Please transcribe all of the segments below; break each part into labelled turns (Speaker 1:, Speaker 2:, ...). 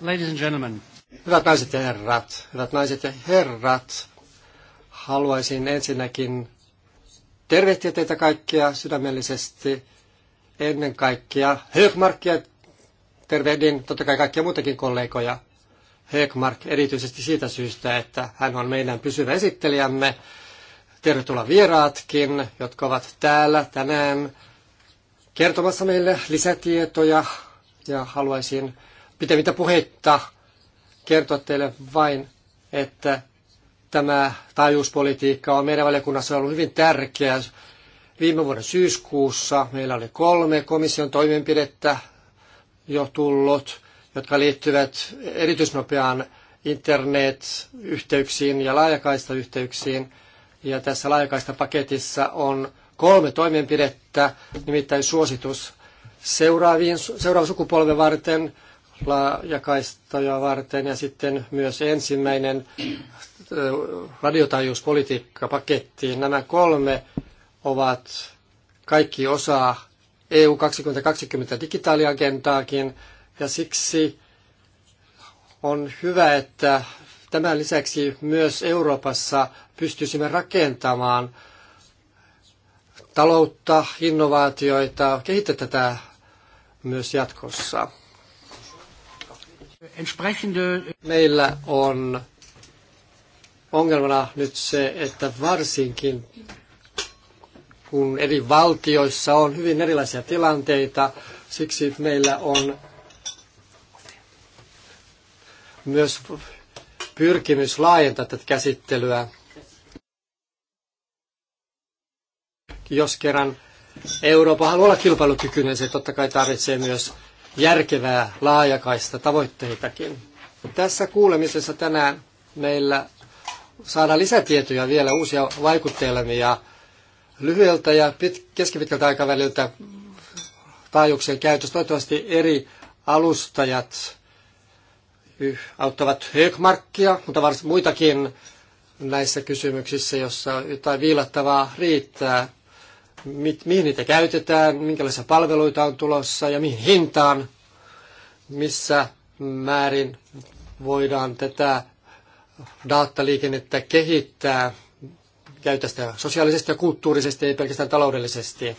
Speaker 1: Ladies and gentlemen. Hyvät naiset ja herrat, hyvät naiset ja herrat, haluaisin ensinnäkin tervehtiä teitä kaikkia sydämellisesti. Ennen kaikkea Högmarkia tervehdin, totta kai kaikkia muitakin kollegoja. Högmark erityisesti siitä syystä, että hän on meidän pysyvä esittelijämme. Tervetuloa vieraatkin, jotka ovat täällä tänään kertomassa meille lisätietoja ja haluaisin pitemmittä puheitta kertoa teille vain, että tämä taajuuspolitiikka on meidän valiokunnassa ollut hyvin tärkeä. Viime vuoden syyskuussa meillä oli kolme komission toimenpidettä jo tullut, jotka liittyvät erityisnopeaan internet-yhteyksiin ja laajakaistayhteyksiin. Ja tässä laajakaista paketissa on kolme toimenpidettä, nimittäin suositus seuraaviin, seuraavan sukupolven varten – laajakaistoja varten ja sitten myös ensimmäinen radiotaajuuspolitiikkapaketti. Nämä kolme ovat kaikki osa EU 2020 digitaaliagendaakin ja siksi on hyvä, että tämän lisäksi myös Euroopassa pystyisimme rakentamaan taloutta, innovaatioita, kehittää tätä myös jatkossa. Meillä on ongelmana nyt se, että varsinkin kun eri valtioissa on hyvin erilaisia tilanteita, siksi meillä on myös pyrkimys laajentaa tätä käsittelyä. Jos kerran Eurooppa haluaa olla kilpailukykyinen, se totta kai tarvitsee myös järkevää laajakaista tavoitteitakin. Tässä kuulemisessa tänään meillä saadaan lisätietoja vielä uusia vaikuttelemia lyhyeltä ja pit- keskipitkältä aikaväliltä taajuuksien käytöstä. Toivottavasti eri alustajat auttavat Högmarkkia, mutta varsin muitakin näissä kysymyksissä, jossa jotain viilattavaa riittää mit, mihin niitä käytetään, minkälaisia palveluita on tulossa ja mihin hintaan, missä määrin voidaan tätä dataliikennettä kehittää, käytä sitä sosiaalisesti ja kulttuurisesti, ei pelkästään taloudellisesti.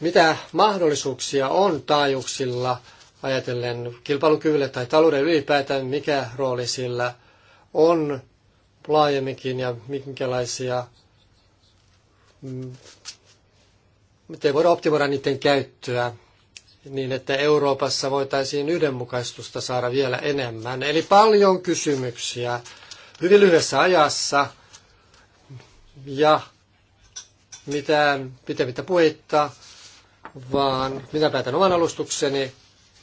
Speaker 1: Mitä mahdollisuuksia on taajuuksilla ajatellen kilpailukyvylle tai talouden ylipäätään, mikä rooli sillä on laajemminkin ja minkälaisia Mm. miten voidaan optimoida niiden käyttöä niin, että Euroopassa voitaisiin yhdenmukaistusta saada vielä enemmän. Eli paljon kysymyksiä hyvin lyhyessä ajassa ja mitään pitemmittä puheitta, vaan minä päätän oman alustukseni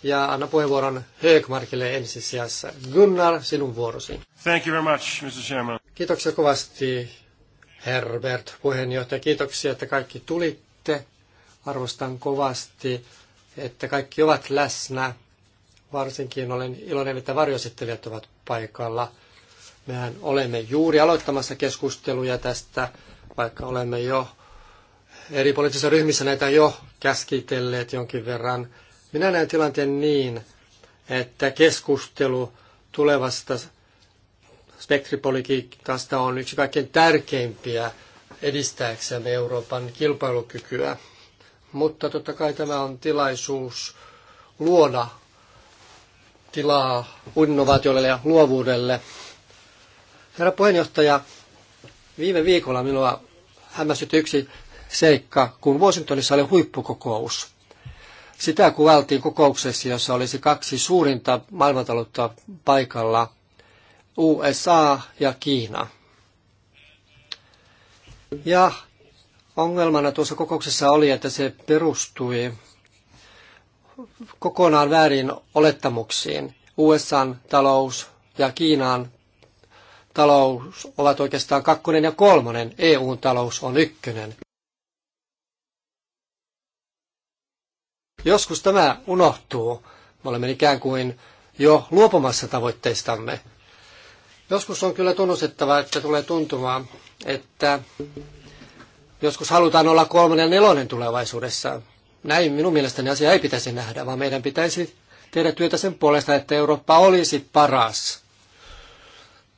Speaker 1: ja anna puheenvuoron Högmarkille ensisijassa. Gunnar, sinun vuorosi. Thank you very much, Mr. Chairman. Kiitoksia kovasti, Herbert, puheenjohtaja. Kiitoksia, että kaikki tulitte. Arvostan kovasti, että kaikki ovat läsnä. Varsinkin olen iloinen, että varjosittelijat ovat paikalla. Mehän olemme juuri aloittamassa keskusteluja tästä, vaikka olemme jo eri poliittisissa ryhmissä näitä jo käskitelleet jonkin verran. Minä näen tilanteen niin, että keskustelu tulevasta spektripolitiikasta on yksi kaikkein tärkeimpiä edistääksemme Euroopan kilpailukykyä. Mutta totta kai tämä on tilaisuus luoda tilaa innovaatioille ja luovuudelle. Herra puheenjohtaja, viime viikolla minua hämmästytti yksi seikka, kun Washingtonissa oli huippukokous. Sitä kuvailtiin kokouksessa, jossa olisi kaksi suurinta maailmantaloutta paikalla. USA ja Kiina. Ja ongelmana tuossa kokouksessa oli, että se perustui kokonaan väärin olettamuksiin. USAn talous ja Kiinan talous ovat oikeastaan kakkonen ja kolmonen, EUn talous on ykkönen. Joskus tämä unohtuu. Me olemme ikään kuin jo luopumassa tavoitteistamme. Joskus on kyllä tunnustettava, että tulee tuntumaan, että joskus halutaan olla kolmonen ja nelonen tulevaisuudessa. Näin minun mielestäni asia ei pitäisi nähdä, vaan meidän pitäisi tehdä työtä sen puolesta, että Eurooppa olisi paras.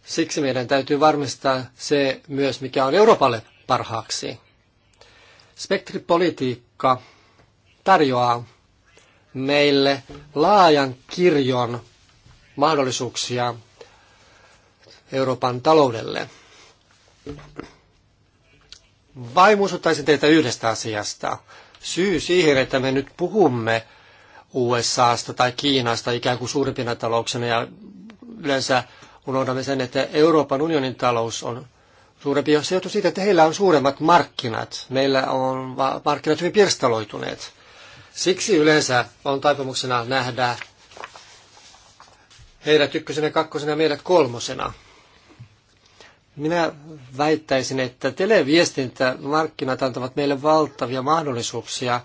Speaker 1: Siksi meidän täytyy varmistaa se myös, mikä on Euroopalle parhaaksi. Spektripolitiikka tarjoaa meille laajan kirjon mahdollisuuksia Euroopan taloudelle. Vai muistuttaisin teitä yhdestä asiasta. Syy siihen, että me nyt puhumme USAsta tai Kiinasta ikään kuin suurimpina talouksena ja yleensä unohdamme sen, että Euroopan unionin talous on suurempi, jos se johtuu siitä, että heillä on suuremmat markkinat. Meillä on markkinat hyvin pirstaloituneet. Siksi yleensä on taipumuksena nähdä heidät ykkösenä, kakkosena ja meidät kolmosena. Minä väittäisin, että televiestintämarkkinat antavat meille valtavia mahdollisuuksia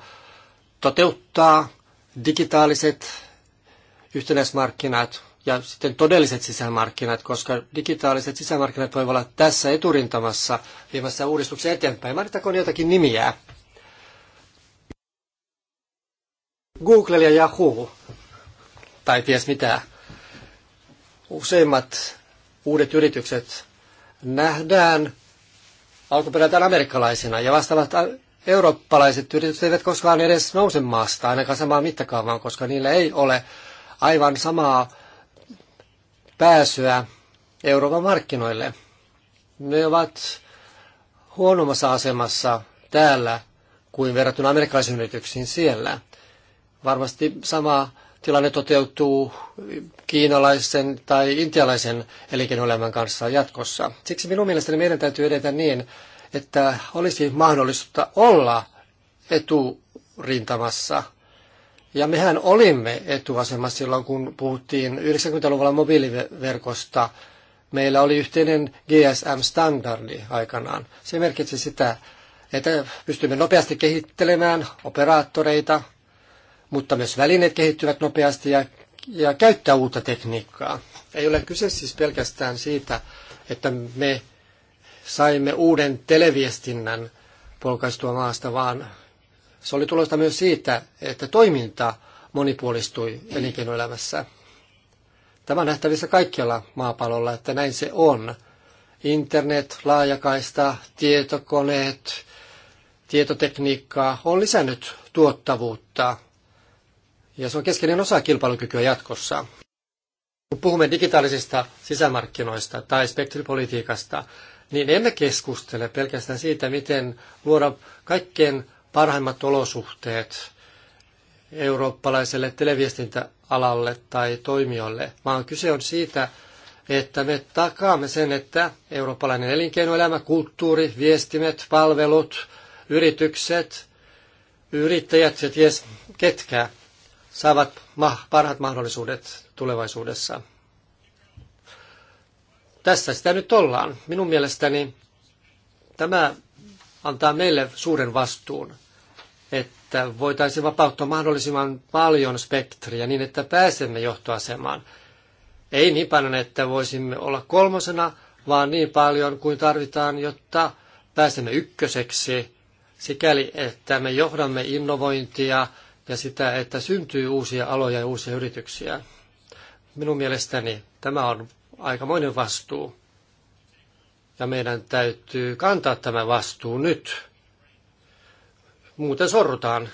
Speaker 1: toteuttaa digitaaliset yhtenäismarkkinat ja sitten todelliset sisämarkkinat, koska digitaaliset sisämarkkinat voivat olla tässä eturintamassa viemässä uudistuksia eteenpäin. Mainittakoon jotakin nimiä. Google ja Yahoo, tai ties mitä. Useimmat uudet yritykset nähdään alkuperätään amerikkalaisina ja vastaavat eurooppalaiset yritykset eivät koskaan edes nouse maasta, ainakaan samaa mittakaavaan, koska niillä ei ole aivan samaa pääsyä Euroopan markkinoille. Ne ovat huonommassa asemassa täällä kuin verrattuna amerikkalaisiin yrityksiin siellä. Varmasti sama tilanne toteutuu kiinalaisen tai intialaisen elinkeinoelämän kanssa jatkossa. Siksi minun mielestäni meidän täytyy edetä niin, että olisi mahdollisuutta olla eturintamassa. Ja mehän olimme etuasemassa silloin, kun puhuttiin 90-luvulla mobiiliverkosta. Meillä oli yhteinen GSM-standardi aikanaan. Se merkitsi sitä, että pystymme nopeasti kehittelemään operaattoreita, mutta myös välineet kehittyvät nopeasti ja, ja käyttää uutta tekniikkaa. Ei ole kyse siis pelkästään siitä, että me saimme uuden televiestinnän polkaistua maasta, vaan se oli tulosta myös siitä, että toiminta monipuolistui elinkeinoelämässä. Tämä on nähtävissä kaikkialla maapallolla, että näin se on. Internet, laajakaista, tietokoneet, tietotekniikkaa on lisännyt tuottavuutta ja se on keskeinen osa kilpailukykyä jatkossa. Kun puhumme digitaalisista sisämarkkinoista tai spektripolitiikasta, niin emme keskustele pelkästään siitä, miten luoda kaikkein parhaimmat olosuhteet eurooppalaiselle televiestintäalalle tai toimijoille, vaan kyse on siitä, että me takaamme sen, että eurooppalainen elinkeinoelämä, kulttuuri, viestimet, palvelut, yritykset, yrittäjät ja ties ketkä saavat parhaat mahdollisuudet tulevaisuudessa. Tässä sitä nyt ollaan. Minun mielestäni tämä antaa meille suuren vastuun, että voitaisiin vapauttaa mahdollisimman paljon spektriä niin, että pääsemme johtoasemaan. Ei niin paljon, että voisimme olla kolmosena, vaan niin paljon kuin tarvitaan, jotta pääsemme ykköseksi, sikäli että me johdamme innovointia ja sitä, että syntyy uusia aloja ja uusia yrityksiä. Minun mielestäni tämä on aikamoinen vastuu. Ja meidän täytyy kantaa tämä vastuu nyt. Muuten sorrutaan.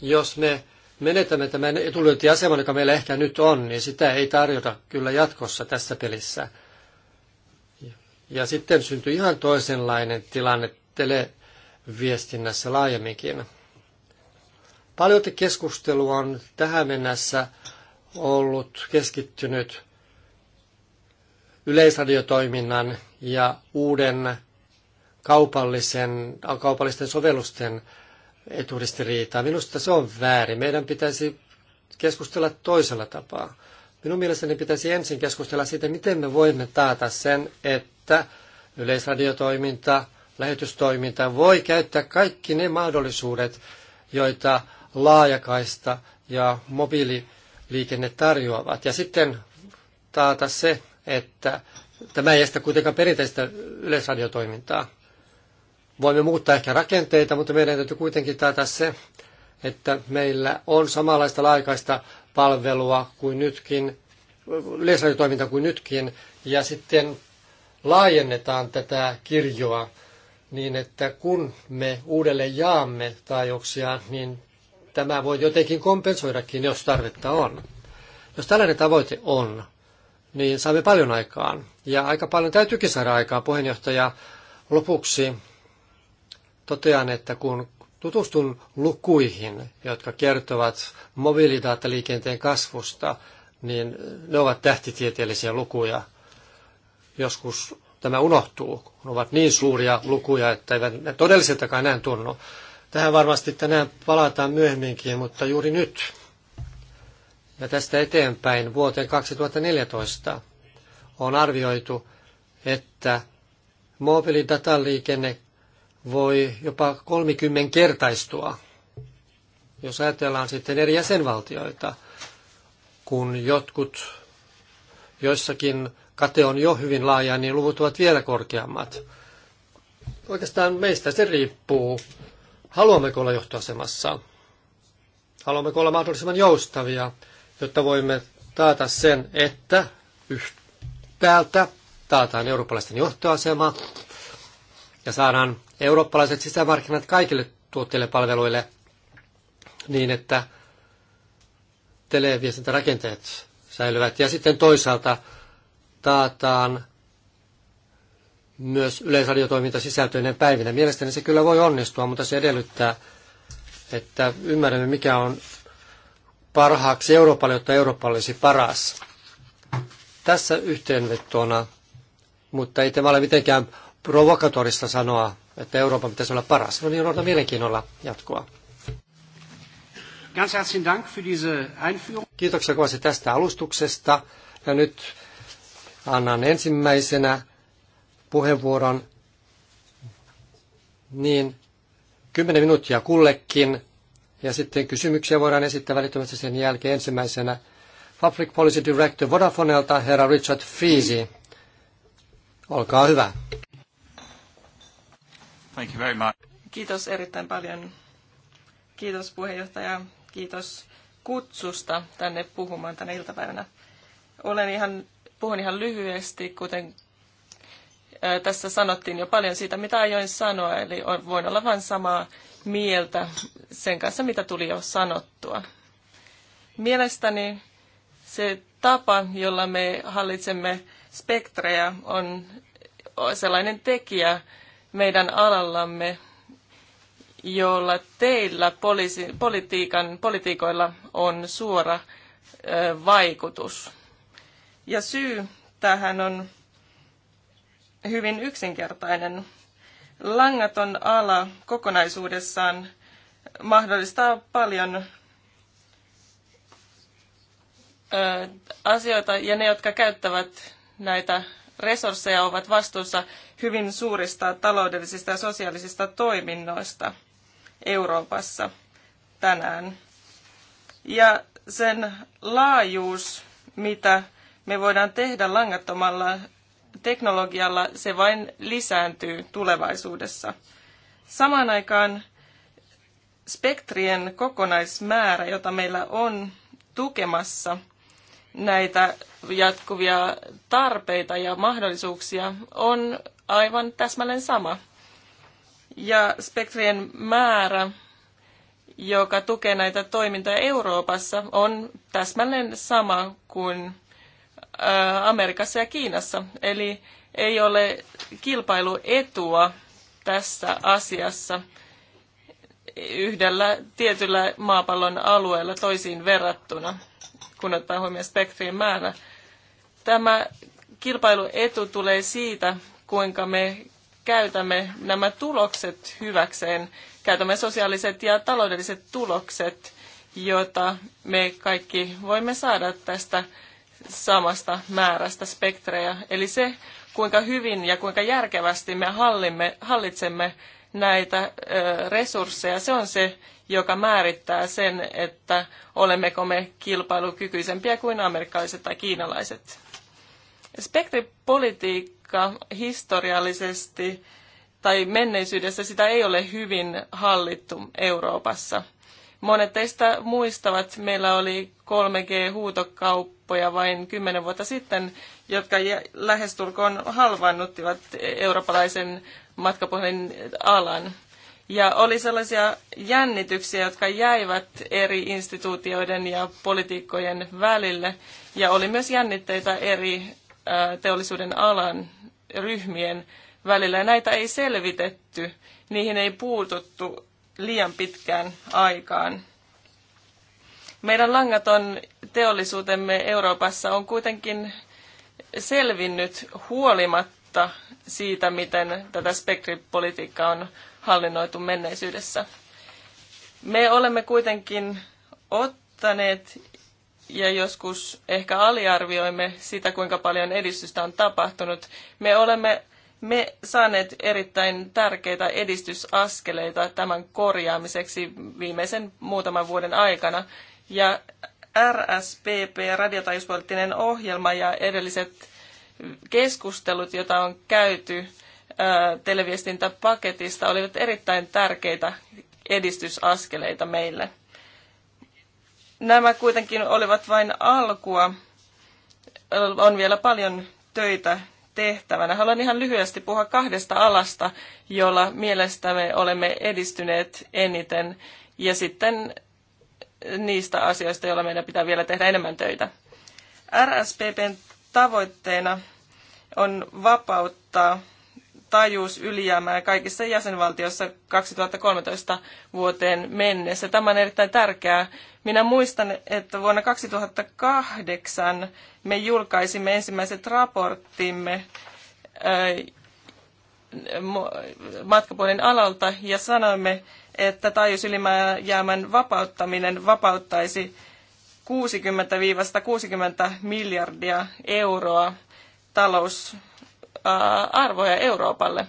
Speaker 1: Jos me menetämme tämän etulyöntiaseman, joka meillä ehkä nyt on, niin sitä ei tarjota kyllä jatkossa tässä pelissä. Ja sitten syntyy ihan toisenlainen tilanne televiestinnässä laajemminkin. Paljon keskustelu on tähän mennessä ollut keskittynyt yleisradiotoiminnan ja uuden kaupallisen, kaupallisten sovellusten eturistiriitaa. Minusta se on väärin. Meidän pitäisi keskustella toisella tapaa. Minun mielestäni pitäisi ensin keskustella siitä, miten me voimme taata sen, että yleisradiotoiminta, lähetystoiminta voi käyttää kaikki ne mahdollisuudet, joita laajakaista ja mobiililiikenne tarjoavat. Ja sitten taata se, että tämä ei estä kuitenkaan perinteistä yleisradiotoimintaa. Voimme muuttaa ehkä rakenteita, mutta meidän täytyy kuitenkin taata se, että meillä on samanlaista laajakaista palvelua kuin nytkin, yleisradiotoiminta kuin nytkin, ja sitten laajennetaan tätä kirjoa niin, että kun me uudelleen jaamme taajuuksia, niin tämä voi jotenkin kompensoidakin, jos tarvetta on. Jos tällainen tavoite on, niin saamme paljon aikaan. Ja aika paljon täytyykin saada aikaa. Puheenjohtaja lopuksi totean, että kun tutustun lukuihin, jotka kertovat mobiilidaataliikenteen kasvusta, niin ne ovat tähtitieteellisiä lukuja. Joskus tämä unohtuu, kun ovat niin suuria lukuja, että eivät ne todellisiltakaan enää tunnu. Tähän varmasti tänään palataan myöhemminkin, mutta juuri nyt ja tästä eteenpäin vuoteen 2014 on arvioitu, että mobiilidataliikenne voi jopa 30 kertaistua, jos ajatellaan sitten eri jäsenvaltioita, kun jotkut joissakin kate on jo hyvin laaja, niin luvut ovat vielä korkeammat. Oikeastaan meistä se riippuu, Haluammeko olla johtoasemassa? Haluammeko olla mahdollisimman joustavia, jotta voimme taata sen, että yhtäältä taataan eurooppalaisten johtoasema ja saadaan eurooppalaiset sisämarkkinat kaikille tuotteille palveluille niin, että televiestintärakenteet säilyvät. Ja sitten toisaalta taataan myös yleisradiotoiminta sisältöinen päivinä. Mielestäni se kyllä voi onnistua, mutta se edellyttää, että ymmärrämme mikä on parhaaksi Euroopalle, jotta Eurooppa olisi paras. Tässä yhteenvetona, mutta ei tämä ole mitenkään provokatorista sanoa, että Euroopan pitäisi olla paras. No niin, odotan mielenkiinnolla jatkoa. Ganz herzlichen Dank für diese Einführung. Kiitoksia kovasti tästä alustuksesta. Ja nyt annan ensimmäisenä puheenvuoron, niin 10 minuuttia kullekin. Ja sitten kysymyksiä voidaan esittää välittömästi sen jälkeen ensimmäisenä Public Policy Director Vodafonelta, herra Richard Feasy. Olkaa hyvä.
Speaker 2: Thank you very much. Kiitos erittäin paljon. Kiitos puheenjohtaja. Kiitos kutsusta tänne puhumaan tänä iltapäivänä. Olen ihan, puhun ihan lyhyesti, kuten tässä sanottiin jo paljon siitä, mitä ajoin sanoa, eli voin olla vain samaa mieltä sen kanssa, mitä tuli jo sanottua. Mielestäni se tapa, jolla me hallitsemme spektrejä, on sellainen tekijä meidän alallamme, jolla teillä poliisi, politiikan, politiikoilla on suora ö, vaikutus. Ja syy tähän on hyvin yksinkertainen. Langaton ala kokonaisuudessaan mahdollistaa paljon asioita ja ne, jotka käyttävät näitä resursseja, ovat vastuussa hyvin suurista taloudellisista ja sosiaalisista toiminnoista Euroopassa tänään. Ja sen laajuus, mitä me voidaan tehdä langattomalla teknologialla se vain lisääntyy tulevaisuudessa. Samaan aikaan spektrien kokonaismäärä, jota meillä on tukemassa näitä jatkuvia tarpeita ja mahdollisuuksia, on aivan täsmälleen sama. Ja spektrien määrä, joka tukee näitä toimintoja Euroopassa, on täsmälleen sama kuin Amerikassa ja Kiinassa. Eli ei ole kilpailuetua tässä asiassa yhdellä tietyllä maapallon alueella toisiin verrattuna, kun ottaa huomioon spektrien määrä. Tämä kilpailuetu tulee siitä, kuinka me käytämme nämä tulokset hyväkseen, käytämme sosiaaliset ja taloudelliset tulokset, joita me kaikki voimme saada tästä samasta määrästä spektrejä. Eli se, kuinka hyvin ja kuinka järkevästi me hallimme, hallitsemme näitä resursseja, se on se, joka määrittää sen, että olemmeko me kilpailukykyisempiä kuin amerikkalaiset tai kiinalaiset. Spektripolitiikka historiallisesti tai menneisyydessä sitä ei ole hyvin hallittu Euroopassa. Monet teistä muistavat, meillä oli 3G-huutokauppa kauppoja vain kymmenen vuotta sitten, jotka lähestulkoon halvaannuttivat eurooppalaisen matkapuhelin alan. Ja oli sellaisia jännityksiä, jotka jäivät eri instituutioiden ja politiikkojen välille. Ja oli myös jännitteitä eri teollisuuden alan ryhmien välillä. Ja näitä ei selvitetty, niihin ei puututtu liian pitkään aikaan. Meidän langaton teollisuutemme Euroopassa on kuitenkin selvinnyt huolimatta siitä, miten tätä spektripolitiikkaa on hallinnoitu menneisyydessä. Me olemme kuitenkin ottaneet ja joskus ehkä aliarvioimme sitä, kuinka paljon edistystä on tapahtunut. Me olemme me saaneet erittäin tärkeitä edistysaskeleita tämän korjaamiseksi viimeisen muutaman vuoden aikana ja RSPP, radiotajuuspoliittinen ohjelma ja edelliset keskustelut, joita on käyty televiestintäpaketista, olivat erittäin tärkeitä edistysaskeleita meille. Nämä kuitenkin olivat vain alkua. On vielä paljon töitä tehtävänä. Haluan ihan lyhyesti puhua kahdesta alasta, jolla mielestämme olemme edistyneet eniten. Ja sitten niistä asioista, joilla meidän pitää vielä tehdä enemmän töitä. RSPPn tavoitteena on vapauttaa taajuus ylijäämää kaikissa jäsenvaltioissa 2013 vuoteen mennessä. Tämä on erittäin tärkeää. Minä muistan, että vuonna 2008 me julkaisimme ensimmäiset raporttimme matkapuolin alalta ja sanoimme, että taajuusylimääjäämän vapauttaminen vapauttaisi 60-60 miljardia euroa talousarvoja Euroopalle.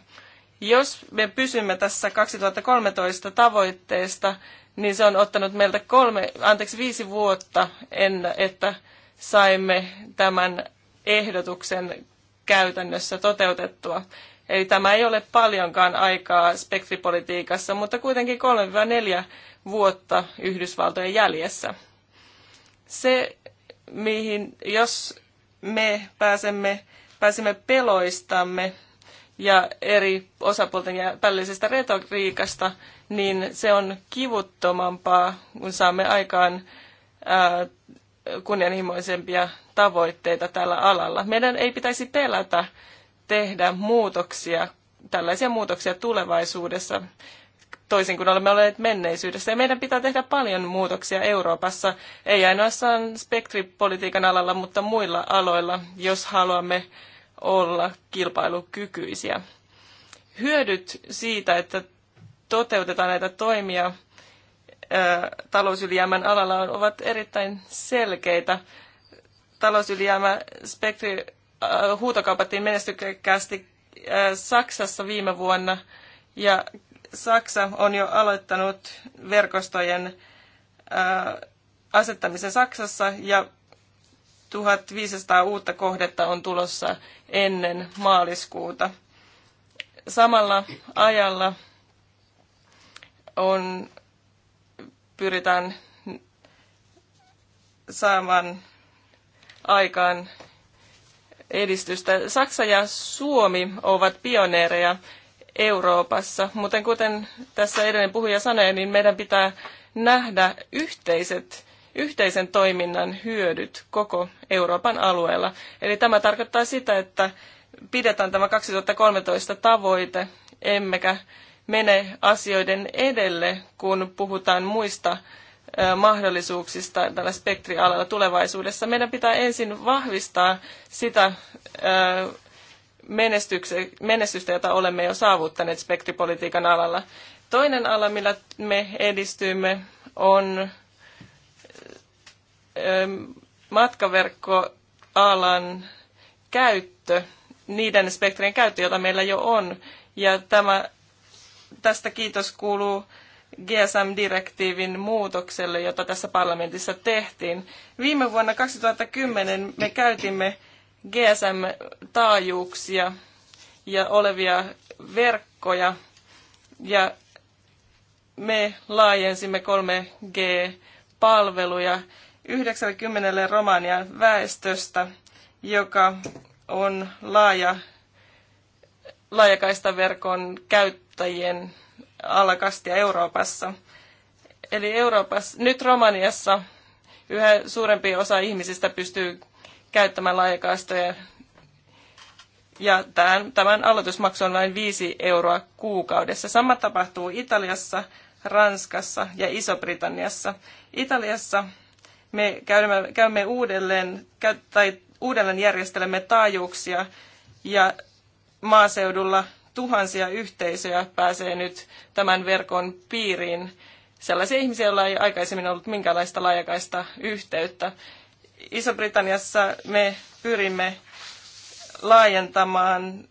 Speaker 2: Jos me pysymme tässä 2013 tavoitteesta, niin se on ottanut meiltä kolme, anteeksi, viisi vuotta ennen, että saimme tämän ehdotuksen käytännössä toteutettua. Eli tämä ei ole paljonkaan aikaa spektripolitiikassa, mutta kuitenkin 3-4 vuotta Yhdysvaltojen jäljessä. Se, mihin, jos me pääsemme, pääsemme peloistamme ja eri osapuolten ja retoriikasta, niin se on kivuttomampaa, kun saamme aikaan ää, kunnianhimoisempia tavoitteita tällä alalla. Meidän ei pitäisi pelätä tehdä muutoksia, tällaisia muutoksia tulevaisuudessa, toisin kuin olemme olleet menneisyydessä. Ja meidän pitää tehdä paljon muutoksia Euroopassa, ei ainoastaan spektripolitiikan alalla, mutta muilla aloilla, jos haluamme olla kilpailukykyisiä. Hyödyt siitä, että toteutetaan näitä toimia talousylijäämän alalla ovat erittäin selkeitä. Talousylijäämä spektri Äh, huutokaupattiin menestyksekkäästi äh, Saksassa viime vuonna ja Saksa on jo aloittanut verkostojen äh, asettamisen Saksassa ja 1500 uutta kohdetta on tulossa ennen maaliskuuta. Samalla ajalla on, pyritään saamaan aikaan edistystä. Saksa ja Suomi ovat pioneereja Euroopassa, mutta kuten tässä edellinen puhuja sanoi, niin meidän pitää nähdä yhteiset, yhteisen toiminnan hyödyt koko Euroopan alueella. Eli tämä tarkoittaa sitä, että pidetään tämä 2013 tavoite, emmekä mene asioiden edelle, kun puhutaan muista mahdollisuuksista tällä spektrialalla tulevaisuudessa. Meidän pitää ensin vahvistaa sitä menestystä, jota olemme jo saavuttaneet spektripolitiikan alalla. Toinen ala, millä me edistymme, on matkaverkkoalan käyttö, niiden spektrien käyttö, jota meillä jo on. Ja tämä, tästä kiitos kuuluu GSM-direktiivin muutokselle, jota tässä parlamentissa tehtiin. Viime vuonna 2010 me käytimme GSM-taajuuksia ja olevia verkkoja ja me laajensimme 3G-palveluja 90 Romanian väestöstä, joka on laaja, laajakaistaverkon käyttäjien alakastia Euroopassa. Eli Euroopassa, nyt Romaniassa yhä suurempi osa ihmisistä pystyy käyttämään laajakaistoja. Ja tämän, tämän aloitusmaksu on vain 5 euroa kuukaudessa. Sama tapahtuu Italiassa, Ranskassa ja Iso-Britanniassa. Italiassa me käymme, käymme uudelleen, tai uudelleen järjestelemme taajuuksia ja maaseudulla tuhansia yhteisöjä pääsee nyt tämän verkon piiriin. Sellaisia ihmisiä, joilla ei aikaisemmin ollut minkäänlaista laajakaista yhteyttä. Iso-Britanniassa me pyrimme laajentamaan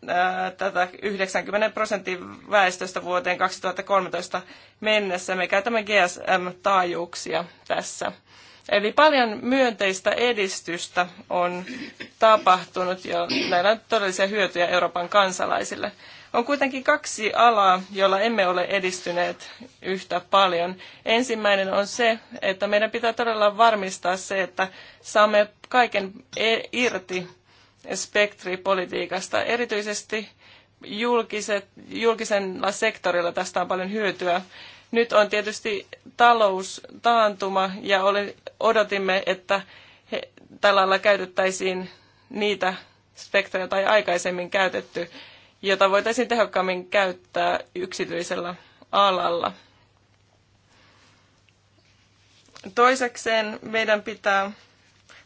Speaker 2: tätä 90 prosentin väestöstä vuoteen 2013 mennessä. Me käytämme GSM-taajuuksia tässä. Eli paljon myönteistä edistystä on tapahtunut ja näillä on todellisia hyötyjä Euroopan kansalaisille. On kuitenkin kaksi alaa, joilla emme ole edistyneet yhtä paljon. Ensimmäinen on se, että meidän pitää todella varmistaa se, että saamme kaiken e- irti spektripolitiikasta. Erityisesti julkiset, julkisella sektorilla tästä on paljon hyötyä. Nyt on tietysti taloustaantuma ja oli, odotimme, että he, tällä lailla käytettäisiin niitä spektreja tai aikaisemmin käytetty jota voitaisiin tehokkaammin käyttää yksityisellä alalla. Toisekseen meidän pitää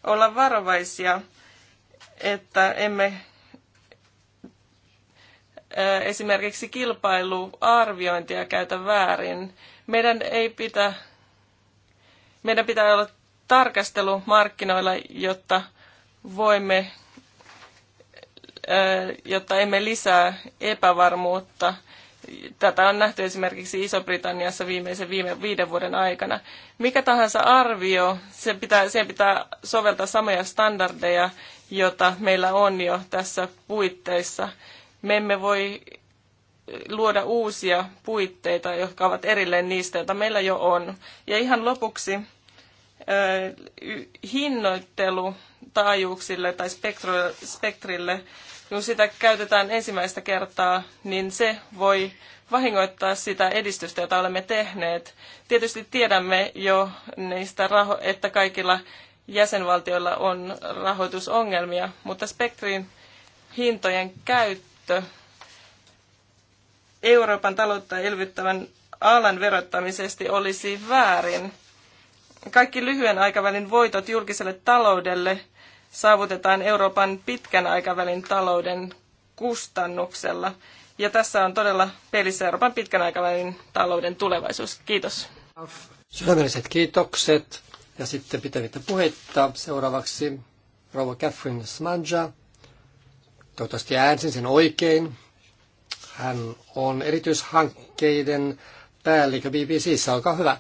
Speaker 2: olla varovaisia, että emme esimerkiksi kilpailuarviointia käytä väärin. Meidän ei pitä, meidän pitää olla tarkastelu markkinoilla, jotta voimme jotta emme lisää epävarmuutta. Tätä on nähty esimerkiksi Iso-Britanniassa viimeisen viime, viiden vuoden aikana. Mikä tahansa arvio, se pitää, siihen pitää soveltaa samoja standardeja, joita meillä on jo tässä puitteissa. Me emme voi luoda uusia puitteita, jotka ovat erilleen niistä, joita meillä jo on. Ja ihan lopuksi hinnoittelu taajuuksille tai spektrille kun sitä käytetään ensimmäistä kertaa, niin se voi vahingoittaa sitä edistystä, jota olemme tehneet. Tietysti tiedämme jo niistä, raho- että kaikilla jäsenvaltioilla on rahoitusongelmia, mutta spektrin hintojen käyttö Euroopan taloutta elvyttävän alan verottamisesti olisi väärin. Kaikki lyhyen aikavälin voitot julkiselle taloudelle – saavutetaan Euroopan pitkän aikavälin talouden kustannuksella. Ja tässä on todella pelissä Euroopan pitkän aikavälin talouden tulevaisuus. Kiitos.
Speaker 1: Sydämelliset kiitokset. Ja sitten pitävittä puhetta seuraavaksi rouva Catherine Smanja. Toivottavasti äänsin sen oikein. Hän on erityishankkeiden päällikkö BBCissä. Olkaa hyvä.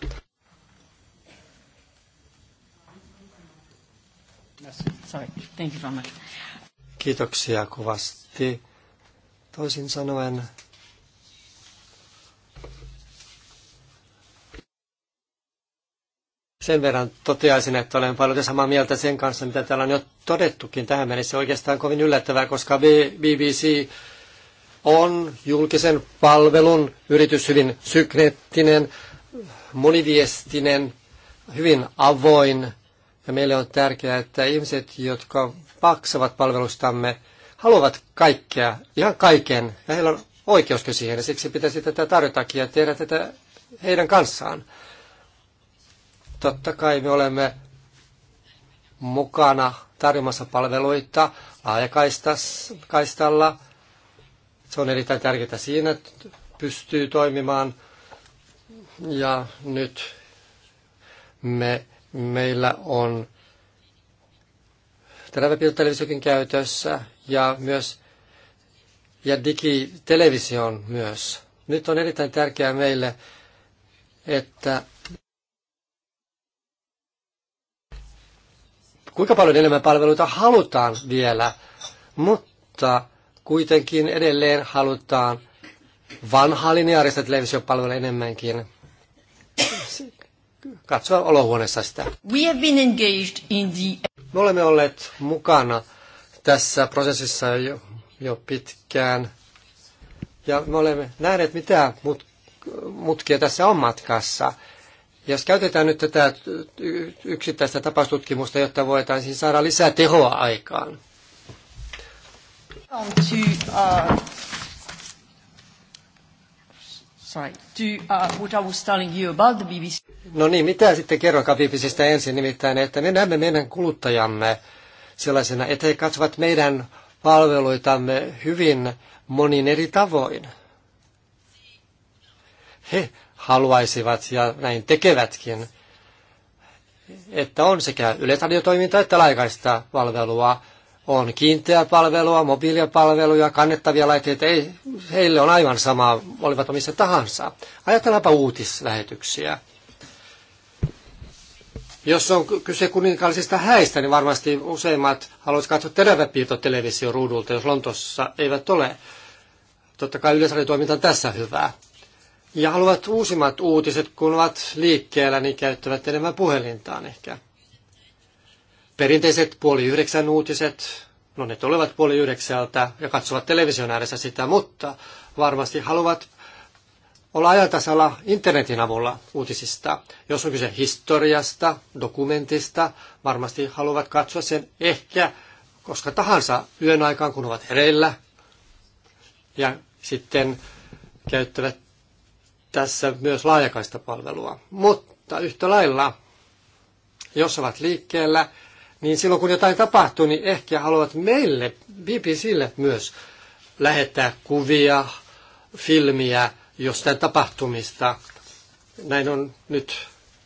Speaker 2: Merci. Sorry. Thank you very much.
Speaker 1: Kiitoksia kovasti. Toisin sanoen, sen verran toteaisin, että olen paljon samaa mieltä sen kanssa, mitä täällä on jo todettukin tähän mennessä. Oikeastaan kovin yllättävää, koska BBC on julkisen palvelun yritys hyvin syknettinen, moniviestinen, hyvin avoin ja meille on tärkeää, että ihmiset, jotka maksavat palvelustamme, haluavat kaikkea, ihan kaiken, ja heillä on oikeuskin siihen, ja siksi pitäisi tätä tarjotakin ja tehdä tätä heidän kanssaan. Totta kai me olemme mukana tarjomassa palveluita laajakaistalla. Se on erittäin tärkeää siinä, että pystyy toimimaan. Ja nyt me Meillä on televisiokin käytössä ja myös ja digitelevision myös. Nyt on erittäin tärkeää meille, että kuinka paljon enemmän palveluita halutaan vielä, mutta kuitenkin edelleen halutaan vanhaa lineaarista televisiopalvelua enemmänkin katsoa olohuoneessa sitä.
Speaker 3: We have been engaged in the...
Speaker 1: Me olemme olleet mukana tässä prosessissa jo, jo pitkään. Ja me olemme nähneet, mitä mut, mutkia tässä on matkassa. Jos käytetään nyt tätä yksittäistä tapaustutkimusta, jotta voitaisiin saada lisää tehoa aikaan.
Speaker 3: On to, uh, Sorry. To, uh, what I was telling you about the BBC.
Speaker 1: No niin, mitä sitten kerronkaan BBCstä ensin, nimittäin, että me näemme meidän kuluttajamme sellaisena, että he katsovat meidän palveluitamme hyvin monin eri tavoin. He haluaisivat ja näin tekevätkin, että on sekä yleisradiotoimintaa että laikaista palvelua, on kiinteää palvelua, mobiilipalveluja, kannettavia laitteita, ei, heille on aivan sama, olivat missä tahansa. Ajatellaanpa uutislähetyksiä. Jos on kyse kuninkaallisista häistä, niin varmasti useimmat haluaisivat katsoa teräväpiirtotelevisio ruudulta, jos Lontossa eivät ole. Totta kai yleisradiotoiminta on tässä hyvää. Ja haluavat uusimmat uutiset, kun ovat liikkeellä, niin käyttävät enemmän puhelintaan ehkä perinteiset puoli yhdeksän uutiset, no ne tulevat puoli yhdeksältä ja katsovat television ääressä sitä, mutta varmasti haluavat olla ajantasalla internetin avulla uutisista. Jos on kyse historiasta, dokumentista, varmasti haluavat katsoa sen ehkä koska tahansa yön aikaan, kun ovat hereillä. Ja sitten käyttävät tässä myös laajakaista palvelua. Mutta yhtä lailla, jos ovat liikkeellä, niin silloin kun jotain tapahtuu, niin ehkä haluavat meille, BBClle myös, lähettää kuvia, filmiä jostain tapahtumista. Näin on nyt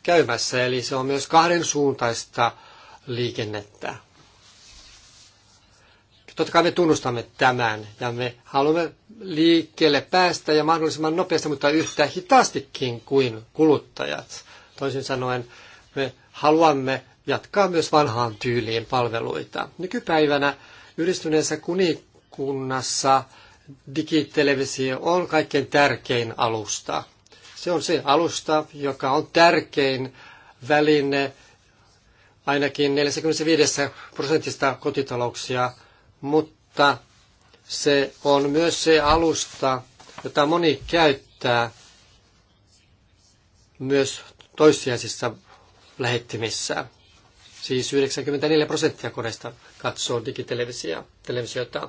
Speaker 1: käymässä, eli se on myös kahden suuntaista liikennettä. Totta kai me tunnustamme tämän ja me haluamme liikkeelle päästä ja mahdollisimman nopeasti, mutta yhtä hitaastikin kuin kuluttajat. Toisin sanoen me haluamme jatkaa myös vanhaan tyyliin palveluita. Nykypäivänä yhdistyneessä kunikunnassa digitelevisio on kaikkein tärkein alusta. Se on se alusta, joka on tärkein väline ainakin 45 prosentista kotitalouksia, mutta se on myös se alusta, jota moni käyttää myös toissijaisissa lähettimissä. Siis 94 prosenttia koneista katsoo digitelevisiota.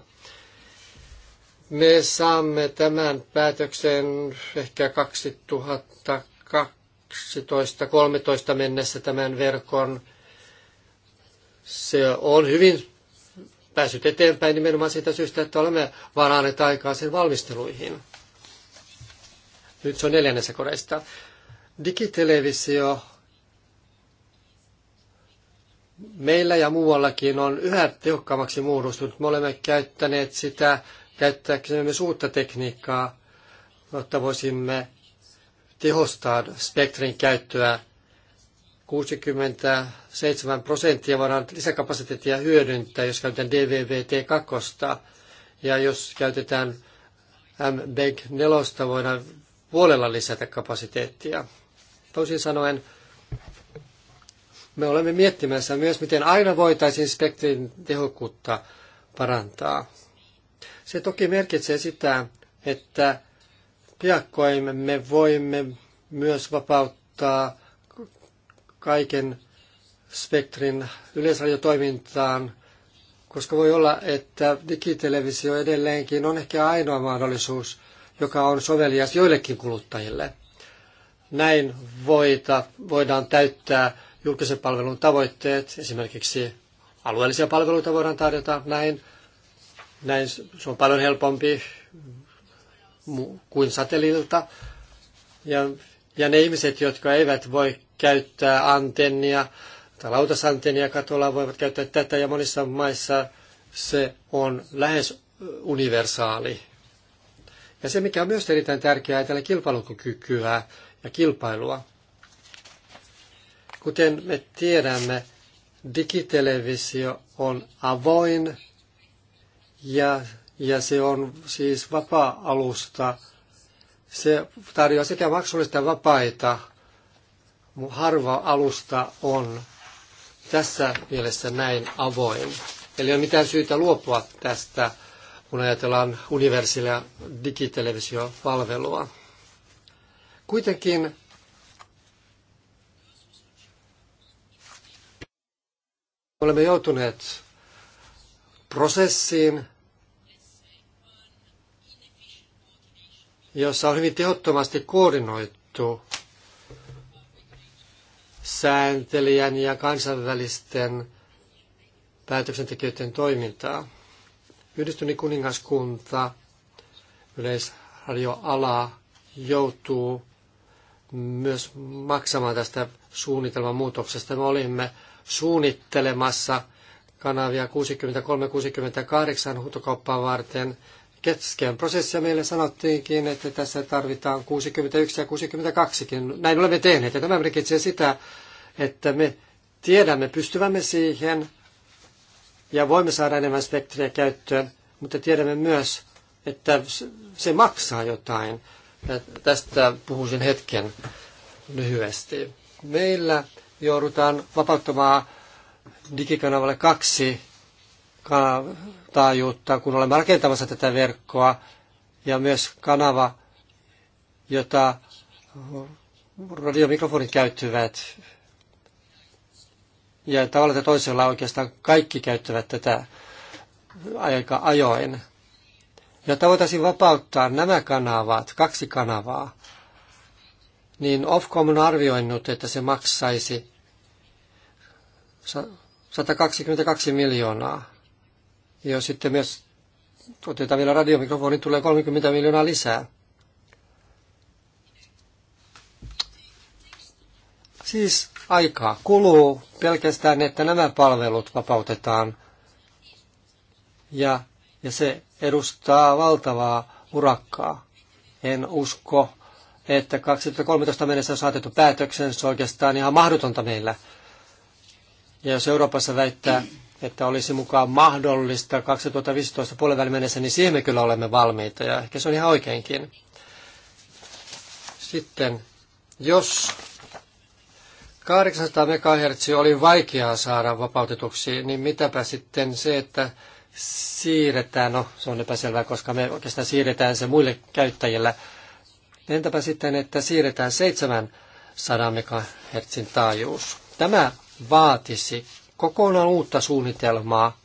Speaker 1: Me saamme tämän päätöksen ehkä 2012-2013 mennessä tämän verkon. Se on hyvin päässyt eteenpäin nimenomaan siitä syystä, että olemme varanneet aikaa sen valmisteluihin. Nyt se on neljännessä koneista. Digitelevisio meillä ja muuallakin on yhä tehokkaammaksi muodostunut. Me olemme käyttäneet sitä, käyttääksemme myös uutta tekniikkaa, jotta voisimme tehostaa spektrin käyttöä 67 prosenttia voidaan lisäkapasiteettia hyödyntää, jos käytetään DVB-T2. Ja jos käytetään MBEG 4, voidaan puolella lisätä kapasiteettia. Toisin sanoen, me olemme miettimässä myös, miten aina voitaisiin spektrin tehokkuutta parantaa. Se toki merkitsee sitä, että piakkoin me voimme myös vapauttaa kaiken spektrin yleisradiotoimintaan, koska voi olla, että digitelevisio edelleenkin on ehkä ainoa mahdollisuus, joka on sovelias joillekin kuluttajille. Näin voita, voidaan täyttää julkisen palvelun tavoitteet, esimerkiksi alueellisia palveluita voidaan tarjota näin. Näin se on paljon helpompi kuin satelliilta. Ja, ja ne ihmiset, jotka eivät voi käyttää antennia tai lautasantennia katolla, voivat käyttää tätä. Ja monissa maissa se on lähes universaali. Ja se, mikä on myös erittäin tärkeää, ajatella kilpailukykyä ja kilpailua. Kuten me tiedämme, digitelevisio on avoin ja, ja se on siis vapaa-alusta. Se tarjoaa sekä maksullista että vapaita. Harva alusta on tässä mielessä näin avoin. Eli on mitään syytä luopua tästä, kun ajatellaan universaalia digitelevisiopalvelua. Kuitenkin olemme joutuneet prosessiin, jossa on hyvin tehottomasti koordinoitu sääntelijän ja kansainvälisten päätöksentekijöiden toimintaa. Yhdistynyt kuningaskunta, yleisradioala joutuu myös maksamaan tästä suunnitelman muutoksesta. Me olimme suunnittelemassa kanavia 63-68 huutokauppaa varten. Kesken prosessia meille sanottiinkin, että tässä tarvitaan 61 ja 62 Näin olemme tehneet ja tämä merkitsee sitä, että me tiedämme pystyvämme siihen ja voimme saada enemmän spektriä käyttöön, mutta tiedämme myös, että se maksaa jotain. Ja tästä puhuisin hetken lyhyesti. Meillä joudutaan vapauttamaan digikanavalle kaksi taajuutta, kun olemme rakentamassa tätä verkkoa, ja myös kanava, jota radiomikrofonit käyttävät. Ja tavallaan toisella oikeastaan kaikki käyttävät tätä aika ajoin. Jotta voitaisiin vapauttaa nämä kanavat, kaksi kanavaa, niin Ofcom on arvioinut, että se maksaisi 122 miljoonaa. Ja sitten myös otetaan vielä radiomikrofoni, tulee 30 miljoonaa lisää. Siis aikaa kuluu pelkästään, että nämä palvelut vapautetaan. Ja, ja se edustaa valtavaa urakkaa. En usko, että 2013 mennessä on saatettu on oikeastaan ihan mahdotonta meillä – ja jos Euroopassa väittää, että olisi mukaan mahdollista 2015 puolenvälin mennessä, niin siihen me kyllä olemme valmiita ja ehkä se on ihan oikeinkin. Sitten, jos 800 MHz oli vaikeaa saada vapautetuksi, niin mitäpä sitten se, että siirretään, no se on epäselvää, koska me oikeastaan siirretään se muille käyttäjille. Entäpä sitten, että siirretään 700 MHz taajuus. Tämä vaatisi kokonaan uutta suunnitelmaa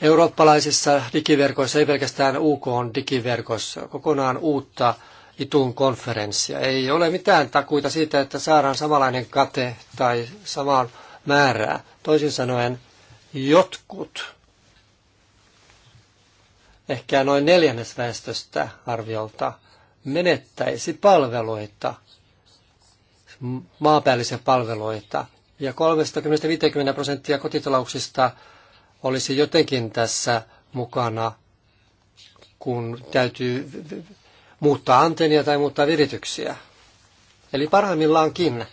Speaker 1: eurooppalaisissa digiverkoissa, ei pelkästään UK on digiverkossa, kokonaan uutta ITUN konferenssia. Ei ole mitään takuita siitä, että saadaan samanlainen kate tai samaan määrää. Toisin sanoen jotkut, ehkä noin neljännes väestöstä arviolta, menettäisi palveluita, maapäällisiä palveluita. Ja 30-50 prosenttia kotitalouksista olisi jotenkin tässä mukana, kun täytyy muuttaa antennia tai muuttaa virityksiä. Eli parhaimmillaankin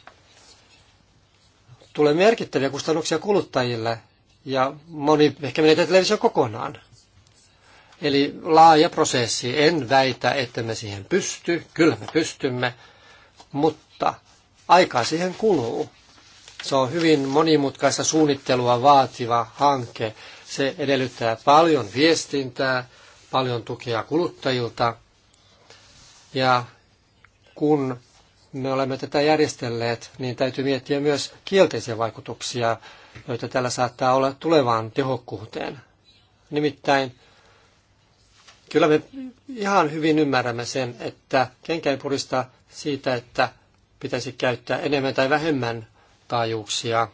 Speaker 1: tulee merkittäviä kustannuksia kuluttajille ja moni ehkä menee televisio kokonaan. Eli laaja prosessi. En väitä, että me siihen pysty. Kyllä me pystymme, mutta Aikaa siihen kuluu. Se on hyvin monimutkaista suunnittelua vaativa hanke. Se edellyttää paljon viestintää, paljon tukea kuluttajilta. Ja kun me olemme tätä järjestelleet, niin täytyy miettiä myös kielteisiä vaikutuksia, joita tällä saattaa olla tulevaan tehokkuuteen. Nimittäin kyllä me ihan hyvin ymmärrämme sen, että ei purista siitä, että pitäisi käyttää enemmän tai vähemmän taajuuksia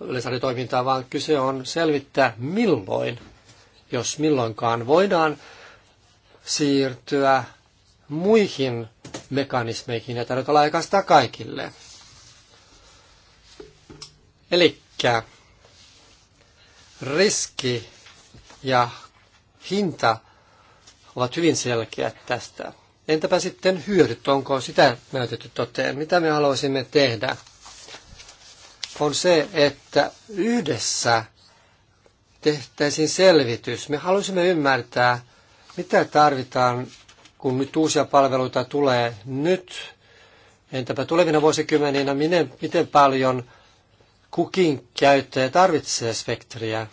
Speaker 1: yleisradiotoimintaa, vaan kyse on selvittää milloin, jos milloinkaan voidaan siirtyä muihin mekanismeihin ja tarjota laikasta kaikille. Eli riski ja hinta ovat hyvin selkeät tästä. Entäpä sitten hyödyt, onko sitä näytetty toteen? Mitä me haluaisimme tehdä? On se, että yhdessä tehtäisiin selvitys. Me haluaisimme ymmärtää, mitä tarvitaan, kun nyt uusia palveluita tulee nyt. Entäpä tulevina vuosikymmeninä, miten, miten paljon kukin käyttäjä tarvitsee spektriä?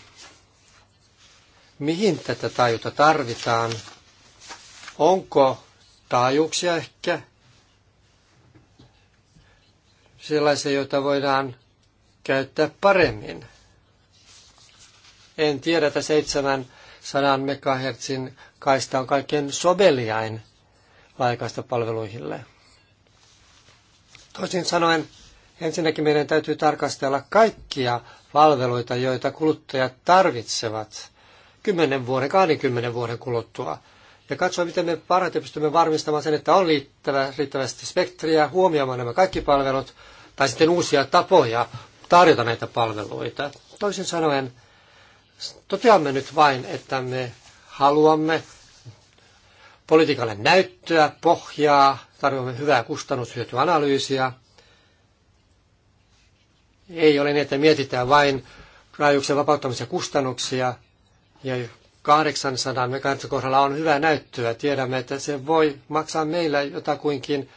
Speaker 1: Mihin tätä tajuta tarvitaan? Onko taajuuksia ehkä, sellaisia, joita voidaan käyttää paremmin. En tiedä, että 700 MHz kaista on kaiken soveliain laikaista palveluihille. Toisin sanoen, ensinnäkin meidän täytyy tarkastella kaikkia palveluita, joita kuluttajat tarvitsevat 10 vuoden, 20 vuoden kuluttua – ja katsoa, miten me parhaiten pystymme varmistamaan sen, että on riittävä, riittävästi spektriä huomioimaan nämä kaikki palvelut tai sitten uusia tapoja tarjota näitä palveluita. Toisin sanoen, toteamme nyt vain, että me haluamme politiikalle näyttöä, pohjaa, tarjoamme hyvää kustannushyötyanalyysiä. Ei ole niin, että mietitään vain rajuksen vapauttamisen kustannuksia ja 800 megahertsin kohdalla on hyvä näyttöä. Tiedämme, että se voi maksaa meillä jotakuinkin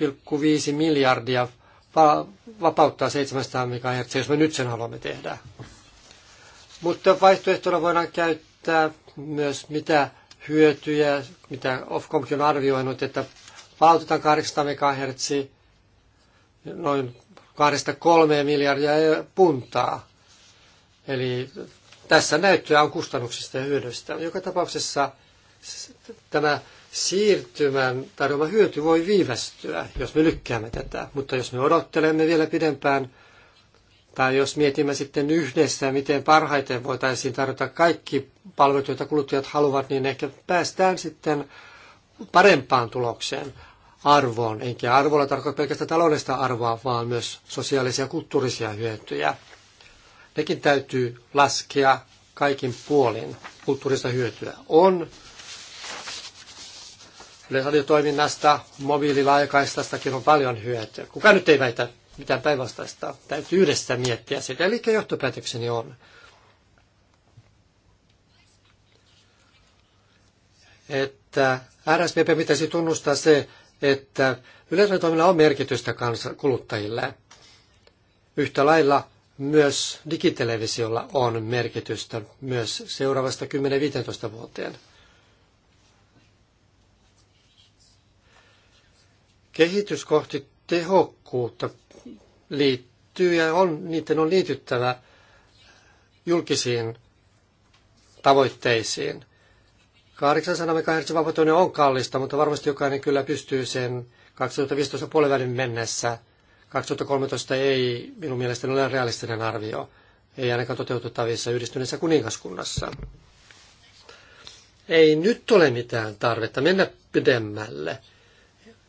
Speaker 1: 2,5 miljardia vapauttaa 700 MHz, jos me nyt sen haluamme tehdä. Mutta vaihtoehtona voidaan käyttää myös mitä hyötyjä, mitä Ofcomkin on arvioinut, että palautetaan 800 MHz noin 2-3 miljardia puntaa. Eli tässä näyttöä on kustannuksista ja hyödyistä. Joka tapauksessa tämä siirtymän tarjoama hyöty voi viivästyä, jos me lykkäämme tätä. Mutta jos me odottelemme vielä pidempään, tai jos mietimme sitten yhdessä, miten parhaiten voitaisiin tarjota kaikki palvelut, joita kuluttajat haluavat, niin ehkä päästään sitten parempaan tulokseen arvoon. Enkä arvolla tarkoita pelkästään taloudellista arvoa, vaan myös sosiaalisia ja kulttuurisia hyötyjä nekin täytyy laskea kaikin puolin kulttuurista hyötyä. On yleisradiotoiminnasta, mobiililaajakaistastakin on paljon hyötyä. Kuka nyt ei väitä mitään päinvastaista. Täytyy yhdessä miettiä sitä. Eli johtopäätökseni on. että RSVP pitäisi tunnustaa se, että yleisradiotoiminnalla on merkitystä kansa, kuluttajille. Yhtä lailla myös digitelevisiolla on merkitystä myös seuraavasta 10-15 vuoteen. Kehitys kohti tehokkuutta liittyy ja on, niiden on liityttävä julkisiin tavoitteisiin. 800 MHz vapautuminen on kallista, mutta varmasti jokainen kyllä pystyy sen 2015 puolivälin mennessä 2013 ei minun mielestäni ole realistinen arvio, ei ainakaan toteutettavissa yhdistyneessä kuningaskunnassa. Ei nyt ole mitään tarvetta mennä pidemmälle,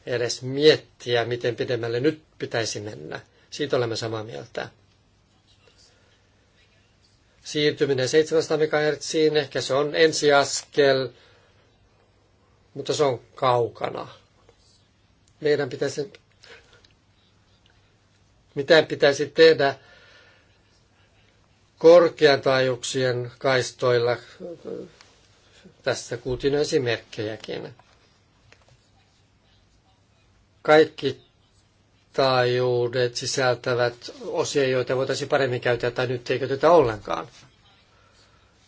Speaker 1: edes miettiä, miten pidemmälle nyt pitäisi mennä. Siitä olemme samaa mieltä. Siirtyminen 700 MHz, ehkä se on ensiaskel, mutta se on kaukana. Meidän pitäisi mitä pitäisi tehdä korkean taajuuksien kaistoilla. Tässä kuutin esimerkkejäkin. Kaikki taajuudet sisältävät osia, joita voitaisiin paremmin käyttää tai nyt ei käytetä ollenkaan.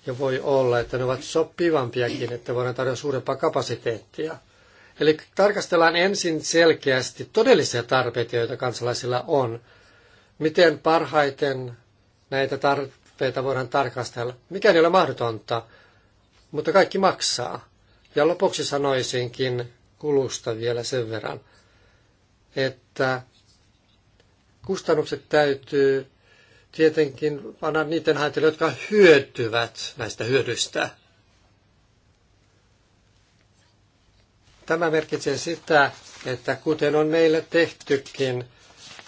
Speaker 1: Ja voi olla, että ne ovat sopivampiakin, että voidaan tarjota suurempaa kapasiteettia – Eli tarkastellaan ensin selkeästi todellisia tarpeita, joita kansalaisilla on. Miten parhaiten näitä tarpeita voidaan tarkastella? Mikä ei ole mahdotonta, mutta kaikki maksaa. Ja lopuksi sanoisinkin kulusta vielä sen verran, että kustannukset täytyy tietenkin panna niiden haitille, jotka hyötyvät näistä hyödyistä. Tämä merkitsee sitä, että kuten on meille tehtykin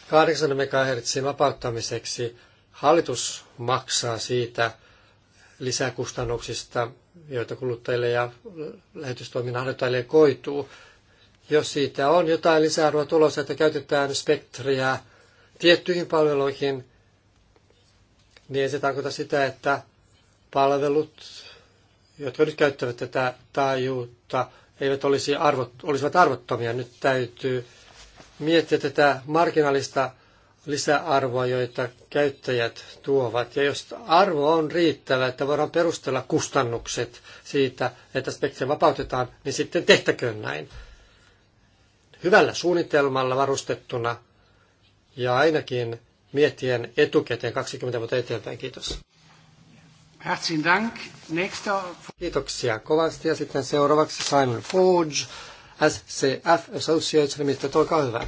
Speaker 1: 8 MHz vapauttamiseksi, hallitus maksaa siitä lisäkustannuksista, joita kuluttajille ja lähetystoiminnan harjoittajille koituu. Jos siitä on jotain lisäarvoa tulossa, että käytetään spektriä tiettyihin palveluihin, niin se tarkoita sitä, että palvelut, jotka nyt käyttävät tätä taajuutta, eivät olisi arvot, olisivat arvottomia. Nyt täytyy miettiä tätä marginaalista lisäarvoa, joita käyttäjät tuovat. Ja jos arvo on riittävä, että voidaan perustella kustannukset siitä, että spektriä vapautetaan, niin sitten tehtäköön näin. Hyvällä suunnitelmalla varustettuna ja ainakin miettien etukäteen 20 vuotta eteenpäin. Kiitos. Herzlichen Dank. Nächster... Kiitoksia kovasti. Ja sitten seuraavaksi Simon Forge, SCF Associates Limited. Olkaa hyvä.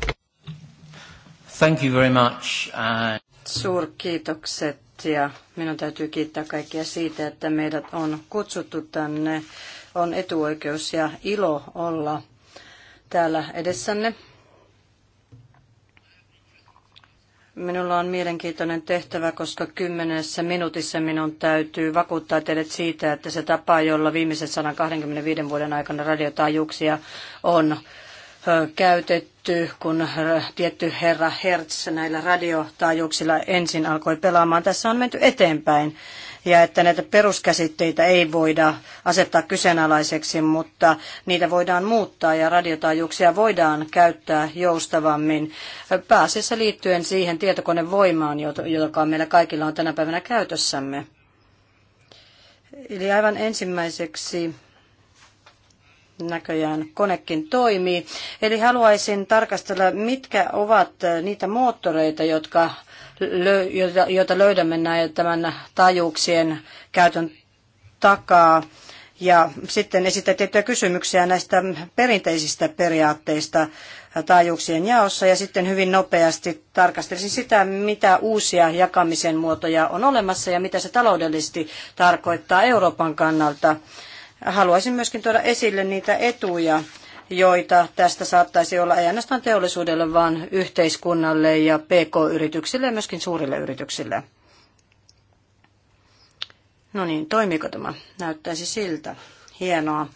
Speaker 2: Thank you very much. Uh,
Speaker 3: Suurkiitokset ja minun täytyy kiittää kaikkia siitä, että meidät on kutsuttu tänne. On etuoikeus ja ilo olla täällä edessänne. Minulla on mielenkiintoinen tehtävä, koska kymmenessä minuutissa minun täytyy vakuuttaa teidät siitä, että se tapa, jolla viimeisen 125 vuoden aikana radiotaajuuksia on käytetty, kun tietty herra Hertz näillä radiotaajuuksilla ensin alkoi pelaamaan. Tässä on menty eteenpäin ja että näitä peruskäsitteitä ei voida asettaa kyseenalaiseksi, mutta niitä voidaan muuttaa ja radiotaajuuksia voidaan käyttää joustavammin pääasiassa liittyen siihen tietokonevoimaan, joka meillä kaikilla on tänä päivänä käytössämme. Eli aivan ensimmäiseksi näköjään konekin toimii. Eli haluaisin tarkastella, mitkä ovat niitä moottoreita, jotka joita löydämme näin tämän tajuuksien käytön takaa. Ja sitten esitettiin tiettyjä kysymyksiä näistä perinteisistä periaatteista taajuuksien jaossa ja sitten hyvin nopeasti tarkastelisin sitä, mitä uusia jakamisen muotoja on olemassa ja mitä se taloudellisesti tarkoittaa Euroopan kannalta. Haluaisin myöskin tuoda esille niitä etuja, joita tästä saattaisi olla ei ainoastaan teollisuudelle, vaan yhteiskunnalle ja pk-yrityksille ja myöskin suurille yrityksille. No niin, toimiiko tämä? Näyttäisi siltä. Hienoa.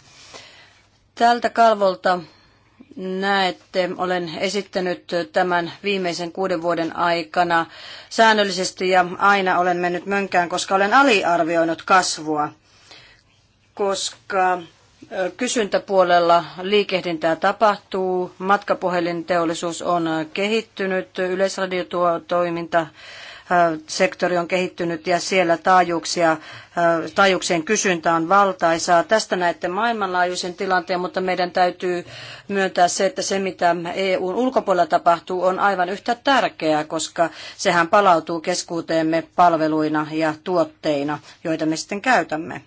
Speaker 3: Tältä kalvolta näette, olen esittänyt tämän viimeisen kuuden vuoden aikana säännöllisesti ja aina olen mennyt mönkään, koska olen aliarvioinut kasvua, koska Kysyntäpuolella liikehdintää tapahtuu, matkapuhelinteollisuus on kehittynyt, yleisradiotoiminta sektori on kehittynyt ja siellä taajuuksia, taajuuksien kysyntä on valtaisaa. Tästä näette maailmanlaajuisen tilanteen, mutta meidän täytyy myöntää se, että se mitä EUn ulkopuolella tapahtuu on aivan yhtä tärkeää, koska sehän palautuu keskuuteemme palveluina ja tuotteina, joita me sitten käytämme.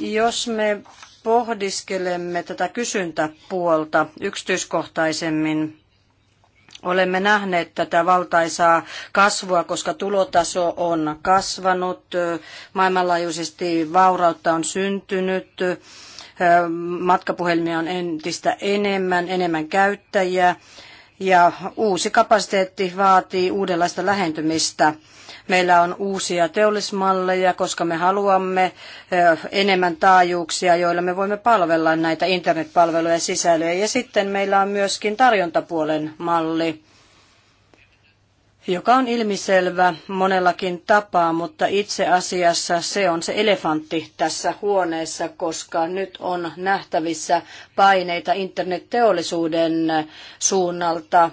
Speaker 3: Jos me pohdiskelemme tätä kysyntäpuolta yksityiskohtaisemmin, olemme nähneet tätä valtaisaa kasvua, koska tulotaso on kasvanut, maailmanlaajuisesti vaurautta on syntynyt, matkapuhelmia on entistä enemmän, enemmän käyttäjiä ja uusi kapasiteetti vaatii uudenlaista lähentymistä Meillä on uusia teollismalleja, koska me haluamme enemmän taajuuksia, joilla me voimme palvella näitä internetpalveluja sisällöjä. Ja sitten meillä on myöskin tarjontapuolen malli joka on ilmiselvä monellakin tapaa, mutta itse asiassa se on se elefantti tässä huoneessa, koska nyt on nähtävissä paineita internetteollisuuden suunnalta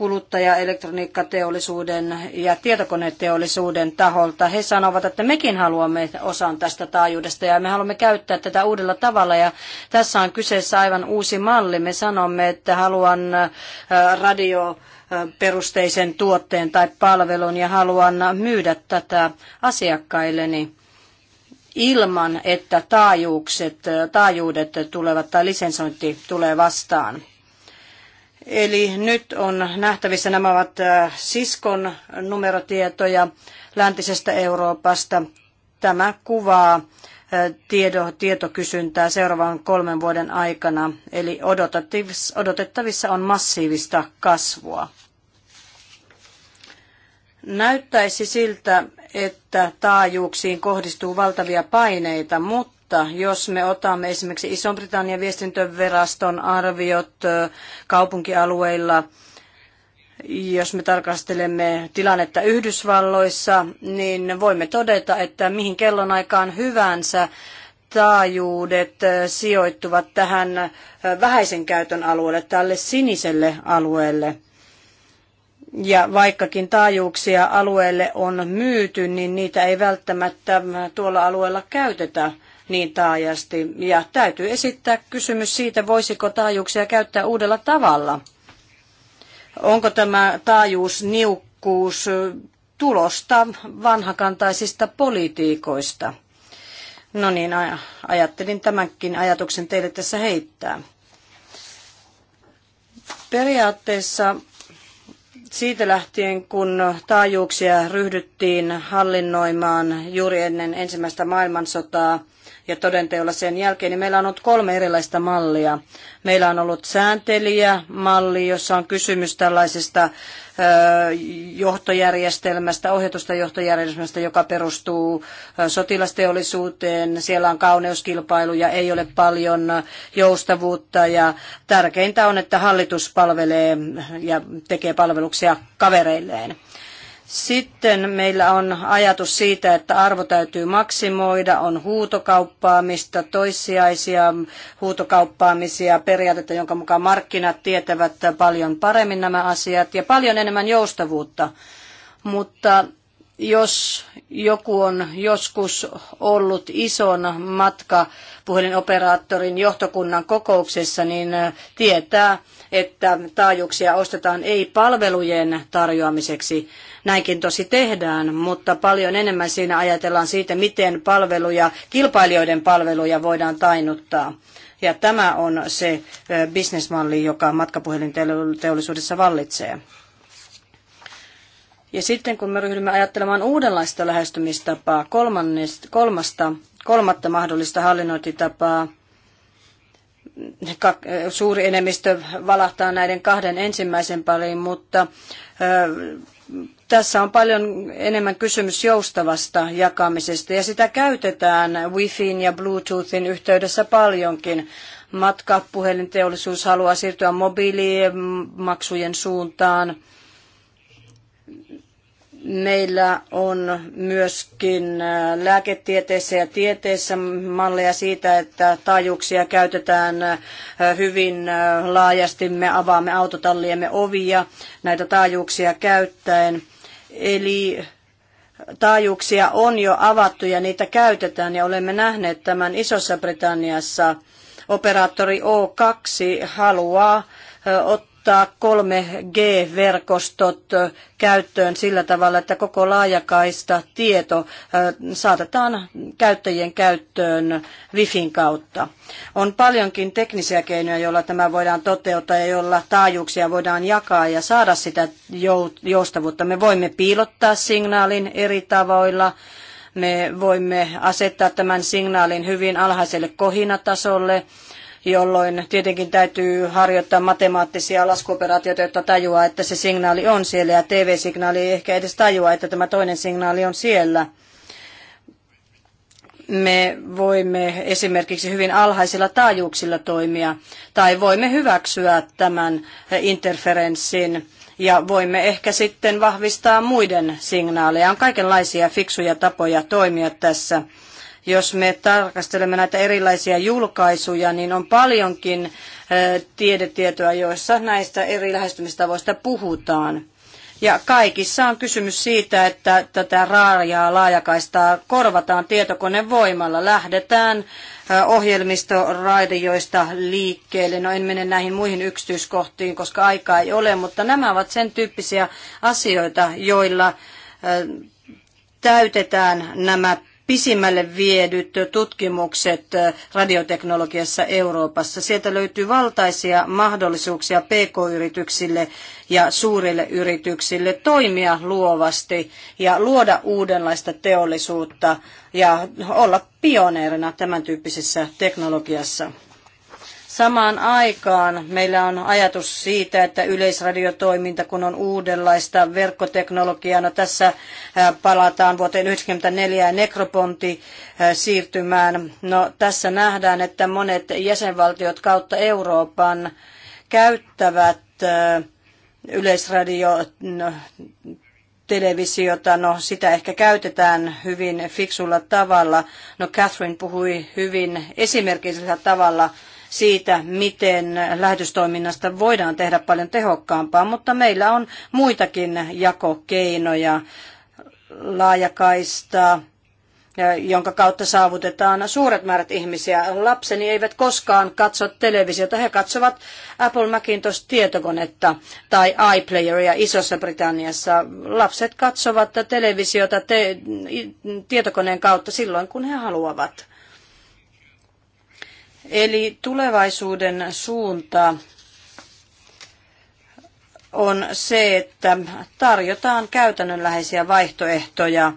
Speaker 3: kuluttajaelektroniikkateollisuuden ja tietokoneteollisuuden taholta. He sanovat, että mekin haluamme osan tästä taajuudesta ja me haluamme käyttää tätä uudella tavalla. Ja tässä on kyseessä aivan uusi malli. Me sanomme, että haluan äh, radio äh, perusteisen tuotteen tai palvelun ja haluan myydä tätä asiakkailleni ilman, että taajuukset, äh, taajuudet tulevat tai lisensointi tulee vastaan. Eli nyt on nähtävissä nämä ovat äh, siskon numerotietoja läntisestä Euroopasta. Tämä kuvaa äh, tiedo, tietokysyntää seuraavan kolmen vuoden aikana, eli odotettavissa on massiivista kasvua. Näyttäisi siltä, että taajuuksiin kohdistuu valtavia paineita, mutta mutta jos me otamme esimerkiksi Iso-Britannian viestintöveraston arviot kaupunkialueilla, jos me tarkastelemme tilannetta Yhdysvalloissa, niin voimme todeta, että mihin kellonaikaan hyvänsä taajuudet sijoittuvat tähän vähäisen käytön alueelle, tälle siniselle alueelle. Ja vaikkakin taajuuksia alueelle on myyty, niin niitä ei välttämättä tuolla alueella käytetä niin taajasti. Ja täytyy esittää kysymys siitä, voisiko taajuuksia käyttää uudella tavalla. Onko tämä taajuus, niukkuus tulosta vanhakantaisista politiikoista? No niin, ajattelin tämänkin ajatuksen teille tässä heittää. Periaatteessa siitä lähtien, kun taajuuksia ryhdyttiin hallinnoimaan juuri ennen ensimmäistä maailmansotaa, ja todenteolla sen jälkeen, niin meillä on ollut kolme erilaista mallia. Meillä on ollut sääntelijämalli, jossa on kysymys tällaisesta johtojärjestelmästä, ohjatusta johtojärjestelmästä, joka perustuu sotilasteollisuuteen. Siellä on kauneuskilpailu ja ei ole paljon joustavuutta ja tärkeintä on, että hallitus palvelee ja tekee palveluksia kavereilleen. Sitten meillä on ajatus siitä, että arvo täytyy maksimoida, on huutokauppaamista, toissijaisia huutokauppaamisia, periaatetta, jonka mukaan markkinat tietävät paljon paremmin nämä asiat ja paljon enemmän joustavuutta. Mutta jos joku on joskus ollut ison matkapuhelinoperaattorin johtokunnan kokouksessa, niin tietää, että taajuuksia ostetaan ei palvelujen tarjoamiseksi. Näinkin tosi tehdään, mutta paljon enemmän siinä ajatellaan siitä, miten palveluja, kilpailijoiden palveluja voidaan tainuttaa. Ja tämä on se bisnesmalli, joka matkapuhelinteollisuudessa vallitsee. Ja sitten kun me ryhdymme ajattelemaan uudenlaista lähestymistapaa, kolmannesta, kolmasta, kolmatta mahdollista hallinnointitapaa, suuri enemmistö valahtaa näiden kahden ensimmäisen pariin, mutta tässä on paljon enemmän kysymys joustavasta jakamisesta ja sitä käytetään Wifin ja Bluetoothin yhteydessä paljonkin. Matkapuhelinteollisuus haluaa siirtyä mobiilimaksujen suuntaan. Meillä on myöskin äh, lääketieteessä ja tieteessä malleja siitä, että taajuuksia käytetään äh, hyvin äh, laajasti. Me avaamme autotalliemme ovia näitä taajuuksia käyttäen. Eli taajuuksia on jo avattu ja niitä käytetään ja olemme nähneet tämän Isossa Britanniassa. Operaattori O2 haluaa ottaa ottaa 3G-verkostot käyttöön sillä tavalla, että koko laajakaista tieto saatetaan käyttäjien käyttöön Wifin kautta. On paljonkin teknisiä keinoja, joilla tämä voidaan toteuttaa ja joilla taajuuksia voidaan jakaa ja saada sitä joustavuutta. Me voimme piilottaa signaalin eri tavoilla me voimme asettaa tämän signaalin hyvin alhaiselle kohinatasolle jolloin tietenkin täytyy harjoittaa matemaattisia laskuoperaatioita, jotta tajuaa, että se signaali on siellä ja TV-signaali ei ehkä edes tajua, että tämä toinen signaali on siellä me voimme esimerkiksi hyvin alhaisilla taajuuksilla toimia, tai voimme hyväksyä tämän interferenssin ja voimme ehkä sitten vahvistaa muiden signaaleja. On kaikenlaisia fiksuja tapoja toimia tässä. Jos me tarkastelemme näitä erilaisia julkaisuja, niin on paljonkin tiedetietoa, joissa näistä eri lähestymistavoista puhutaan. Ja kaikissa on kysymys siitä, että tätä raajaa laajakaistaa korvataan tietokonevoimalla. Lähdetään ohjelmistoraidioista liikkeelle. No en mene näihin muihin yksityiskohtiin, koska aikaa ei ole, mutta nämä ovat sen tyyppisiä asioita, joilla täytetään nämä pisimmälle viedyt tutkimukset eh, radioteknologiassa Euroopassa. Sieltä löytyy valtaisia mahdollisuuksia pk-yrityksille ja suurille yrityksille toimia luovasti ja luoda uudenlaista teollisuutta ja olla pioneerina tämän tyyppisessä teknologiassa. Samaan aikaan meillä on ajatus siitä, että yleisradiotoiminta, kun on uudenlaista verkkoteknologiaa, no tässä palataan vuoteen 1994 nekroponti siirtymään. No tässä nähdään, että monet jäsenvaltiot kautta Euroopan käyttävät yleisradiotelevisiota, televisiota, no sitä ehkä käytetään hyvin fiksulla tavalla. No Catherine puhui hyvin esimerkillisellä tavalla siitä, miten lähetystoiminnasta voidaan tehdä paljon tehokkaampaa, mutta meillä on muitakin jakokeinoja, laajakaista, jonka kautta saavutetaan suuret määrät ihmisiä. Lapseni eivät koskaan katso televisiota, he katsovat Apple Macintosh-tietokonetta tai iPlayeria Isossa Britanniassa. Lapset katsovat televisiota te- tietokoneen kautta silloin, kun he haluavat. Eli tulevaisuuden suunta on se, että tarjotaan käytännönläheisiä vaihtoehtoja,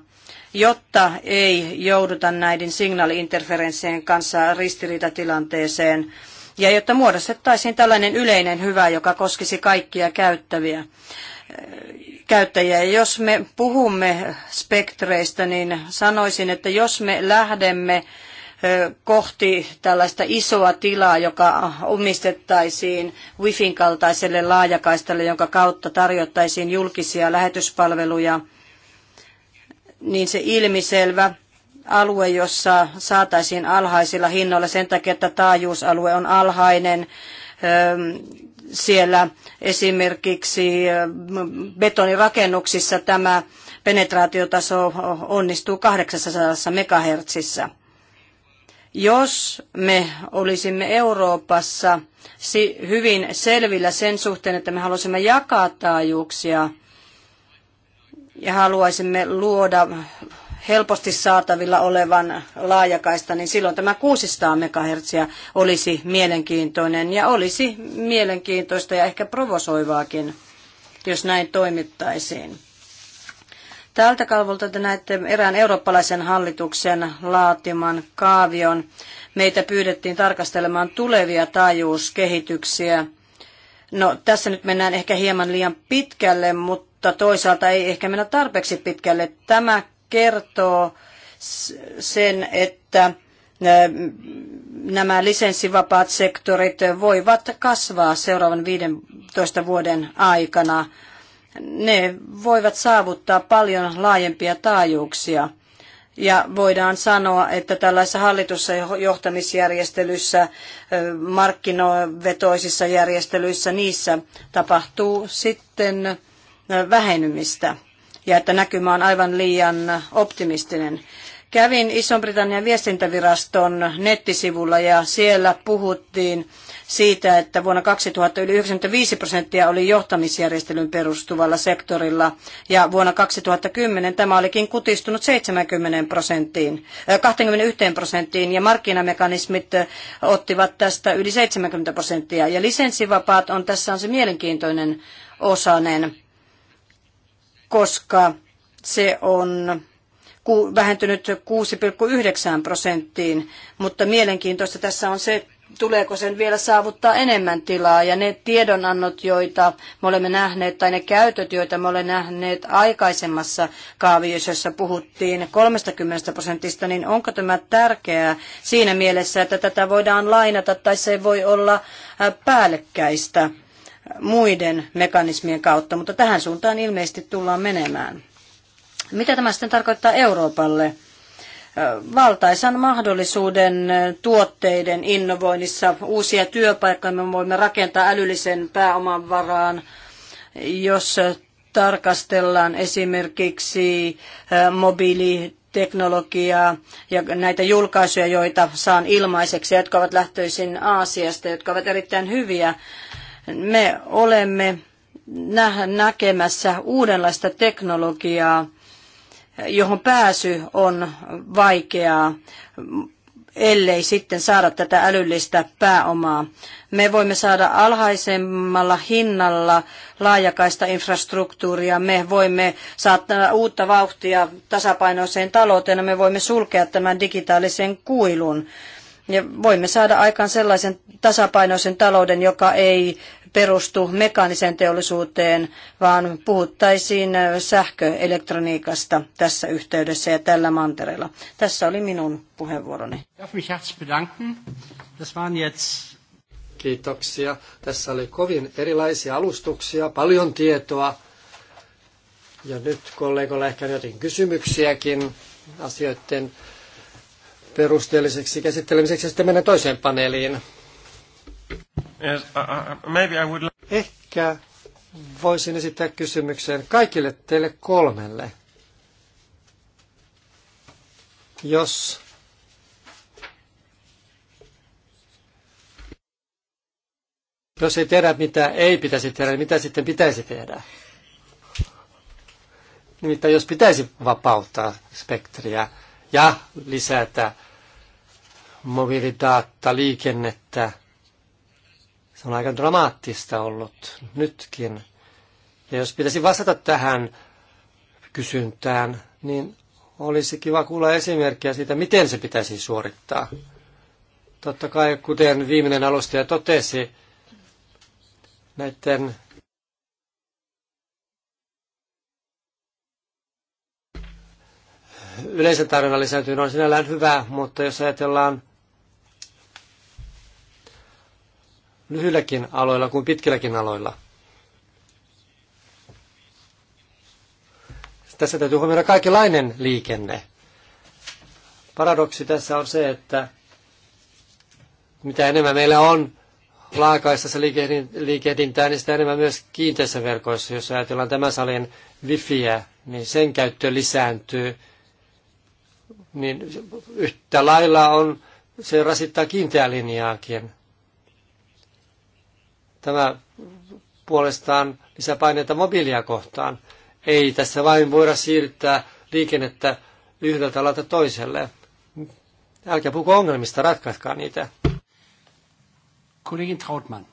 Speaker 3: jotta ei jouduta näiden signaaliinterferenssien kanssa ristiriitatilanteeseen ja jotta muodostettaisiin tällainen yleinen hyvä, joka koskisi kaikkia käyttäviä käyttäjiä. Jos me puhumme spektreistä, niin sanoisin, että jos me lähdemme kohti tällaista isoa tilaa, joka omistettaisiin Wifin kaltaiselle laajakaistalle, jonka kautta tarjottaisiin julkisia lähetyspalveluja, niin se ilmiselvä alue, jossa saataisiin alhaisilla hinnoilla sen takia, että taajuusalue on alhainen, siellä esimerkiksi betonirakennuksissa tämä penetraatiotaso onnistuu 800 megahertsissä. Jos me olisimme Euroopassa hyvin selvillä sen suhteen, että me haluaisimme jakaa taajuuksia ja haluaisimme luoda helposti saatavilla olevan laajakaista, niin silloin tämä 600 MHz olisi mielenkiintoinen ja olisi mielenkiintoista ja ehkä provosoivaakin, jos näin toimittaisiin. Tältä kalvolta te näette erään eurooppalaisen hallituksen laatiman kaavion. Meitä pyydettiin tarkastelemaan tulevia taajuuskehityksiä. No tässä nyt mennään ehkä hieman liian pitkälle, mutta toisaalta ei ehkä mennä tarpeeksi pitkälle. Tämä kertoo sen, että nämä lisenssivapaat sektorit voivat kasvaa seuraavan 15 vuoden aikana ne voivat saavuttaa paljon laajempia taajuuksia. Ja voidaan sanoa, että tällaisessa hallitussa johtamisjärjestelyssä, markkinovetoisissa järjestelyissä, niissä tapahtuu sitten vähenymistä ja että näkymä on aivan liian optimistinen. Kävin Iso-Britannian viestintäviraston nettisivulla ja siellä puhuttiin siitä, että vuonna 2000 yli 95 prosenttia oli johtamisjärjestelyn perustuvalla sektorilla ja vuonna 2010 tämä olikin kutistunut 70 prosenttiin, 21 äh, prosenttiin ja markkinamekanismit äh, ottivat tästä yli 70 prosenttia ja lisenssivapaat on tässä on se mielenkiintoinen osanen, koska se on vähentynyt 6,9 prosenttiin, mutta mielenkiintoista tässä on se, tuleeko sen vielä saavuttaa enemmän tilaa. Ja ne tiedonannot, joita me olemme nähneet, tai ne käytöt, joita me olemme nähneet aikaisemmassa kaaviossa, jossa puhuttiin 30 prosentista, niin onko tämä tärkeää siinä mielessä, että tätä voidaan lainata, tai se voi olla päällekkäistä muiden mekanismien kautta, mutta tähän suuntaan ilmeisesti tullaan menemään. Mitä tämä sitten tarkoittaa Euroopalle? valtaisan mahdollisuuden tuotteiden innovoinnissa. Uusia työpaikkoja me voimme rakentaa älyllisen pääoman varaan, jos tarkastellaan esimerkiksi mobiili teknologiaa ja näitä julkaisuja, joita saan ilmaiseksi, jotka ovat lähtöisin Aasiasta, jotka ovat erittäin hyviä. Me olemme näkemässä uudenlaista teknologiaa, johon pääsy on vaikeaa, ellei sitten saada tätä älyllistä pääomaa. Me voimme saada alhaisemmalla hinnalla laajakaista infrastruktuuria, me voimme saada uutta vauhtia tasapainoiseen talouteen ja me voimme sulkea tämän digitaalisen kuilun. Ja voimme saada aikaan sellaisen tasapainoisen talouden, joka ei perustu mekaaniseen teollisuuteen, vaan puhuttaisiin sähköelektroniikasta tässä yhteydessä ja tällä mantereella. Tässä oli minun puheenvuoroni.
Speaker 1: Kiitoksia. Tässä oli kovin erilaisia alustuksia, paljon tietoa. Ja nyt kollegoilla ehkä jotain kysymyksiäkin asioiden perusteelliseksi käsittelemiseksi. Sitten mennään toiseen paneeliin. Yes, uh,
Speaker 2: uh,
Speaker 1: maybe I would... Ehkä voisin esittää kysymyksen kaikille teille kolmelle. Jos jos ei tiedä mitä ei pitäisi tehdä, niin mitä sitten pitäisi tehdä? Nimittäin jos pitäisi vapauttaa spektriä ja lisätä mobiilidaatta, liikennettä, se on aika dramaattista ollut nytkin. Ja jos pitäisi vastata tähän kysyntään, niin olisi kiva kuulla esimerkkiä siitä, miten se pitäisi suorittaa. Totta kai, kuten viimeinen alustaja totesi, näiden yleisen tarjonnan lisääntyminen on sinällään hyvä, mutta jos ajatellaan lyhyilläkin aloilla kuin pitkilläkin aloilla. Tässä täytyy huomioida kaikenlainen liikenne. Paradoksi tässä on se, että mitä enemmän meillä on laakaistassa liikehdintää, niin sitä enemmän myös kiinteissä verkoissa. Jos ajatellaan tämän salin wifiä, niin sen käyttö lisääntyy. Niin yhtä lailla on, se rasittaa kiinteää linjaakin. Tämä puolestaan lisäpaineita mobiilia kohtaan. Ei tässä vain voida siirtää liikennettä yhdeltä alalta toiselle. Älkää puhuko ongelmista, ratkaiskaa niitä. Kollegin Trautmann.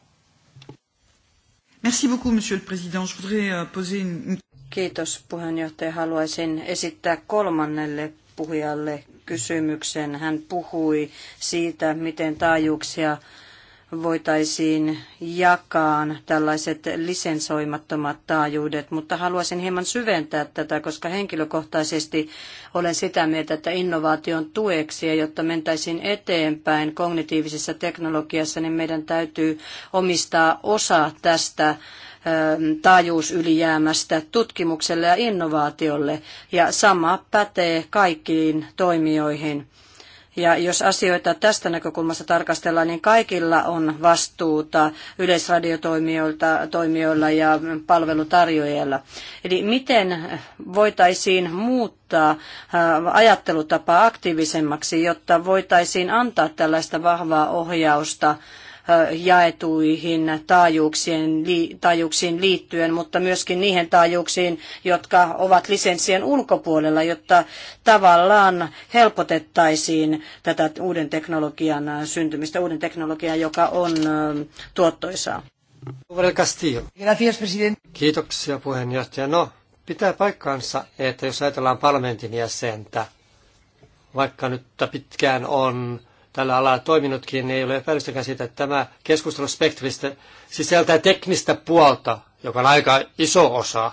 Speaker 1: Merci beaucoup, monsieur le président. Je
Speaker 2: voudrais euh, poser une...
Speaker 3: Kiitos puheenjohtaja. Haluaisin esittää kolmannelle puhujalle kysymyksen. Hän puhui siitä, miten taajuuksia voitaisiin jakaa tällaiset lisensoimattomat taajuudet, mutta haluaisin hieman syventää tätä, koska henkilökohtaisesti olen sitä mieltä, että innovaation tueksi ja jotta mentäisiin eteenpäin kognitiivisessa teknologiassa, niin meidän täytyy omistaa osa tästä taajuusylijäämästä tutkimukselle ja innovaatiolle, ja sama pätee kaikkiin toimijoihin. Ja jos asioita tästä näkökulmasta tarkastellaan, niin kaikilla on vastuuta yleisradiotoimijoilla ja palvelutarjoajilla. Eli miten voitaisiin muuttaa äh, ajattelutapaa aktiivisemmaksi, jotta voitaisiin antaa tällaista vahvaa ohjausta jaetuihin taajuuksien, taajuuksiin liittyen, mutta myöskin niihin taajuuksiin, jotka ovat lisenssien ulkopuolella, jotta tavallaan helpotettaisiin tätä uuden teknologian syntymistä, uuden teknologian, joka on tuottoisaa.
Speaker 1: Kiitoksia puheenjohtaja. No, pitää paikkansa, että jos ajatellaan parlamentin jäsentä, vaikka nyt pitkään on tällä alalla toiminutkin, niin ei ole epäilystäkään siitä, että tämä keskustelu spektristä sisältää teknistä puolta, joka on aika iso osa.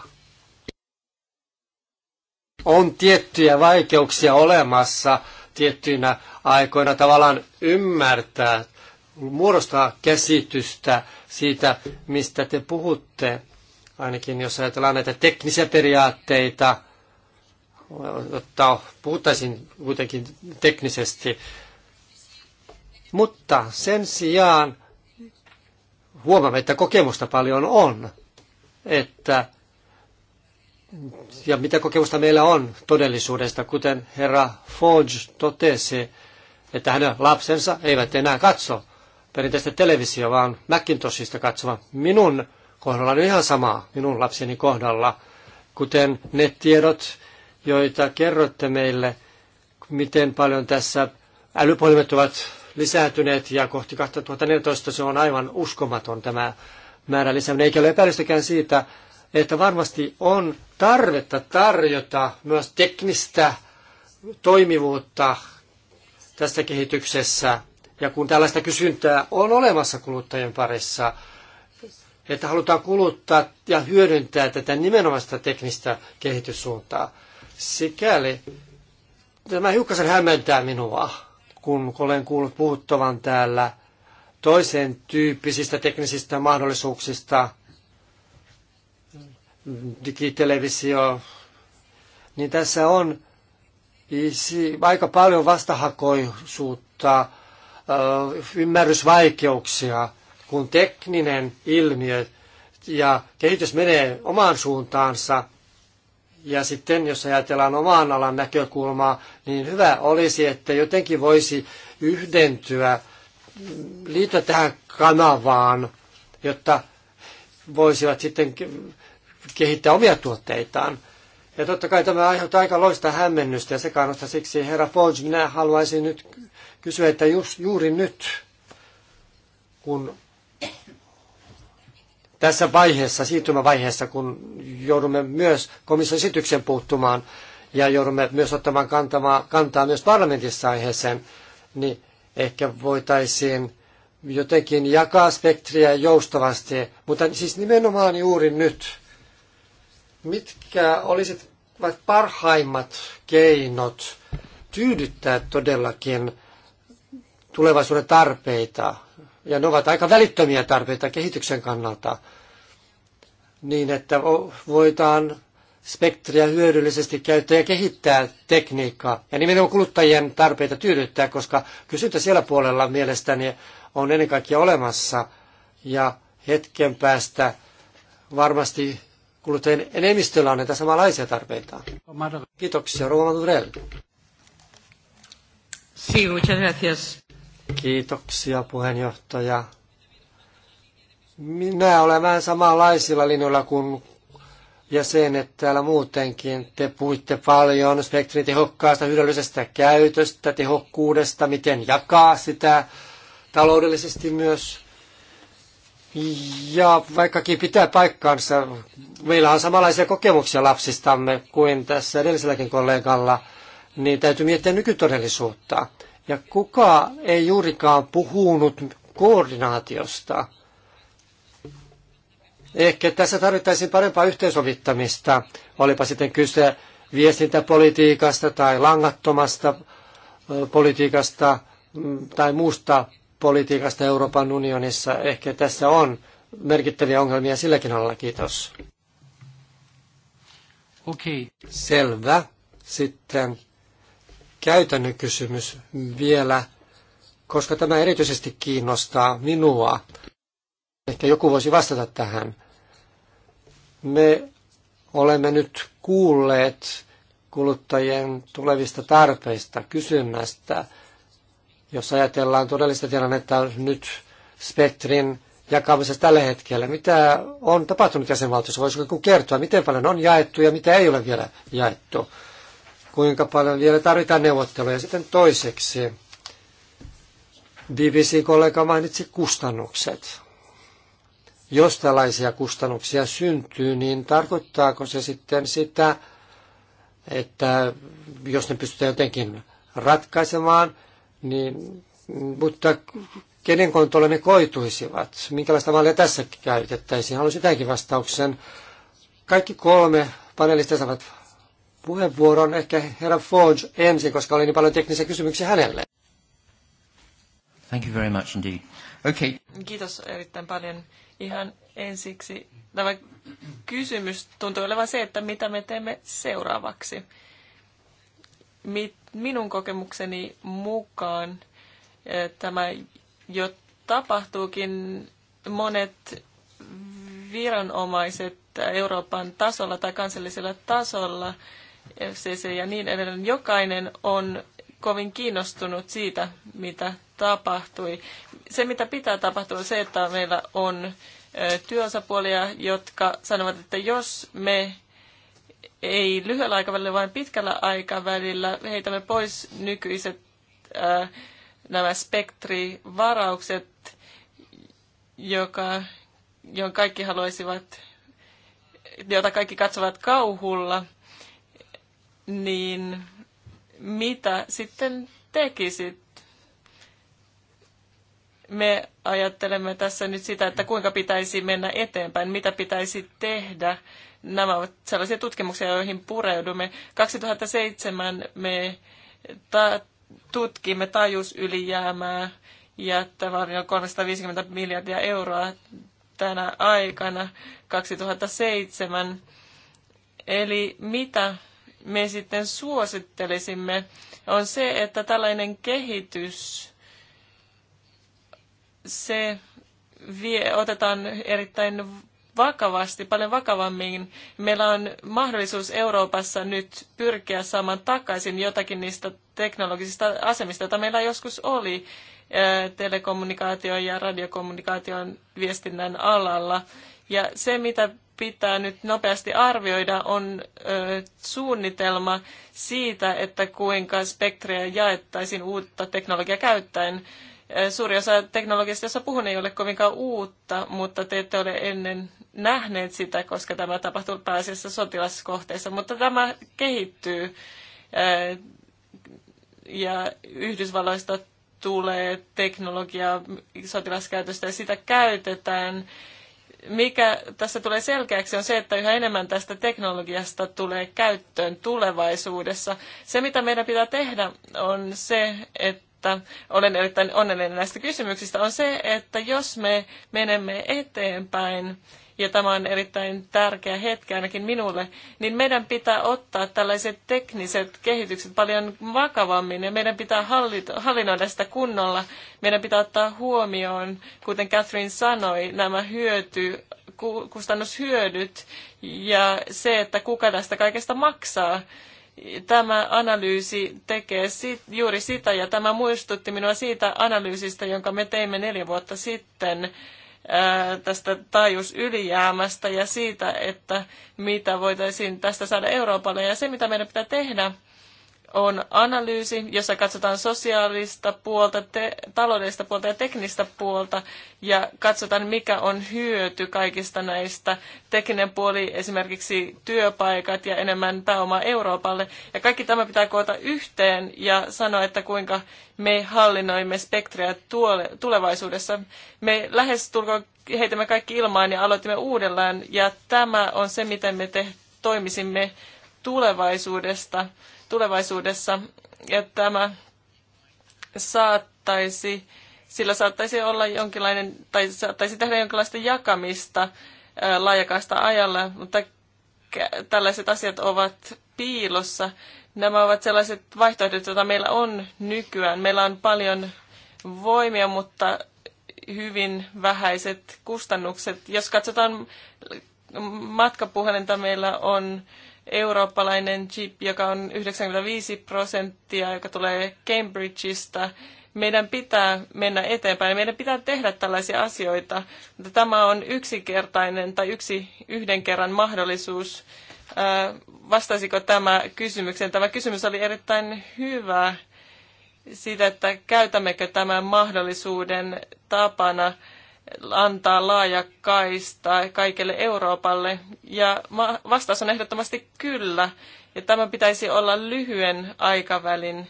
Speaker 1: On tiettyjä vaikeuksia olemassa tiettyinä aikoina tavallaan ymmärtää, muodostaa käsitystä siitä, mistä te puhutte. Ainakin jos ajatellaan näitä teknisiä periaatteita, jotta puhuttaisiin kuitenkin teknisesti mutta sen sijaan huomaamme, että kokemusta paljon on, että ja mitä kokemusta meillä on todellisuudesta, kuten herra Forge totesi, että hänen lapsensa eivät enää katso perinteistä televisiota, vaan Macintoshista katsova. Minun kohdalla on ihan sama, minun lapseni kohdalla, kuten ne tiedot, joita kerrotte meille, miten paljon tässä älypuhelimet ovat lisääntyneet ja kohti 2014 se on aivan uskomaton tämä määrä lisääminen. Eikä ole epäilystäkään siitä, että varmasti on tarvetta tarjota myös teknistä toimivuutta tässä kehityksessä. Ja kun tällaista kysyntää on olemassa kuluttajien parissa, että halutaan kuluttaa ja hyödyntää tätä nimenomaista teknistä kehityssuuntaa. Sikäli tämä hiukkasen hämmentää minua kun olen kuullut puhuttavan täällä toisen tyyppisistä teknisistä mahdollisuuksista, digitelevisio, niin tässä on aika paljon vastahakoisuutta, ymmärrysvaikeuksia, kun tekninen ilmiö ja kehitys menee omaan suuntaansa – ja sitten jos ajatellaan omaan alan näkökulmaa, niin hyvä olisi, että jotenkin voisi yhdentyä, liittyä tähän kanavaan, jotta voisivat sitten kehittää omia tuotteitaan. Ja totta kai tämä aiheuttaa aika loista hämmennystä ja sekaannusta. Siksi herra Forge, minä haluaisin nyt kysyä, että just, juuri nyt, kun tässä vaiheessa, siirtymävaiheessa, kun joudumme myös komission esityksen puuttumaan ja joudumme myös ottamaan kantaa, kantaa myös parlamentissa aiheeseen, niin ehkä voitaisiin jotenkin jakaa spektriä joustavasti, mutta siis nimenomaan juuri nyt, mitkä olisit parhaimmat keinot tyydyttää todellakin tulevaisuuden tarpeita ja ne ovat aika välittömiä tarpeita kehityksen kannalta, niin että voidaan spektriä hyödyllisesti käyttää ja kehittää tekniikkaa. Ja nimenomaan kuluttajien tarpeita tyydyttää, koska kysyntä siellä puolella mielestäni on ennen kaikkea olemassa. Ja hetken päästä varmasti kuluttajien enemmistöllä on näitä samanlaisia tarpeita. Kiitoksia, Rova Madurell. Sí, muchas gracias. Kiitoksia puheenjohtaja. Minä olen vähän samanlaisilla linjoilla kuin jäsenet täällä muutenkin. Te puhuitte paljon spektrin tehokkaasta hyödyllisestä käytöstä, tehokkuudesta, miten jakaa sitä taloudellisesti myös. Ja vaikkakin pitää paikkaansa, meillä on samanlaisia kokemuksia lapsistamme kuin tässä edelliselläkin kollegalla, niin täytyy miettiä nykytodellisuutta. Ja kuka ei juurikaan puhunut koordinaatiosta. Ehkä tässä tarvittaisiin parempaa yhteensovittamista, olipa sitten kyse viestintäpolitiikasta tai langattomasta politiikasta mm, tai muusta politiikasta Euroopan unionissa. Ehkä tässä on merkittäviä ongelmia silläkin alalla. Kiitos. Okei. Okay. Selvä. Sitten käytännön kysymys vielä, koska tämä erityisesti kiinnostaa minua. Ehkä joku voisi vastata tähän. Me olemme nyt kuulleet kuluttajien tulevista tarpeista, kysynnästä. Jos ajatellaan todellista tilannetta nyt spektrin jakamisessa tällä hetkellä, mitä on tapahtunut jäsenvaltiossa? Voisiko joku kertoa, miten paljon on jaettu ja mitä ei ole vielä jaettu? kuinka paljon vielä tarvitaan neuvotteluja. Sitten toiseksi, BBC-kollega mainitsi kustannukset. Jos tällaisia kustannuksia syntyy, niin tarkoittaako se sitten sitä, että jos ne pystytään jotenkin ratkaisemaan, niin, mutta kenen kontolle ne koituisivat? Minkälaista mallia tässä käytettäisiin? Haluaisin tämänkin vastauksen. Kaikki kolme panelista saavat puheenvuoron ehkä herra Forge ensin, koska oli niin paljon teknisiä kysymyksiä hänelle. Thank you very much indeed. Okay.
Speaker 2: Kiitos erittäin paljon. Ihan ensiksi tämä kysymys tuntuu olevan se, että mitä me teemme seuraavaksi. Minun kokemukseni mukaan eh, tämä jo tapahtuukin monet viranomaiset Euroopan tasolla tai kansallisella tasolla – FCC ja niin edelleen. Jokainen on kovin kiinnostunut siitä, mitä tapahtui. Se, mitä pitää tapahtua, on se, että meillä on työosapuolia, jotka sanovat, että jos me ei lyhyellä aikavälillä, vaan pitkällä aikavälillä heitämme pois nykyiset nämä spektrivaraukset, joka, jonka kaikki haluaisivat, jota kaikki katsovat kauhulla – niin mitä sitten tekisit? Me ajattelemme tässä nyt sitä, että kuinka pitäisi mennä eteenpäin, mitä pitäisi tehdä. Nämä ovat sellaisia tutkimuksia, joihin pureudumme. 2007 me ta- tutkimme tajusylijäämää ja tämä oli 350 miljardia euroa tänä aikana 2007. Eli mitä me sitten suosittelisimme, on se, että tällainen kehitys, se vie, otetaan erittäin vakavasti, paljon vakavammin. Meillä on mahdollisuus Euroopassa nyt pyrkiä saamaan takaisin jotakin niistä teknologisista asemista, joita meillä joskus oli telekommunikaation ja radiokommunikaation viestinnän alalla. Ja se, mitä pitää nyt nopeasti arvioida, on ö, suunnitelma siitä, että kuinka spektriä jaettaisiin uutta teknologiaa käyttäen. Suuri osa teknologiasta, jossa puhun, ei ole kovinkaan uutta, mutta te ette ole ennen nähneet sitä, koska tämä tapahtuu pääasiassa sotilaskohteessa, Mutta tämä kehittyy ja Yhdysvalloista tulee teknologiaa sotilaskäytöstä ja sitä käytetään mikä tässä tulee selkeäksi on se, että yhä enemmän tästä teknologiasta tulee käyttöön tulevaisuudessa. Se, mitä meidän pitää tehdä, on se, että olen erittäin onnellinen näistä kysymyksistä, on se, että jos me menemme eteenpäin, ja tämä on erittäin tärkeä hetki ainakin minulle, niin meidän pitää ottaa tällaiset tekniset kehitykset paljon vakavammin ja meidän pitää hallito, hallinnoida sitä kunnolla. Meidän pitää ottaa huomioon, kuten Catherine sanoi, nämä hyöty, kustannushyödyt ja se, että kuka tästä kaikesta maksaa tämä analyysi tekee sit, juuri sitä, ja tämä muistutti minua siitä analyysistä, jonka me teimme neljä vuotta sitten tästä taajuusylijäämästä ja siitä, että mitä voitaisiin tästä saada Euroopalle. Ja se, mitä meidän pitää tehdä, on analyysi, jossa katsotaan sosiaalista puolta, te, taloudellista puolta ja teknistä puolta ja katsotaan, mikä on hyöty kaikista näistä. Tekninen puoli, esimerkiksi työpaikat ja enemmän pääomaa Euroopalle. Ja kaikki tämä pitää koota yhteen ja sanoa, että kuinka me hallinnoimme spektriä tuole, tulevaisuudessa. Me lähestulkoon heitämme kaikki ilmaan ja aloitimme uudelleen ja tämä on se, miten me te, toimisimme tulevaisuudesta tulevaisuudessa. Ja tämä saattaisi, sillä saattaisi olla jonkinlainen, tai saattaisi tehdä jonkinlaista jakamista laajakaista ajalla, mutta tällaiset asiat ovat piilossa. Nämä ovat sellaiset vaihtoehdot, joita meillä on nykyään. Meillä on paljon voimia, mutta hyvin vähäiset kustannukset. Jos katsotaan matkapuhelinta, meillä on eurooppalainen chip, joka on 95 prosenttia, joka tulee Cambridgeista. Meidän pitää mennä eteenpäin, meidän pitää tehdä tällaisia asioita, mutta tämä on yksinkertainen tai yksi yhden kerran mahdollisuus. Vastaisiko tämä kysymykseen? Tämä kysymys oli erittäin hyvä siitä, että käytämmekö tämän mahdollisuuden tapana – antaa laaja kaista kaikelle Euroopalle? Ja vastaus on ehdottomasti kyllä. Ja tämä pitäisi olla lyhyen aikavälin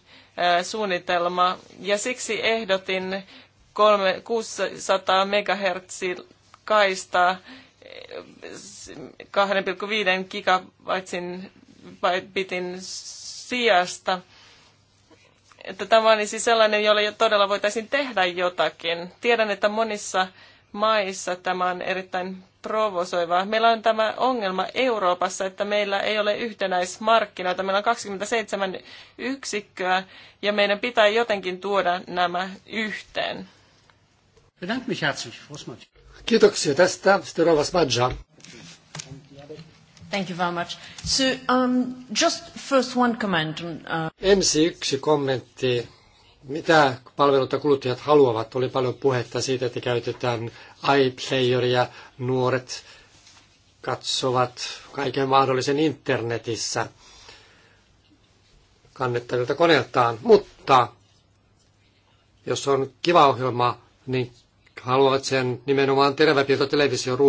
Speaker 2: suunnitelma. Ja siksi ehdotin 600 MHz kaistaa 2,5 gigabitin sijasta että tämä on siis sellainen, jolle todella voitaisiin tehdä jotakin. Tiedän, että monissa maissa tämä on erittäin provosoivaa. Meillä on tämä ongelma Euroopassa, että meillä ei ole yhtenäismarkkinoita. Meillä on 27 yksikköä ja meidän pitää jotenkin tuoda nämä yhteen.
Speaker 1: Kiitoksia tästä. Madja.
Speaker 3: Thank you very much. So, um, just first one comment. On, uh...
Speaker 1: Ensi yksi kommentti. Mitä palveluita kuluttajat haluavat? Oli paljon puhetta siitä, että käytetään iPlayeria, nuoret katsovat kaiken mahdollisen internetissä kannettavilta koneeltaan. Mutta jos on kiva ohjelma, niin haluavat sen nimenomaan teräväpiirto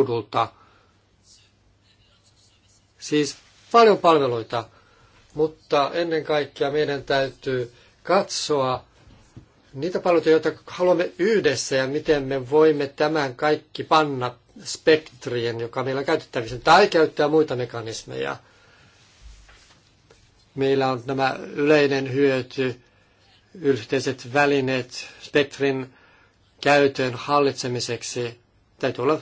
Speaker 1: ruudulta – Siis paljon palveluita, mutta ennen kaikkea meidän täytyy katsoa niitä palveluita, joita haluamme yhdessä ja miten me voimme tämän kaikki panna spektrien, joka meillä on käytettävissä, tai käyttää muita mekanismeja. Meillä on nämä yleinen hyöty, yhteiset välineet spektrin käytön hallitsemiseksi. Täytyy olla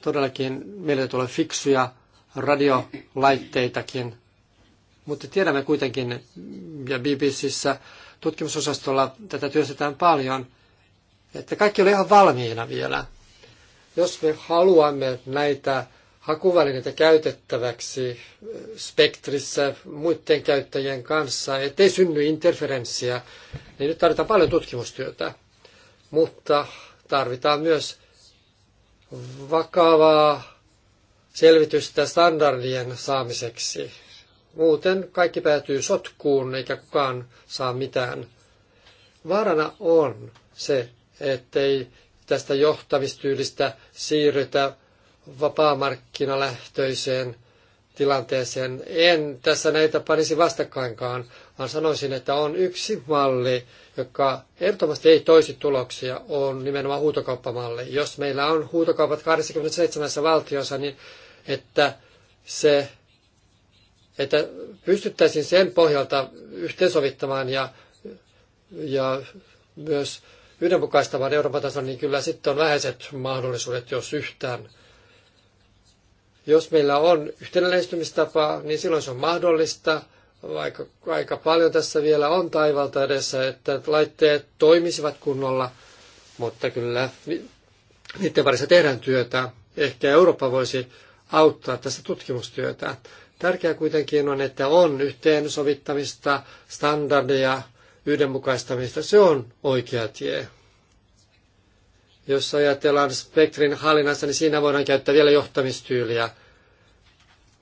Speaker 1: todellakin, meillä täytyy olla fiksuja radiolaitteitakin. Mutta tiedämme kuitenkin, ja BBCissä tutkimusosastolla tätä työstetään paljon, että kaikki oli ihan valmiina vielä. Jos me haluamme näitä hakuvälineitä käytettäväksi eh, spektrissä muiden käyttäjien kanssa, ettei synny interferenssiä, niin nyt tarvitaan paljon tutkimustyötä. Mutta tarvitaan myös vakavaa selvitystä standardien saamiseksi. Muuten kaikki päätyy sotkuun eikä kukaan saa mitään. Vaarana on se, ettei tästä johtamistyylistä siirrytä vapaamarkkinalähtöiseen tilanteeseen. En tässä näitä panisi vastakkainkaan, vaan sanoisin, että on yksi malli, joka ehdottomasti ei toisi tuloksia, on nimenomaan huutokauppamalli. Jos meillä on huutokaupat 27 valtiossa, niin että se että pystyttäisiin sen pohjalta yhteensovittamaan ja, ja myös yhdenmukaistamaan Euroopan tason, niin kyllä sitten on vähäiset mahdollisuudet, jos yhtään. Jos meillä on yhtenä lähestymistapa, niin silloin se on mahdollista. vaikka aika paljon tässä vielä on taivalta edessä, että laitteet toimisivat kunnolla, mutta kyllä niiden parissa tehdään työtä. Ehkä Eurooppa voisi auttaa tässä tutkimustyötä. Tärkeää kuitenkin on, että on yhteensovittamista, standardeja, yhdenmukaistamista. Se on oikea tie. Jos ajatellaan spektrin hallinnassa, niin siinä voidaan käyttää vielä johtamistyyliä.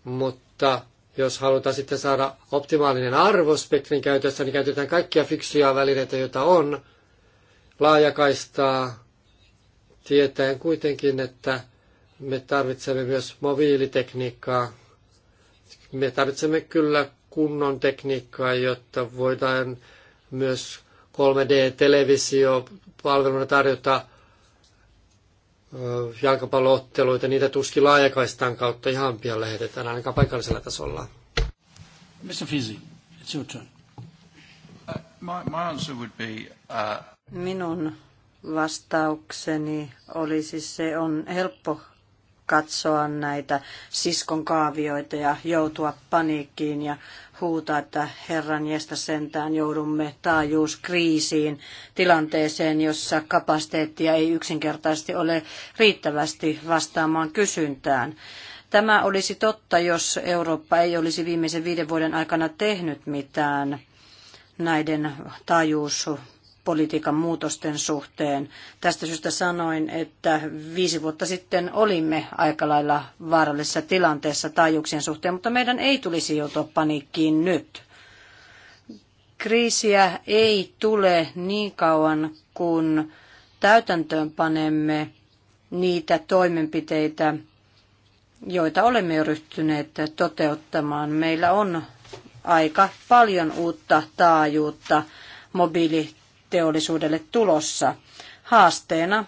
Speaker 1: Mutta jos halutaan sitten saada optimaalinen arvo spektrin käytössä, niin käytetään kaikkia fiksuja välineitä, joita on, laajakaistaa, tietäen kuitenkin, että me tarvitsemme myös mobiilitekniikkaa. Me tarvitsemme kyllä kunnon tekniikkaa, jotta voidaan myös 3D-televisiopalveluna tarjota jalkapallootteluita, niitä tuskin laajakaistan kautta ihan pian lähetetään, ainakaan paikallisella tasolla. Mr. Fizi, it's your turn. Uh,
Speaker 2: my, my answer would be, uh...
Speaker 3: Minun vastaukseni olisi se on helppo katsoa näitä siskon kaavioita ja joutua paniikkiin ja huutaa, että herran jästä sentään joudumme taajuuskriisiin, tilanteeseen, jossa kapasiteettia ei yksinkertaisesti ole riittävästi vastaamaan kysyntään. Tämä olisi totta, jos Eurooppa ei olisi viimeisen viiden vuoden aikana tehnyt mitään näiden taajuus politiikan muutosten suhteen. Tästä syystä sanoin, että viisi vuotta sitten olimme aika lailla vaarallisessa tilanteessa taajuuksien suhteen, mutta meidän ei tulisi joutua paniikkiin nyt. Kriisiä ei tule niin kauan, kun täytäntöön panemme niitä toimenpiteitä, joita olemme jo ryhtyneet toteuttamaan. Meillä on aika paljon uutta taajuutta mobiili teollisuudelle tulossa. Haasteena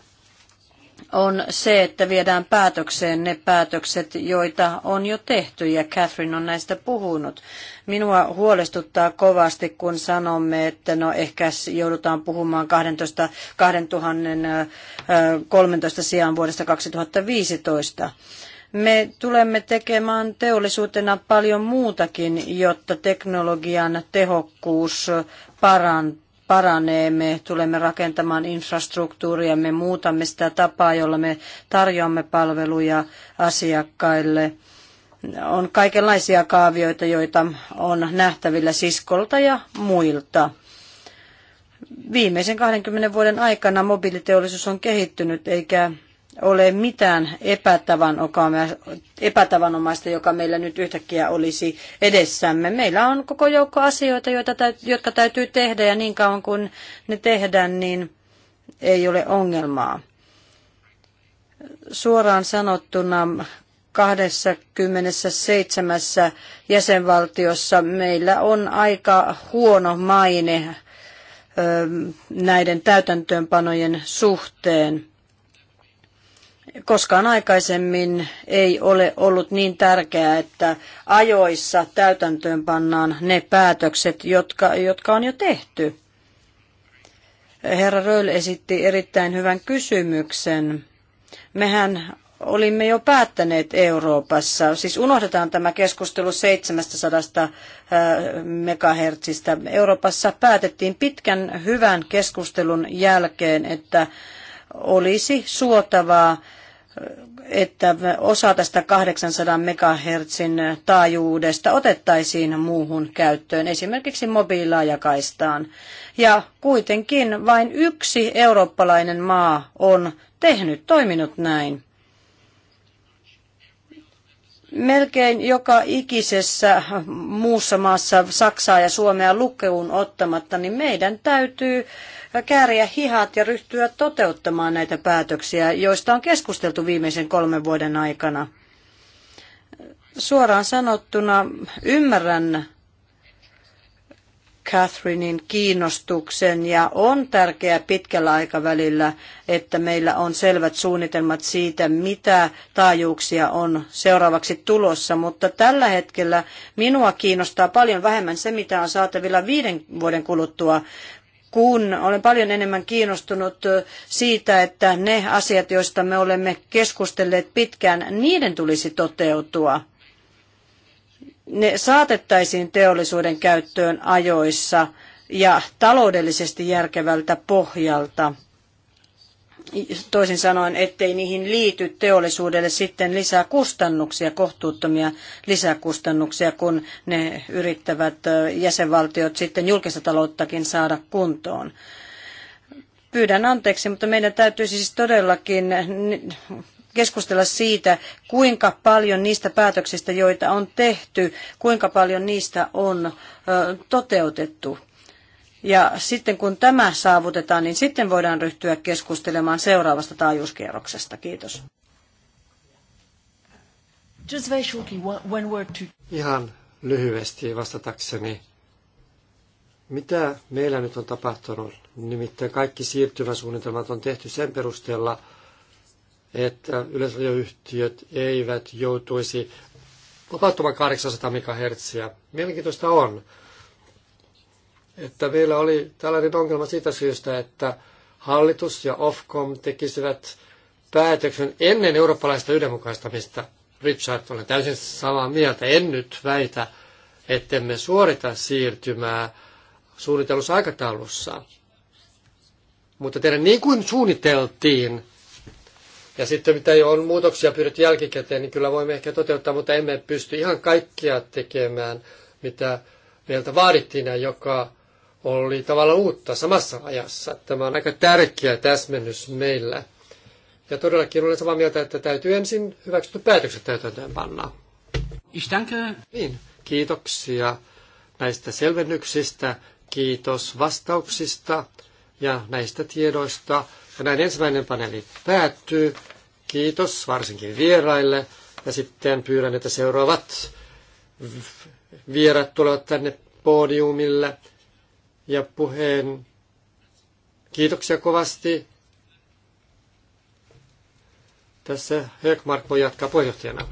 Speaker 3: on se, että viedään päätökseen ne päätökset, joita on jo tehty, ja Catherine on näistä puhunut. Minua huolestuttaa kovasti, kun sanomme, että no ehkä joudutaan puhumaan 12, 2013 sijaan vuodesta 2015 me tulemme tekemään teollisuutena paljon muutakin, jotta teknologian tehokkuus parantuu paranee, me tulemme rakentamaan infrastruktuuria, me muutamme sitä tapaa, jolla me tarjoamme palveluja asiakkaille. On kaikenlaisia kaavioita, joita on nähtävillä siskolta ja muilta. Viimeisen 20 vuoden aikana mobiiliteollisuus on kehittynyt eikä ole mitään epätavanomaista, joka meillä nyt yhtäkkiä olisi edessämme. Meillä on koko joukko asioita, joita jotka täytyy tehdä ja niin kauan kuin ne tehdään, niin ei ole ongelmaa. Suoraan sanottuna 27 jäsenvaltiossa meillä on aika huono maine näiden täytäntöönpanojen suhteen Koskaan aikaisemmin ei ole ollut niin tärkeää, että ajoissa täytäntöön pannaan ne päätökset, jotka, jotka on jo tehty. Herra Röll esitti erittäin hyvän kysymyksen. Mehän olimme jo päättäneet Euroopassa. Siis unohdetaan tämä keskustelu 700 äh, megahertsistä. Euroopassa päätettiin pitkän hyvän keskustelun jälkeen, että olisi suotavaa että osa tästä 800 MHz taajuudesta otettaisiin muuhun käyttöön, esimerkiksi mobiilaajakaistaan. Ja kuitenkin vain yksi eurooppalainen maa on tehnyt, toiminut näin. Melkein joka ikisessä muussa maassa Saksaa ja Suomea lukeun ottamatta, niin meidän täytyy kääriä hihat ja ryhtyä toteuttamaan näitä päätöksiä, joista on keskusteltu viimeisen kolmen vuoden aikana. Suoraan sanottuna ymmärrän Catherinein kiinnostuksen ja on tärkeää pitkällä aikavälillä, että meillä on selvät suunnitelmat siitä, mitä taajuuksia on seuraavaksi tulossa, mutta tällä hetkellä minua kiinnostaa paljon vähemmän se, mitä on saatavilla viiden vuoden kuluttua kun olen paljon enemmän kiinnostunut siitä, että ne asiat, joista me olemme keskustelleet pitkään, niiden tulisi toteutua. Ne saatettaisiin teollisuuden käyttöön ajoissa ja taloudellisesti järkevältä pohjalta toisin sanoen, ettei niihin liity teollisuudelle sitten lisää kustannuksia, kohtuuttomia lisäkustannuksia, kun ne yrittävät jäsenvaltiot sitten julkista talouttakin saada kuntoon. Pyydän anteeksi, mutta meidän täytyisi siis todellakin keskustella siitä, kuinka paljon niistä päätöksistä, joita on tehty, kuinka paljon niistä on toteutettu ja sitten kun tämä saavutetaan, niin sitten voidaan ryhtyä keskustelemaan seuraavasta taajuuskierroksesta. Kiitos. Just very shortly, one word
Speaker 1: to... Ihan lyhyesti vastatakseni. Mitä meillä nyt on tapahtunut? Nimittäin kaikki siirtymäsuunnitelmat on tehty sen perusteella, että yleisradioyhtiöt eivät joutuisi vapauttamaan 800 MHz. Mielenkiintoista on, että vielä oli tällainen ongelma siitä syystä, että hallitus ja Ofcom tekisivät päätöksen ennen eurooppalaista yhdenmukaistamista. Richard, olen täysin samaa mieltä. En nyt väitä, ettemme suorita siirtymää suunnitellussa aikataulussa. Mutta tehdä niin kuin suunniteltiin, ja sitten mitä jo on muutoksia pyydetty jälkikäteen, niin kyllä voimme ehkä toteuttaa, mutta emme pysty ihan kaikkia tekemään, mitä meiltä vaadittiin ja joka oli tavallaan uutta samassa ajassa. Tämä on aika tärkeä täsmennys meillä. Ja todellakin olen samaa mieltä, että täytyy ensin hyväksytty päätökset täytäntöön panna. Ich danke. Niin, kiitoksia näistä selvennyksistä, kiitos vastauksista ja näistä tiedoista. Ja näin ensimmäinen paneeli päättyy. Kiitos varsinkin vieraille. Ja sitten pyydän, että seuraavat vierat tulevat tänne podiumille ja puheen. Kiitoksia kovasti. Tässä Högmark voi jatkaa puheenjohtajana.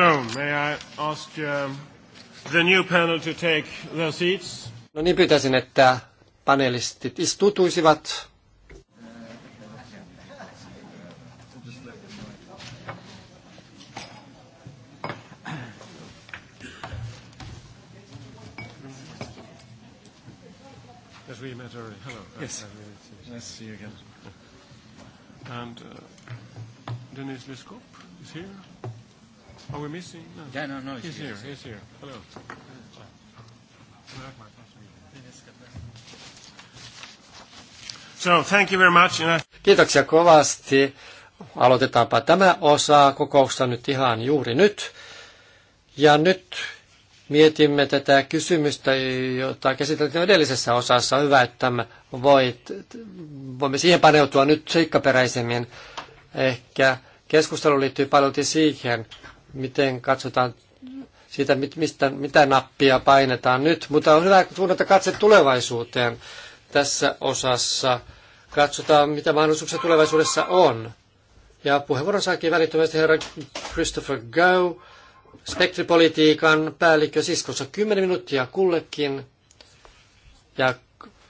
Speaker 1: So, may I
Speaker 2: ask um,
Speaker 1: the new panel to take their seats? No niin, pyytäisin, että panelistit istutuisivat. As we met already. Hello. Yes. really Nice to see you again. And uh, Denise Liskop is here. Are we missing? No. Yeah, no, no. He's, he's here. here. He's here. Hello.
Speaker 2: So, thank you very much.
Speaker 1: Kiitoksia kovasti. Aloitetaanpa tämä osa kokousta nyt ihan juuri nyt. Ja nyt mietimme tätä kysymystä, jota käsiteltiin edellisessä osassa. Hyvä, että me voit, voimme siihen paneutua nyt seikkaperäisemmin. Ehkä keskustelu liittyy paljon siihen, miten katsotaan siitä, mistä, mitä nappia painetaan nyt. Mutta on hyvä suunnata katse tulevaisuuteen tässä osassa. Katsotaan, mitä mahdollisuuksia tulevaisuudessa on. Ja puheenvuoron saakin välittömästi herra Christopher Go, spektripolitiikan päällikkö siskossa 10 minuuttia kullekin. Ja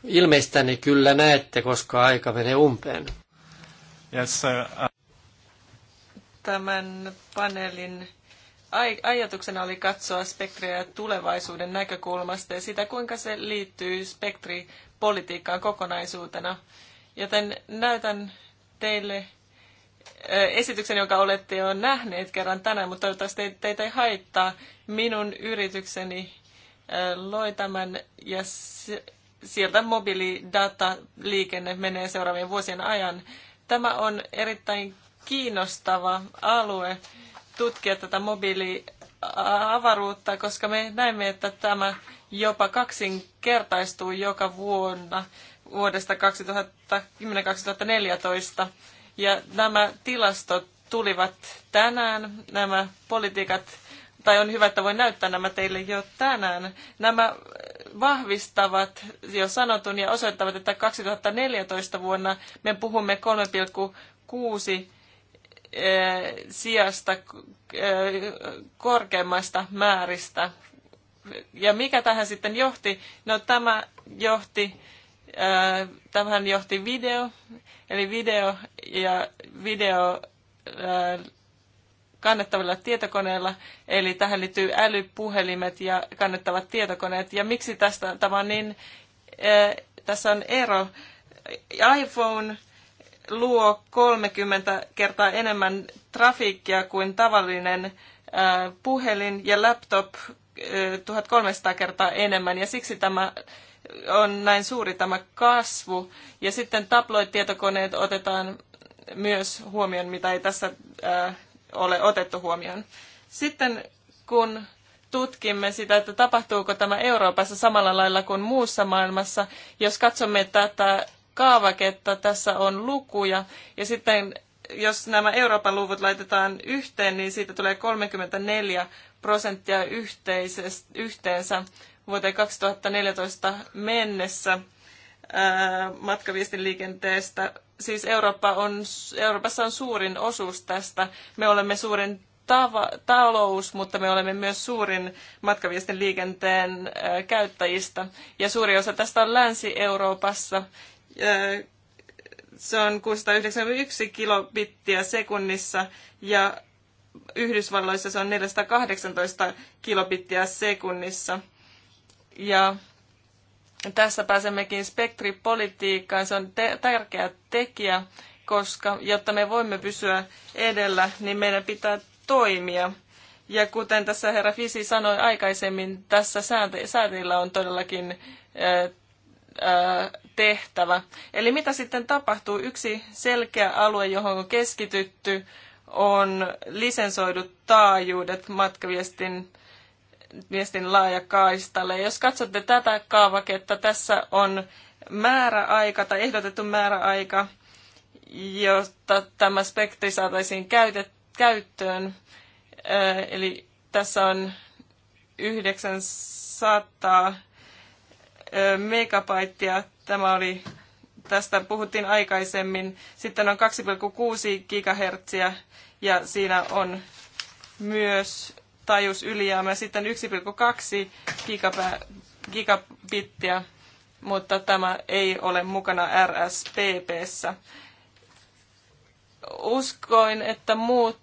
Speaker 1: ilmeistäni kyllä näette, koska aika menee umpeen. Yes,
Speaker 2: uh... Tämän paneelin ajatuksena oli katsoa spektriä tulevaisuuden näkökulmasta ja sitä, kuinka se liittyy spektripolitiikkaan kokonaisuutena. Joten näytän teille esityksen, jonka olette jo nähneet kerran tänään, mutta toivottavasti teitä ei haittaa. Minun yritykseni loi tämän ja sieltä mobiilidata-liikenne menee seuraavien vuosien ajan. Tämä on erittäin kiinnostava alue tutkia tätä mobiiliavaruutta, koska me näemme, että tämä jopa kaksinkertaistuu joka vuonna vuodesta 2010-2014. Ja nämä tilastot tulivat tänään, nämä politiikat, tai on hyvä, että voin näyttää nämä teille jo tänään. Nämä vahvistavat jo sanotun ja osoittavat, että 2014 vuonna me puhumme 3,6 Eh, sijasta eh, korkeimmasta määristä. Ja mikä tähän sitten johti? No tämä johti, eh, tämähän johti video, eli video ja video kannettavilla tietokoneilla, eli tähän liittyy älypuhelimet ja kannettavat tietokoneet. Ja miksi tästä tämä on niin, tässä on ero? iPhone luo 30 kertaa enemmän trafiikkia kuin tavallinen puhelin ja laptop 1300 kertaa enemmän ja siksi tämä on näin suuri tämä kasvu. Ja sitten tabloid-tietokoneet otetaan myös huomioon, mitä ei tässä ole otettu huomioon. Sitten kun tutkimme sitä, että tapahtuuko tämä Euroopassa samalla lailla kuin muussa maailmassa, jos katsomme tätä kaavaketta, tässä on lukuja ja sitten jos nämä Euroopan luvut laitetaan yhteen, niin siitä tulee 34 prosenttia yhteensä vuoteen 2014 mennessä liikenteestä. Siis Eurooppa on, Euroopassa on suurin osuus tästä. Me olemme suurin tava, talous, mutta me olemme myös suurin matkaviestinliikenteen käyttäjistä. Ja suuri osa tästä on Länsi-Euroopassa se on 691 kilobittiä sekunnissa ja Yhdysvalloissa se on 418 kilobittiä sekunnissa. Ja tässä pääsemmekin spektripolitiikkaan. Se on te- tärkeä tekijä, koska jotta me voimme pysyä edellä, niin meidän pitää toimia. Ja kuten tässä herra Fisi sanoi aikaisemmin, tässä säätillä on todellakin tehtävä. Eli mitä sitten tapahtuu? Yksi selkeä alue, johon on keskitytty, on lisensoidut taajuudet matkaviestin viestin laajakaistalle. Jos katsotte tätä kaavaketta, tässä on määräaika tai ehdotettu määräaika, jotta tämä spektri saataisiin käytet, käyttöön. Eli tässä on 900 megabaittia. Tämä oli, tästä puhuttiin aikaisemmin. Sitten on 2,6 gigahertsiä ja siinä on myös taajuus ylijäämä. Sitten 1,2 gigabittiä, mutta tämä ei ole mukana RSPPssä. Uskoin, että muut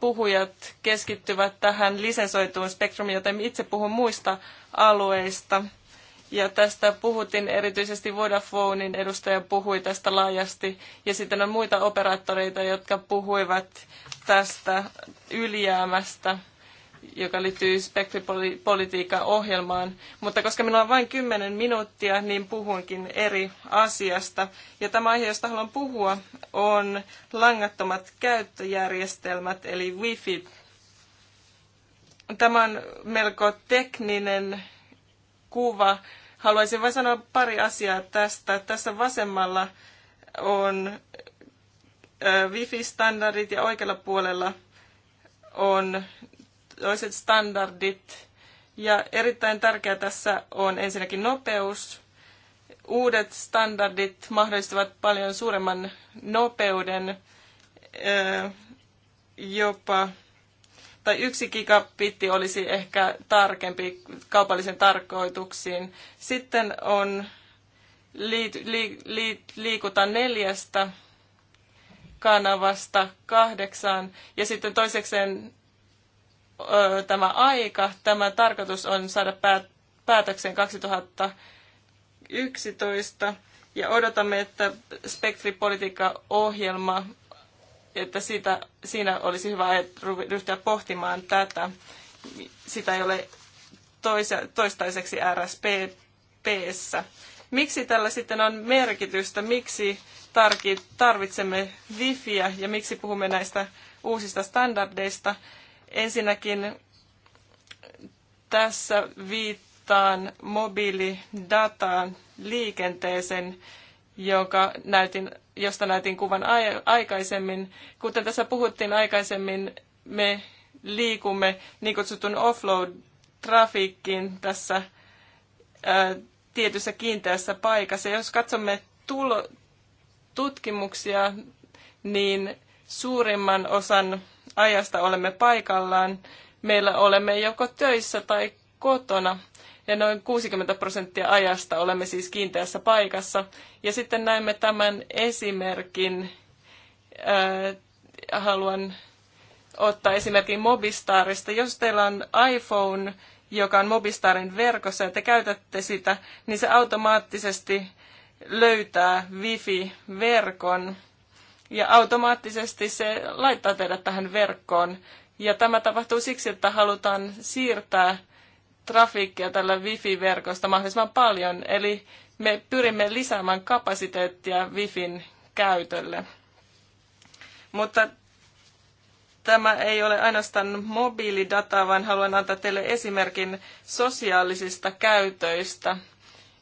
Speaker 2: puhujat keskittyvät tähän lisensoituun spektrumiin, joten itse puhun muista alueista. Ja tästä puhutin erityisesti Vodafonein edustaja puhui tästä laajasti. Ja sitten on muita operaattoreita, jotka puhuivat tästä ylijäämästä, joka liittyy spektripolitiikan ohjelmaan. Mutta koska minulla on vain 10 minuuttia, niin puhunkin eri asiasta. Ja tämä aihe, josta haluan puhua, on langattomat käyttöjärjestelmät, eli Wi-Fi. Tämä on melko tekninen kuva. Haluaisin vain sanoa pari asiaa tästä. Tässä vasemmalla on wifi-standardit ja oikealla puolella on toiset standardit. Ja erittäin tärkeää tässä on ensinnäkin nopeus. Uudet standardit mahdollistavat paljon suuremman nopeuden, jopa tai yksi gigabitti olisi ehkä tarkempi kaupallisen tarkoituksiin. Sitten on li, li, li, liikuta neljästä kanavasta kahdeksaan. Ja sitten toisekseen ö, tämä aika, tämä tarkoitus on saada päät, päätökseen 2011. Ja odotamme, että spektripolitiikkaohjelma että siitä, siinä olisi hyvä ryhtyä pohtimaan tätä. Sitä ei ole toisa, toistaiseksi RSPPssä. Miksi tällä sitten on merkitystä? Miksi tarvitsemme wifiä ja miksi puhumme näistä uusista standardeista? Ensinnäkin tässä viittaan mobiilidataan liikenteeseen joka näytin, josta näytin kuvan aikaisemmin. Kuten tässä puhuttiin aikaisemmin, me liikumme niin kutsutun offload-trafiikkiin tässä ää, tietyssä kiinteässä paikassa. Jos katsomme tulo, tutkimuksia, niin suurimman osan ajasta olemme paikallaan. Meillä olemme joko töissä tai kotona ja noin 60 prosenttia ajasta olemme siis kiinteässä paikassa. Ja sitten näemme tämän esimerkin. Äh, haluan ottaa esimerkin Mobistarista. Jos teillä on iPhone, joka on Mobistarin verkossa ja te käytätte sitä, niin se automaattisesti löytää Wi-Fi-verkon ja automaattisesti se laittaa teidät tähän verkkoon. Ja tämä tapahtuu siksi, että halutaan siirtää trafiikkia tällä wifi-verkosta mahdollisimman paljon, eli me pyrimme lisäämään kapasiteettia wifin käytölle. Mutta tämä ei ole ainoastaan mobiilidataa, vaan haluan antaa teille esimerkin sosiaalisista käytöistä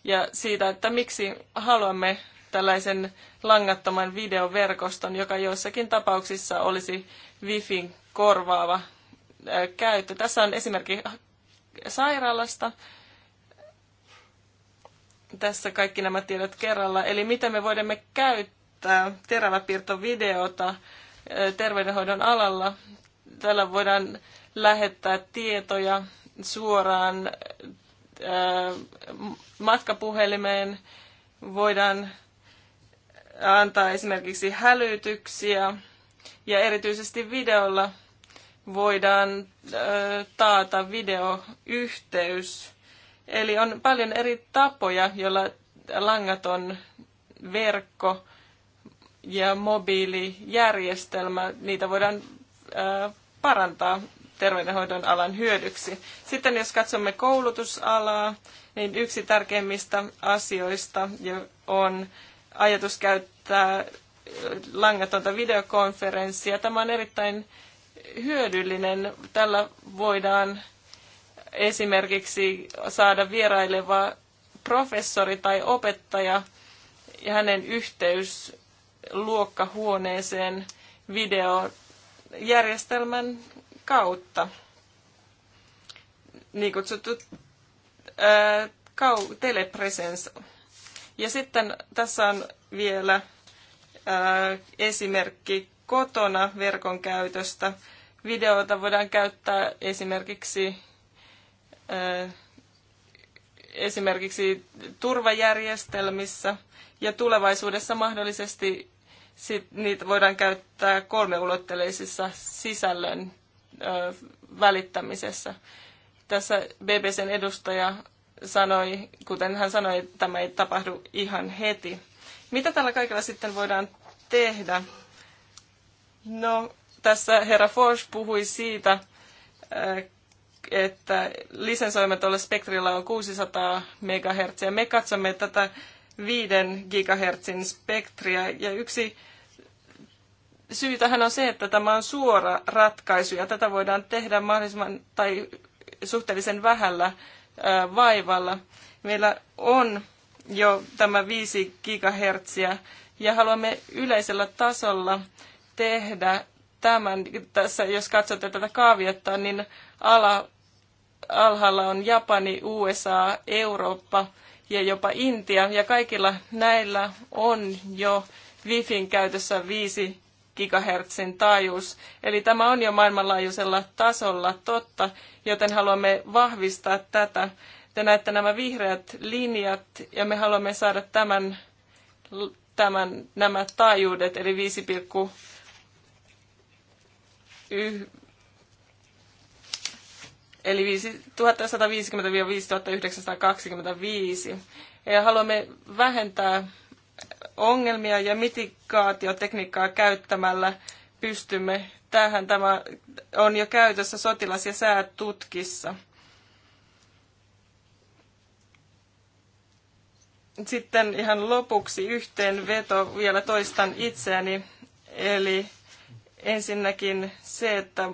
Speaker 2: ja siitä, että miksi haluamme tällaisen langattoman videoverkoston, joka joissakin tapauksissa olisi Wifin korvaava käyttö. Tässä on esimerkki sairaalasta. Tässä kaikki nämä tiedot kerralla. Eli miten me voimme käyttää teräväpiirtovideota terveydenhoidon alalla. Tällä voidaan lähettää tietoja suoraan matkapuhelimeen. Voidaan antaa esimerkiksi hälytyksiä ja erityisesti videolla voidaan taata videoyhteys. Eli on paljon eri tapoja, joilla langaton verkko ja mobiilijärjestelmä, niitä voidaan parantaa terveydenhoidon alan hyödyksi. Sitten jos katsomme koulutusalaa, niin yksi tärkeimmistä asioista on ajatus käyttää langatonta videokonferenssia. Tämä on erittäin hyödyllinen. Tällä voidaan esimerkiksi saada vieraileva professori tai opettaja ja hänen yhteys luokkahuoneeseen videojärjestelmän kautta. Niin kutsuttu äh, telepresens. Ja sitten tässä on vielä äh, esimerkki kotona verkon käytöstä. Videota voidaan käyttää esimerkiksi esimerkiksi turvajärjestelmissä ja tulevaisuudessa mahdollisesti sit niitä voidaan käyttää kolmeulotteleisissa sisällön äh, välittämisessä. Tässä BBCn edustaja sanoi, kuten hän sanoi, että tämä ei tapahdu ihan heti. Mitä tällä kaikella sitten voidaan tehdä? No, tässä herra Forge puhui siitä, äh, että lisensoimme tuolla spektrillä on 600 MHz, me katsomme tätä 5 GHz spektriä, ja yksi syy tähän on se, että tämä on suora ratkaisu, ja tätä voidaan tehdä mahdollisimman tai suhteellisen vähällä äh, vaivalla. Meillä on jo tämä 5 GHz, ja haluamme yleisellä tasolla tehdä tämän, tässä jos katsotte tätä kaaviota, niin ala, alhaalla on Japani, USA, Eurooppa ja jopa Intia. Ja kaikilla näillä on jo Wifin käytössä 5 gigahertsin taajuus. Eli tämä on jo maailmanlaajuisella tasolla totta, joten haluamme vahvistaa tätä. Te näette nämä vihreät linjat ja me haluamme saada tämän, tämän, nämä taajuudet, eli yh, eli 1150-5925. Ja haluamme vähentää ongelmia ja mitikaatiotekniikkaa käyttämällä pystymme tähän. Tämä on jo käytössä sotilas- ja säätutkissa. Sitten ihan lopuksi yhteenveto vielä toistan itseäni. Eli Ensinnäkin se, että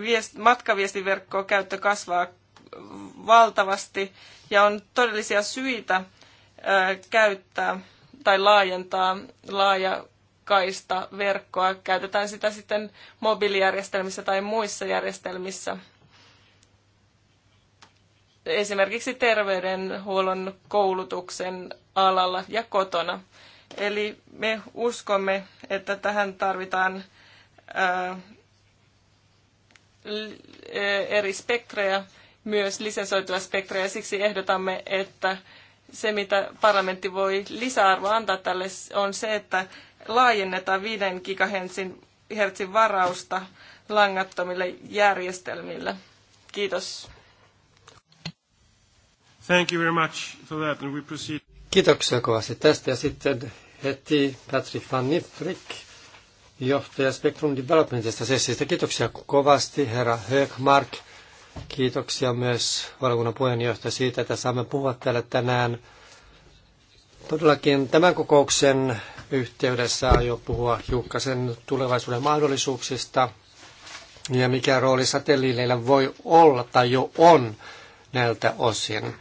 Speaker 2: viest, matkaviestiverkkoa käyttö kasvaa valtavasti ja on todellisia syitä käyttää tai laajentaa laaja kaista verkkoa. Käytetään sitä sitten mobiilijärjestelmissä tai muissa järjestelmissä. Esimerkiksi terveydenhuollon koulutuksen alalla ja kotona. Eli me uskomme, että tähän tarvitaan ää, eri spektrejä, myös lisensoituja spektrejä. Siksi ehdotamme, että se, mitä parlamentti voi lisäarvoa antaa tälle, on se, että laajennetaan 5 GHz varausta langattomille järjestelmille. Kiitos. Thank you very much for that, and we proceed.
Speaker 1: Kiitoksia kovasti tästä. Ja sitten heti Patrick van Nifrik, johtaja Spectrum Developmentista sessistä. Kiitoksia kovasti, herra Högmark. Kiitoksia myös valokunnan puheenjohtaja siitä, että saamme puhua täällä tänään. Todellakin tämän kokouksen yhteydessä aion puhua hiukkasen tulevaisuuden mahdollisuuksista ja mikä rooli satelliileillä voi olla tai jo on näiltä osin.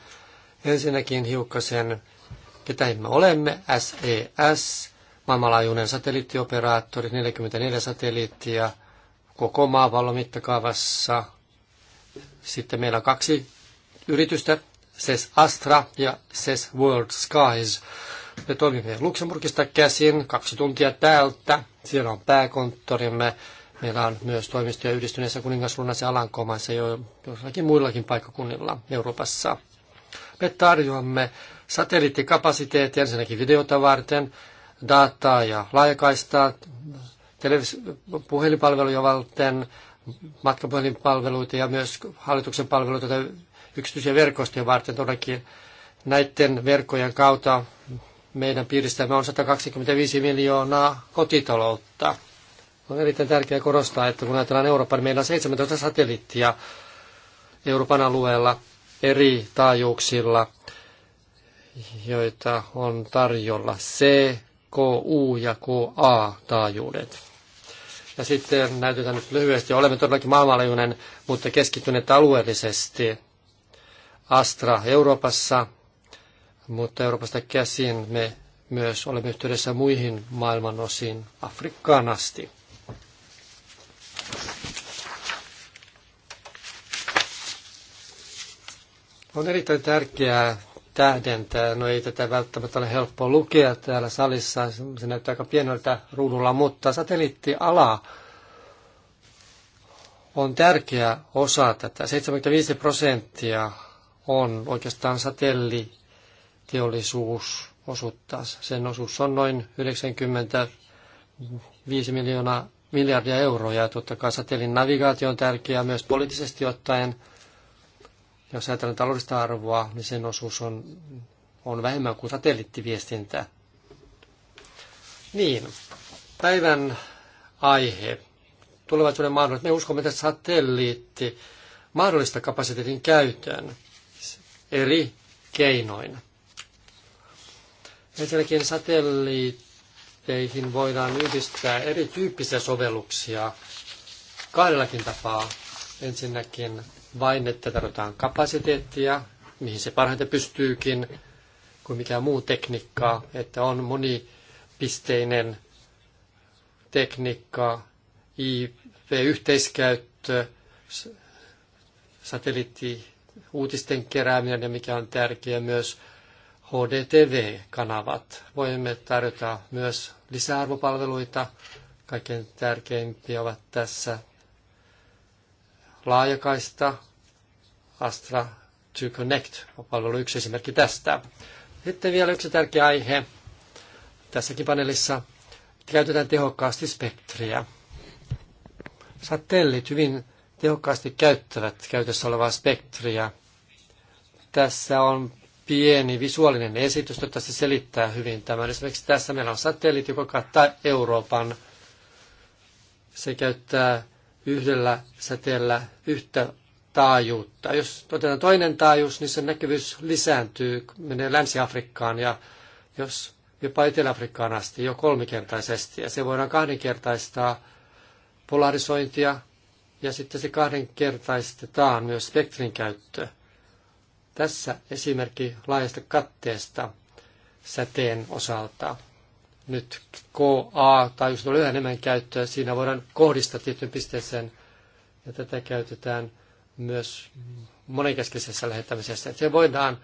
Speaker 1: Ensinnäkin hiukkasen ketä me olemme, SES, e maailmanlaajuinen satelliittioperaattori, 44 satelliittia koko maapallon mittakaavassa. Sitten meillä on kaksi yritystä, SES Astra ja SES World Skies. Me toimimme Luxemburgista käsin, kaksi tuntia täältä. Siellä on pääkonttorimme. Meillä on myös toimistoja yhdistyneessä kuningaslunnassa ja Alankomaissa jo joillakin muillakin paikkakunnilla Euroopassa. Me tarjoamme Satelliittikapasiteetti ensinnäkin videota varten, dataa ja laajakaistaa, televis- puhelinpalveluja varten, matkapuhelinpalveluita ja myös hallituksen palveluita tai yksityisiä verkostoja varten. Todellakin näiden verkkojen kautta meidän piiristämme on 125 miljoonaa kotitaloutta. On erittäin tärkeää korostaa, että kun ajatellaan Euroopan, niin meillä on 17 satelliittia Euroopan alueella eri taajuuksilla – joita on tarjolla C, K, U ja K, A taajuudet Ja sitten näytetään nyt lyhyesti. Olemme todellakin maailmanlaajuinen, mutta keskittyneet alueellisesti. Astra Euroopassa, mutta Euroopasta käsin me myös olemme yhteydessä muihin maailman osiin Afrikkaan asti. On erittäin tärkeää tähdentää. No ei tätä välttämättä ole helppoa lukea täällä salissa, se näyttää aika pieneltä ruudulla, mutta satelliittiala on tärkeä osa tätä. 75 prosenttia on oikeastaan satelliteollisuus osuuttaa. Sen osuus on noin 95 miljoonaa miljardia euroa ja totta kai satelliin navigaatio on tärkeää myös poliittisesti ottaen – jos ajatellaan taloudellista arvoa, niin sen osuus on, on vähemmän kuin satelliittiviestintää. Niin, päivän aihe. Tulevaisuuden mahdollisuus. Me uskomme, että satelliitti mahdollista kapasiteetin käytön eri keinoina. Ensinnäkin satelliitteihin voidaan yhdistää erityyppisiä sovelluksia kahdellakin tapaa. Ensinnäkin vain, että tarvitaan kapasiteettia, mihin se parhaiten pystyykin, kuin mikään muu tekniikkaa, että on monipisteinen tekniikka, IP-yhteiskäyttö, satelliitti, uutisten kerääminen ja mikä on tärkeää myös HDTV-kanavat. Voimme tarjota myös lisäarvopalveluita. Kaikkein tärkeimpiä ovat tässä Laajakaista, Astra to Connect on palvelu yksi esimerkki tästä. Sitten vielä yksi tärkeä aihe tässäkin paneelissa. Käytetään tehokkaasti spektriä. Satelliit hyvin tehokkaasti käyttävät käytössä olevaa spektriä. Tässä on pieni visuaalinen esitys, jota se selittää hyvin tämän. Esimerkiksi tässä meillä on satelliitti, joka kattaa Euroopan. Se käyttää yhdellä säteellä yhtä taajuutta. Jos otetaan toinen taajuus, niin sen näkyvyys lisääntyy, menee Länsi-Afrikkaan ja jos jopa Etelä-Afrikkaan asti jo kolmikertaisesti. Ja se voidaan kahdenkertaistaa polarisointia ja sitten se kahdenkertaistetaan myös spektrin käyttö. Tässä esimerkki laajasta katteesta säteen osalta nyt KA, tai jos tulee enemmän käyttöä, siinä voidaan kohdistaa tiettyyn pisteeseen, ja tätä käytetään myös monenkeskisessä lähettämisessä. Se voidaan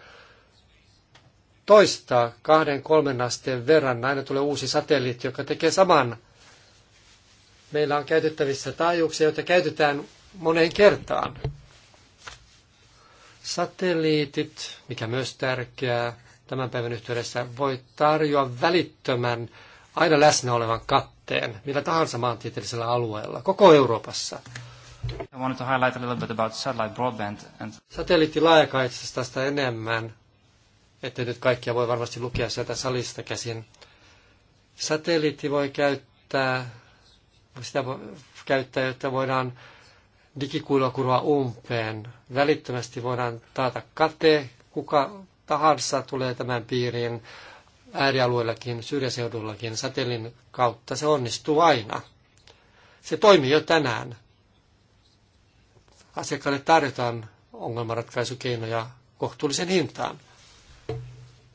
Speaker 1: toistaa kahden, kolmen asteen verran. Aina tulee uusi satelliitti, joka tekee saman. Meillä on käytettävissä taajuuksia, joita käytetään moneen kertaan. Satelliitit, mikä myös tärkeää, tämän päivän yhteydessä voi tarjoa välittömän, aina läsnä olevan katteen millä tahansa maantieteellisellä alueella, koko Euroopassa. Satelliitti wanted Satelliittilaajakaitsesta tästä enemmän, ettei nyt kaikkia voi varmasti lukea sieltä salista käsin. Satelliitti voi käyttää, sitä voi käyttää, jotta voidaan digikuilua kurua umpeen. Välittömästi voidaan taata kate, kuka tahansa tulee tämän piiriin äärialueillakin, syrjäseudullakin, satelin kautta, se onnistuu aina. Se toimii jo tänään. Asiakkaille tarjotaan ongelmanratkaisukeinoja kohtuullisen hintaan.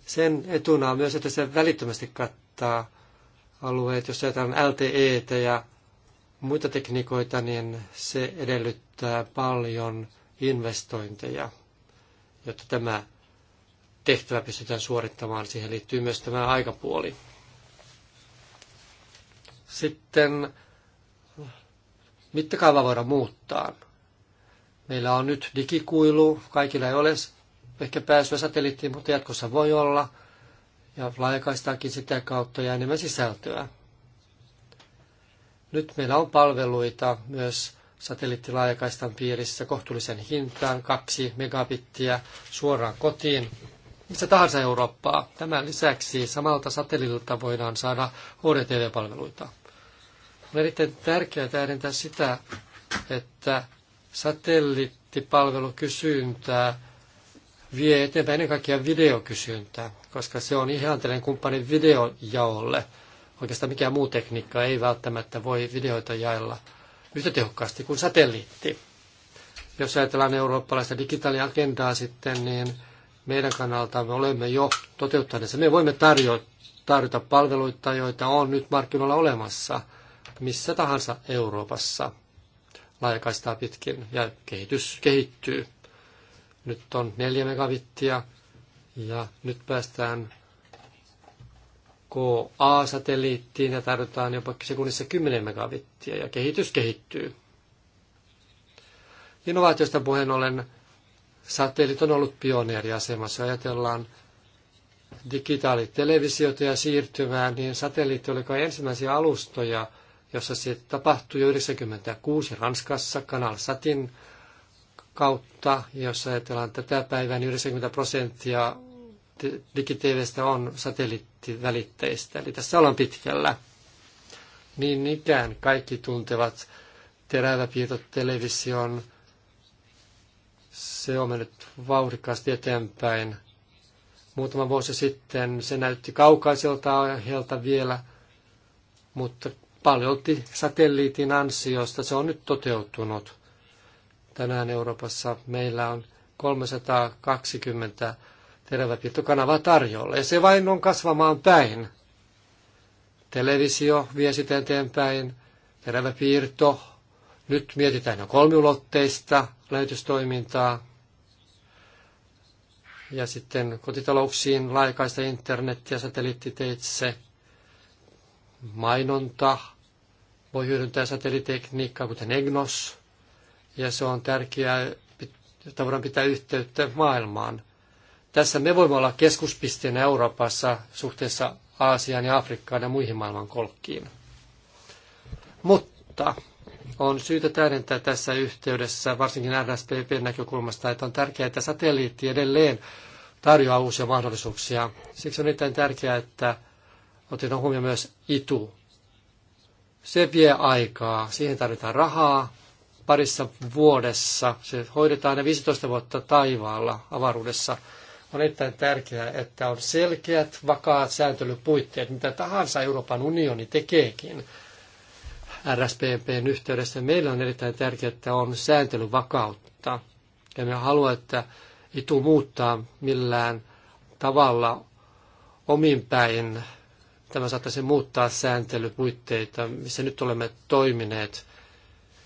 Speaker 1: Sen etuna on myös, että se välittömästi kattaa alueet, jos jätetään LTE ja muita tekniikoita, niin se edellyttää paljon investointeja, jotta tämä tehtävä pystytään suorittamaan. Siihen liittyy myös tämä aikapuoli. Sitten mittakaava voidaan muuttaa. Meillä on nyt digikuilu, kaikilla ei ole ehkä pääsyä satelliittiin, mutta jatkossa voi olla. Ja laajakaistaakin sitä kautta ja enemmän sisältöä. Nyt meillä on palveluita myös satelliittilaajakaistan piirissä kohtuullisen hintaan, kaksi megabittiä suoraan kotiin missä tahansa Eurooppaa. Tämän lisäksi samalta satelliitilta voidaan saada HDTV-palveluita. On erittäin tärkeää tähdentää sitä, että satelliittipalvelukysyntää vie eteenpäin ennen kaikkea videokysyntää, koska se on ihanteellinen kumppani videojaolle. Oikeastaan mikään muu tekniikka ei välttämättä voi videoita jaella yhtä tehokkaasti kuin satelliitti. Jos ajatellaan eurooppalaista digitaaliagendaa sitten, niin meidän me olemme jo toteuttaneet. Me voimme tarjota, tarjota palveluita, joita on nyt markkinoilla olemassa missä tahansa Euroopassa laajakaistaa pitkin ja kehitys kehittyy. Nyt on neljä megabittia ja nyt päästään KA-satelliittiin ja tarvitaan jopa sekunnissa 10 megabittia ja kehitys kehittyy. Innovaatiosta puheen ollen Satelliit on ollut pioneeriasemassa. Ajatellaan digitaalitelevisiota ja siirtymää, niin satelliitti oli kai ensimmäisiä alustoja, jossa se tapahtui jo 1996 Ranskassa Kanal Satin kautta, jossa ajatellaan tätä päivää, niin 90 prosenttia digitiivestä on satelliittivälitteistä, eli tässä ollaan pitkällä. Niin ikään kaikki tuntevat teräväpiirtotelevision, se on mennyt vauhdikkaasti eteenpäin. Muutama vuosi sitten se näytti kaukaiselta aiheelta vielä, mutta paljolti satelliitin ansiosta se on nyt toteutunut. Tänään Euroopassa meillä on 320 terävätietokanavaa tarjolla, ja se vain on kasvamaan päin. Televisio vie sitä eteenpäin, teräväpiirto, nyt mietitään jo kolmiulotteista lähetystoimintaa ja sitten kotitalouksiin laajakaista internet- ja satelliittiteitse mainonta. Voi hyödyntää satelliitekniikkaa, kuten EGNOS, ja se on tärkeää, jotta voidaan pitää yhteyttä maailmaan. Tässä me voimme olla keskuspisteenä Euroopassa suhteessa Aasiaan ja Afrikkaan ja muihin maailman kolkkiin. Mutta on syytä täydentää tässä yhteydessä, varsinkin RSPP-näkökulmasta, että on tärkeää, että satelliitti edelleen tarjoaa uusia mahdollisuuksia. Siksi on erittäin tärkeää, että otetaan huomioon myös itu. Se vie aikaa, siihen tarvitaan rahaa, parissa vuodessa, se hoidetaan ne 15 vuotta taivaalla avaruudessa. On erittäin tärkeää, että on selkeät, vakaat sääntelypuitteet, mitä tahansa Euroopan unioni tekeekin – RSPPn yhteydessä meillä on erittäin tärkeää, että on vakautta. Ja me haluamme, että tule muuttaa millään tavalla omin päin. Tämä saattaisi muuttaa sääntelypuitteita, missä nyt olemme toimineet,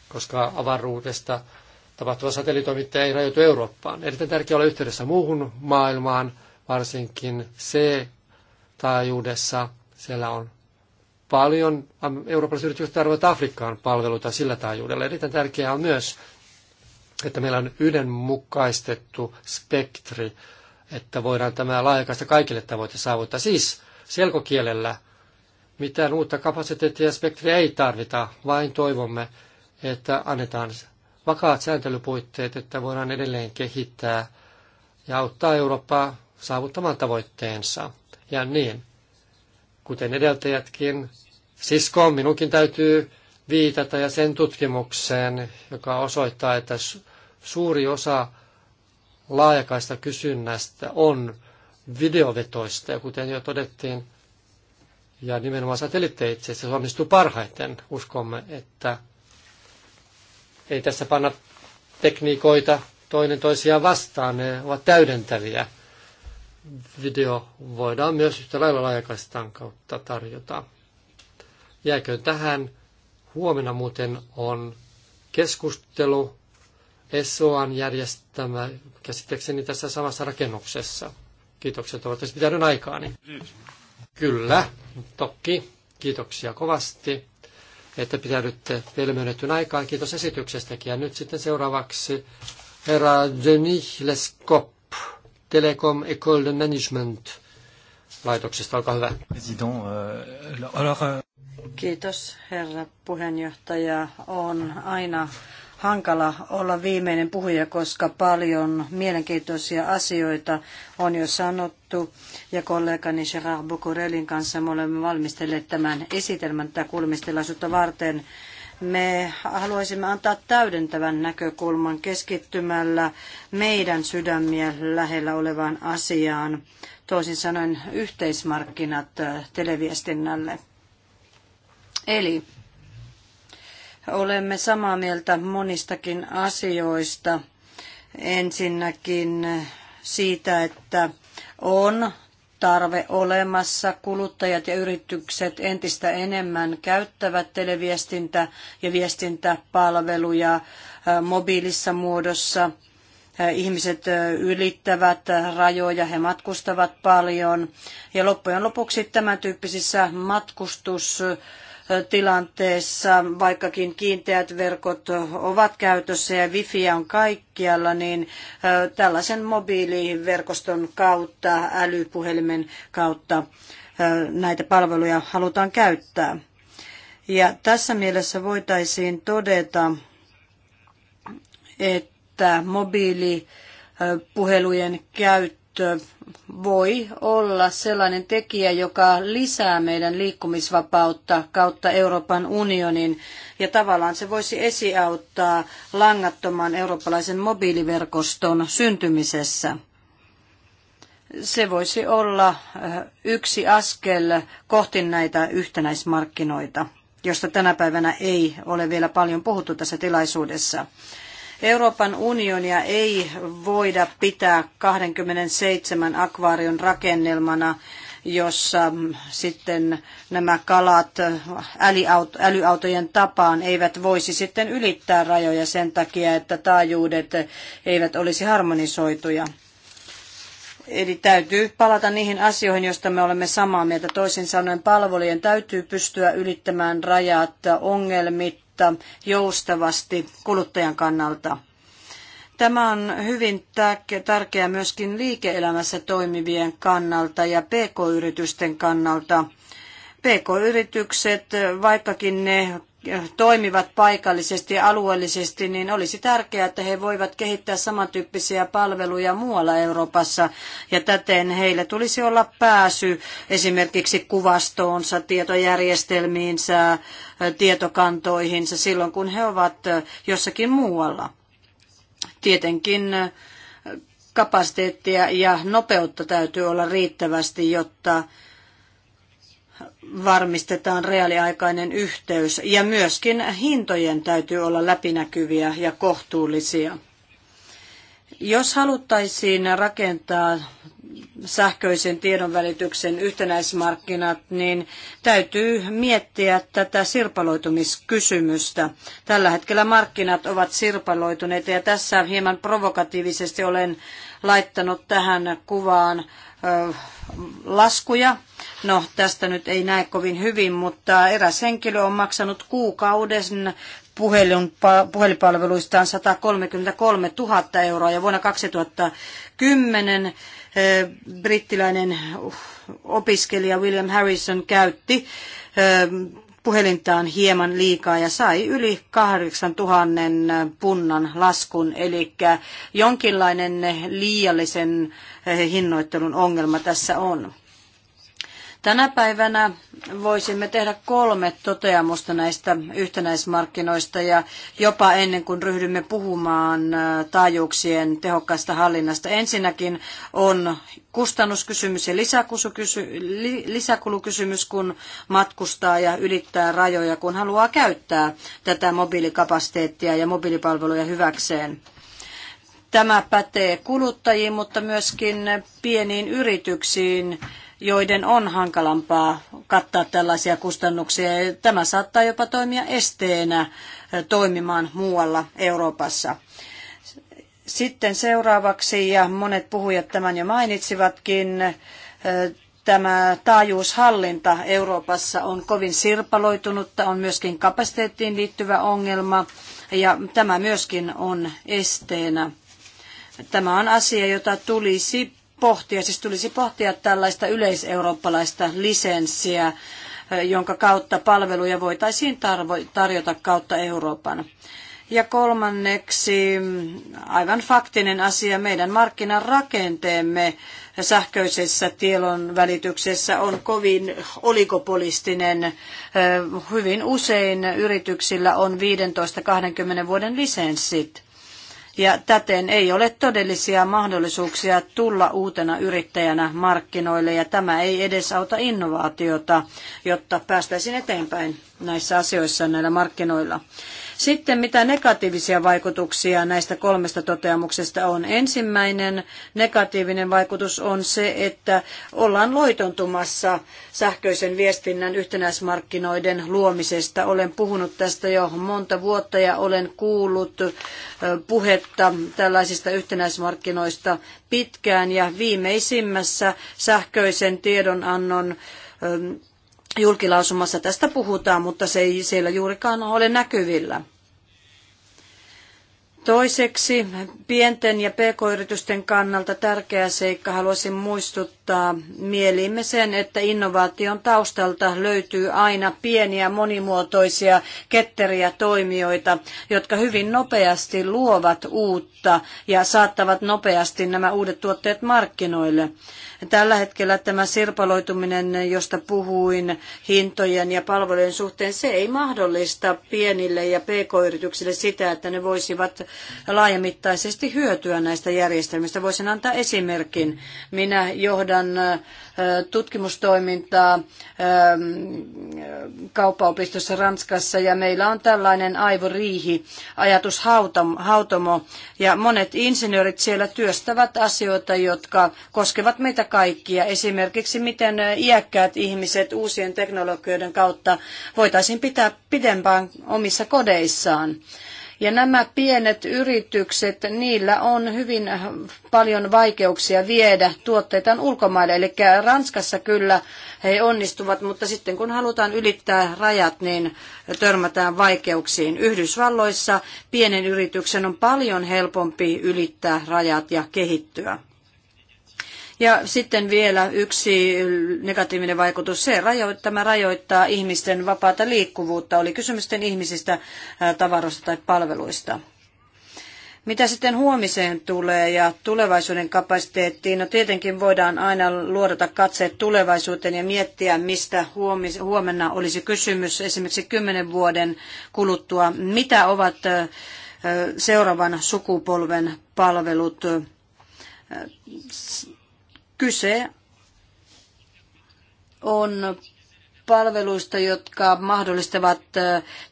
Speaker 1: koska avaruudesta tapahtuva satelliitoiminta ei rajoitu Eurooppaan. Erittäin tärkeää olla yhteydessä muuhun maailmaan, varsinkin C-taajuudessa. Siellä on paljon eurooppalaiset yritykset tarjoavat Afrikkaan palveluita sillä taajuudella. Erittäin tärkeää on myös, että meillä on yhdenmukaistettu spektri, että voidaan tämä laajakaista kaikille tavoite saavuttaa. Siis selkokielellä mitään uutta kapasiteettia ja spektriä ei tarvita, vain toivomme, että annetaan vakaat sääntelypuitteet, että voidaan edelleen kehittää ja auttaa Eurooppaa saavuttamaan tavoitteensa. Ja niin, kuten edeltäjätkin. Sisko, minunkin täytyy viitata ja sen tutkimukseen, joka osoittaa, että suuri osa laajakaista kysynnästä on videovetoista, ja kuten jo todettiin, ja nimenomaan satelliitteitse se onnistuu parhaiten. Uskomme, että ei tässä panna tekniikoita toinen toisiaan vastaan, ne ovat täydentäviä video voidaan myös yhtä lailla laajakaistan kautta tarjota. Jääköön tähän. Huomenna muuten on keskustelu SOAN järjestämä käsittääkseni tässä samassa rakennuksessa. Kiitoksia, toivottavasti pitänyt aikaani. Kyllä, toki. Kiitoksia kovasti, että pitäydytte vielä myönnettyn aikaa. Kiitos esityksestäkin. Ja nyt sitten seuraavaksi herra Denis Leskop. Telekom Ecole Management laitoksesta. Olkaa hyvä. Euh, euh,
Speaker 3: Kiitos herra puheenjohtaja. On aina hankala olla viimeinen puhuja, koska paljon mielenkiintoisia asioita on jo sanottu. Ja kollegani Gerard Bucurellin kanssa me olemme valmistelleet tämän esitelmän tätä kuulemistilaisuutta varten. Me haluaisimme antaa täydentävän näkökulman keskittymällä meidän sydämiä lähellä olevaan asiaan, toisin sanoen yhteismarkkinat televiestinnälle. Eli olemme samaa mieltä monistakin asioista. Ensinnäkin siitä, että on tarve olemassa. Kuluttajat ja yritykset entistä enemmän käyttävät televiestintä- ja viestintäpalveluja äh, mobiilissa muodossa. Äh, ihmiset äh, ylittävät rajoja, he matkustavat paljon. Ja loppujen lopuksi tämän tyyppisissä matkustus- tilanteessa, vaikkakin kiinteät verkot ovat käytössä ja wifi on kaikkialla, niin tällaisen mobiiliverkoston kautta, älypuhelimen kautta näitä palveluja halutaan käyttää. Ja tässä mielessä voitaisiin todeta, että mobiilipuhelujen käyttö voi olla sellainen tekijä, joka lisää meidän liikkumisvapautta kautta Euroopan unionin. Ja tavallaan se voisi esiauttaa langattoman eurooppalaisen mobiiliverkoston syntymisessä. Se voisi olla eh, yksi askel kohti näitä yhtenäismarkkinoita, josta tänä päivänä ei ole vielä paljon puhuttu tässä tilaisuudessa. Euroopan unionia ei voida pitää 27 akvaarion rakennelmana, jossa mm, sitten nämä kalat älyautojen tapaan eivät voisi sitten ylittää rajoja sen takia, että taajuudet eivät olisi harmonisoituja. Eli täytyy palata niihin asioihin, joista me olemme samaa mieltä. Toisin sanoen palvelujen täytyy pystyä ylittämään rajat ongelmitta tilannetta joustavasti kuluttajan kannalta. Tämä on hyvin tärkeää myöskin liike-elämässä toimivien kannalta ja pk-yritysten kannalta. PK-yritykset, vaikkakin ne toimivat paikallisesti ja alueellisesti, niin olisi tärkeää, että he voivat kehittää samantyyppisiä palveluja muualla Euroopassa ja täten heillä tulisi olla pääsy esimerkiksi kuvastoonsa, tietojärjestelmiinsä, tietokantoihinsa silloin, kun he ovat jossakin muualla. Tietenkin kapasiteettia ja nopeutta täytyy olla riittävästi, jotta varmistetaan reaaliaikainen yhteys ja myöskin hintojen täytyy olla läpinäkyviä ja kohtuullisia. Jos haluttaisiin rakentaa sähköisen tiedonvälityksen yhtenäismarkkinat, niin täytyy miettiä tätä sirpaloitumiskysymystä. Tällä hetkellä markkinat ovat sirpaloituneita ja tässä hieman provokatiivisesti olen laittanut tähän kuvaan laskuja No, tästä nyt ei näe kovin hyvin, mutta eräs henkilö on maksanut kuukauden puhelinpalveluistaan 133 000 euroa ja vuonna 2010 eh, brittiläinen uh, opiskelija William Harrison käytti eh, puhelintaan hieman liikaa ja sai yli 8000 punnan laskun, eli jonkinlainen liiallisen eh, hinnoittelun ongelma tässä on. Tänä päivänä voisimme tehdä kolme toteamusta näistä yhtenäismarkkinoista ja jopa ennen kuin ryhdymme puhumaan äh, taajuuksien tehokkaasta hallinnasta. Ensinnäkin on kustannuskysymys ja lisäkulukysymys, kun matkustaa ja ylittää rajoja, kun haluaa käyttää tätä mobiilikapasiteettia ja mobiilipalveluja hyväkseen. Tämä pätee kuluttajiin, mutta myöskin pieniin yrityksiin joiden on hankalampaa kattaa tällaisia kustannuksia. Tämä saattaa jopa toimia esteenä toimimaan muualla Euroopassa. Sitten seuraavaksi, ja monet puhujat tämän jo mainitsivatkin, tämä taajuushallinta Euroopassa on kovin sirpaloitunutta, on myöskin kapasiteettiin liittyvä ongelma, ja tämä myöskin on esteenä. Tämä on asia, jota tulisi pohtia, siis tulisi pohtia tällaista yleiseurooppalaista lisenssiä, jonka kautta palveluja voitaisiin tarjota kautta Euroopan. Ja kolmanneksi, aivan faktinen asia, meidän markkinarakenteemme sähköisessä tiedon välityksessä on kovin oligopolistinen. Hyvin usein yrityksillä on 15-20 vuoden lisenssit ja täten ei ole todellisia mahdollisuuksia tulla uutena yrittäjänä markkinoille ja tämä ei edesauta innovaatiota, jotta päästäisiin eteenpäin näissä asioissa näillä markkinoilla. Sitten mitä negatiivisia vaikutuksia näistä kolmesta toteamuksesta on? Ensimmäinen negatiivinen vaikutus on se, että ollaan loitontumassa sähköisen viestinnän yhtenäismarkkinoiden luomisesta. Olen puhunut tästä jo monta vuotta ja olen kuullut puhetta tällaisista yhtenäismarkkinoista pitkään ja viimeisimmässä sähköisen tiedonannon julkilausumassa tästä puhutaan, mutta se ei siellä juurikaan ole näkyvillä. Toiseksi pienten ja pk-yritysten kannalta tärkeä seikka haluaisin muistuttaa mieliimme sen, että innovaation taustalta löytyy aina pieniä monimuotoisia ketteriä toimijoita, jotka hyvin nopeasti luovat uutta ja saattavat nopeasti nämä uudet tuotteet markkinoille. Tällä hetkellä tämä sirpaloituminen, josta puhuin hintojen ja palvelujen suhteen, se ei mahdollista pienille ja pk-yrityksille sitä, että ne voisivat laajamittaisesti hyötyä näistä järjestelmistä. Voisin antaa esimerkin. Minä johdan tutkimustoimintaa kauppaopistossa Ranskassa ja meillä on tällainen aivoriihi, ajatus hautomo ja monet insinöörit siellä työstävät asioita, jotka koskevat meitä kaikkia. Esimerkiksi miten iäkkäät ihmiset uusien teknologioiden kautta voitaisiin pitää pidempään omissa kodeissaan. Ja nämä pienet yritykset, niillä on hyvin paljon vaikeuksia viedä tuotteitaan ulkomaille. Eli Ranskassa kyllä he onnistuvat, mutta sitten kun halutaan ylittää rajat, niin törmätään vaikeuksiin. Yhdysvalloissa pienen yrityksen on paljon helpompi ylittää rajat ja kehittyä. Ja sitten vielä yksi negatiivinen vaikutus, se rajoittaa, tämä rajoittaa ihmisten vapaata liikkuvuutta, oli kysymysten ihmisistä, äh, tavaroista tai palveluista. Mitä sitten huomiseen tulee ja tulevaisuuden kapasiteettiin? No tietenkin voidaan aina luodata katseet tulevaisuuteen ja miettiä, mistä huomis, huomenna olisi kysymys esimerkiksi kymmenen vuoden kuluttua. Mitä ovat äh, seuraavan sukupolven palvelut? Äh, Kyse on palveluista, jotka mahdollistavat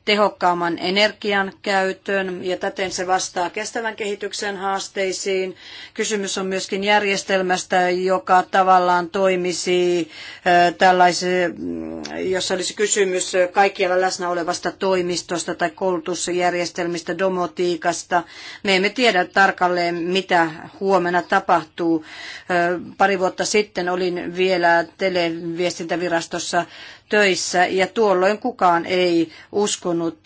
Speaker 3: tehokkaamman energian käytön ja täten se vastaa kestävän kehityksen haasteisiin. Kysymys on myöskin järjestelmästä, joka tavallaan toimisi tällaisen, mm, jossa olisi kysymys kaikkialla läsnä olevasta toimistosta tai koulutusjärjestelmistä, domotiikasta. Me emme tiedä tarkalleen, mitä huomenna tapahtuu. Pari vuotta sitten olin vielä televiestintävirastossa töissä ja tuolloin kukaan ei uskonut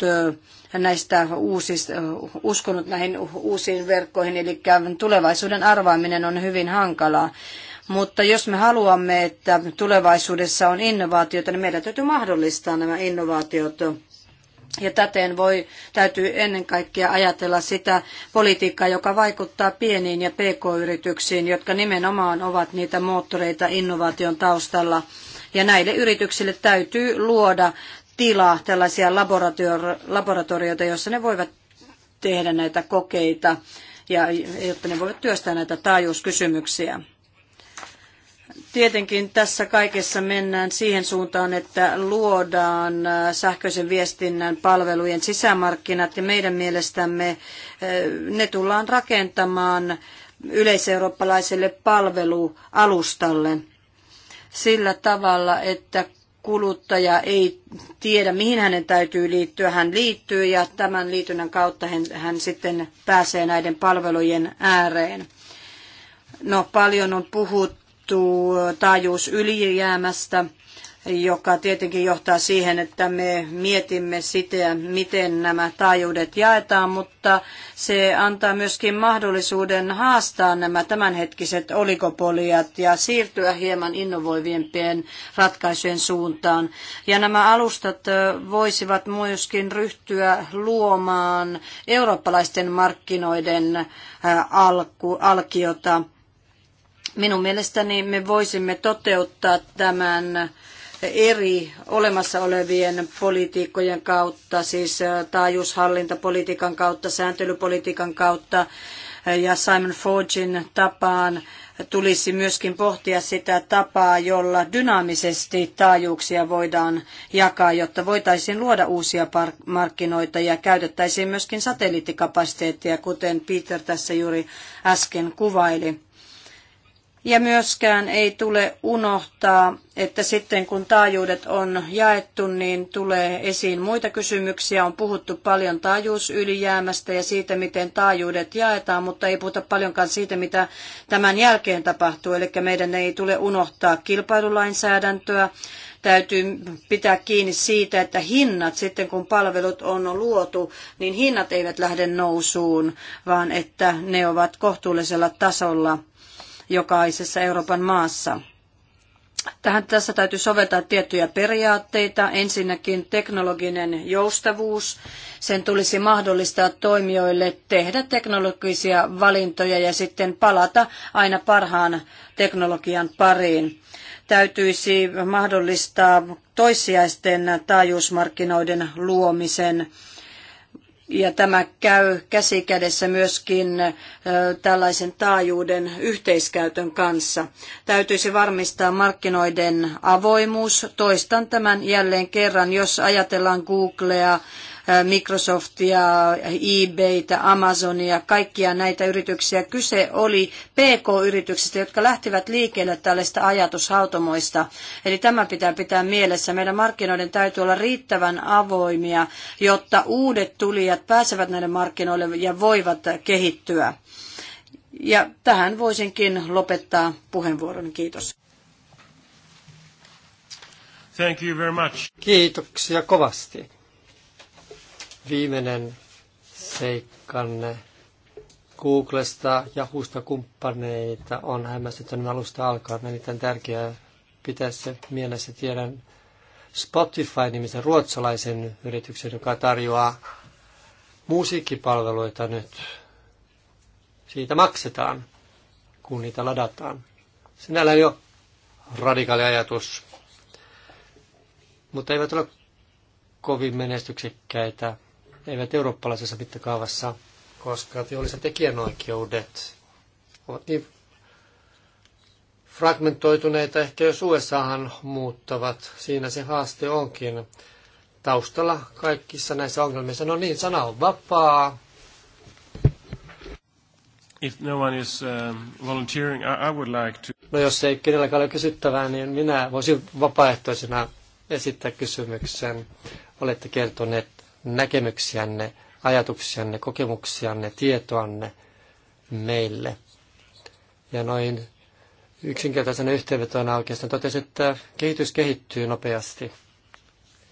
Speaker 3: näistä uusista, uskonut näihin uusiin verkkoihin, eli tulevaisuuden arvaaminen on hyvin hankalaa. Mutta jos me haluamme, että tulevaisuudessa on innovaatioita, niin meidän täytyy mahdollistaa nämä innovaatiot. Ja täten voi, täytyy ennen kaikkea ajatella sitä politiikkaa, joka vaikuttaa pieniin ja pk-yrityksiin, jotka nimenomaan ovat niitä moottoreita innovaation taustalla – ja näille yrityksille täytyy luoda tilaa tällaisia laboratorioita, joissa ne voivat tehdä näitä kokeita ja jotta ne voivat työstää näitä taajuuskysymyksiä. Tietenkin tässä kaikessa mennään siihen suuntaan, että luodaan äh, sähköisen viestinnän palvelujen sisämarkkinat ja meidän mielestämme äh, ne tullaan rakentamaan yleiseurooppalaiselle palvelualustalle sillä tavalla, että kuluttaja ei tiedä, mihin hänen täytyy liittyä. Hän liittyy ja tämän liitynnän kautta hän, hän sitten pääsee näiden palvelujen ääreen. No, paljon on puhuttu taajuusylijäämästä joka tietenkin johtaa siihen, että me mietimme sitä, miten nämä taajuudet jaetaan, mutta se antaa myöskin mahdollisuuden haastaa nämä tämänhetkiset oligopoliat ja siirtyä hieman innovoivimpien ratkaisujen suuntaan. Ja nämä alustat voisivat myöskin ryhtyä luomaan eurooppalaisten markkinoiden alku, alkiota. Minun mielestäni me voisimme toteuttaa tämän eri olemassa olevien politiikkojen kautta, siis äh, taajuushallintapolitiikan kautta, sääntelypolitiikan kautta äh, ja Simon Forgin tapaan tulisi myöskin pohtia sitä tapaa, jolla dynaamisesti taajuuksia voidaan jakaa, jotta voitaisiin luoda uusia markkinoita ja käytettäisiin myöskin satelliittikapasiteettia, kuten Peter tässä juuri äsken kuvaili. Ja myöskään ei tule unohtaa, että sitten kun taajuudet on jaettu, niin tulee esiin muita kysymyksiä. On puhuttu paljon taajuusylijäämästä ja siitä, miten taajuudet jaetaan, mutta ei puhuta paljonkaan siitä, mitä tämän jälkeen tapahtuu. Eli meidän ei tule unohtaa kilpailulainsäädäntöä. Täytyy pitää kiinni siitä, että hinnat sitten kun palvelut on luotu, niin hinnat eivät lähde nousuun, vaan että ne ovat kohtuullisella tasolla – jokaisessa Euroopan maassa. Tähän tässä täytyy soveltaa tiettyjä periaatteita. Ensinnäkin teknologinen joustavuus. Sen tulisi mahdollistaa toimijoille tehdä teknologisia valintoja ja sitten palata aina parhaan teknologian pariin. Täytyisi mahdollistaa toissijaisten taajuusmarkkinoiden luomisen ja tämä käy käsi kädessä myöskin tällaisen taajuuden yhteiskäytön kanssa. Täytyisi varmistaa markkinoiden avoimuus. Toistan tämän jälleen kerran, jos ajatellaan Googlea, Microsoftia, eBaytä, Amazonia, kaikkia näitä yrityksiä. Kyse oli PK-yrityksistä, jotka lähtivät liikkeelle tällaista ajatushautomoista. Eli tämä pitää pitää mielessä. Meidän markkinoiden täytyy olla riittävän avoimia, jotta uudet tulijat pääsevät näille markkinoille ja voivat kehittyä. Ja tähän voisinkin lopettaa puheenvuoron. Kiitos.
Speaker 1: Thank you very much. Kiitoksia kovasti viimeinen seikkanne Googlesta ja huusta kumppaneita on hämmästyttänyt alusta alkaen. Erittäin tärkeää pitää se mielessä. Tiedän Spotify-nimisen ruotsalaisen yrityksen, joka tarjoaa musiikkipalveluita nyt. Siitä maksetaan, kun niitä ladataan. Sinällään jo radikaali ajatus, mutta eivät ole kovin menestyksekkäitä eivät eurooppalaisessa mittakaavassa, koska teolliset tekijänoikeudet ovat niin fragmentoituneita, ehkä jos USAhan muuttavat. Siinä se haaste onkin taustalla kaikissa näissä ongelmissa. No niin, sana on vapaa. If no one is um,
Speaker 2: volunteering, I, would like
Speaker 1: to... No jos ei kenelläkään ole kysyttävää, niin minä voisin vapaaehtoisena esittää kysymyksen. Olette kertoneet näkemyksiänne, ajatuksianne, kokemuksianne, tietoanne meille. Ja noin yksinkertaisena yhteenvetona oikeastaan totesi, että kehitys kehittyy nopeasti.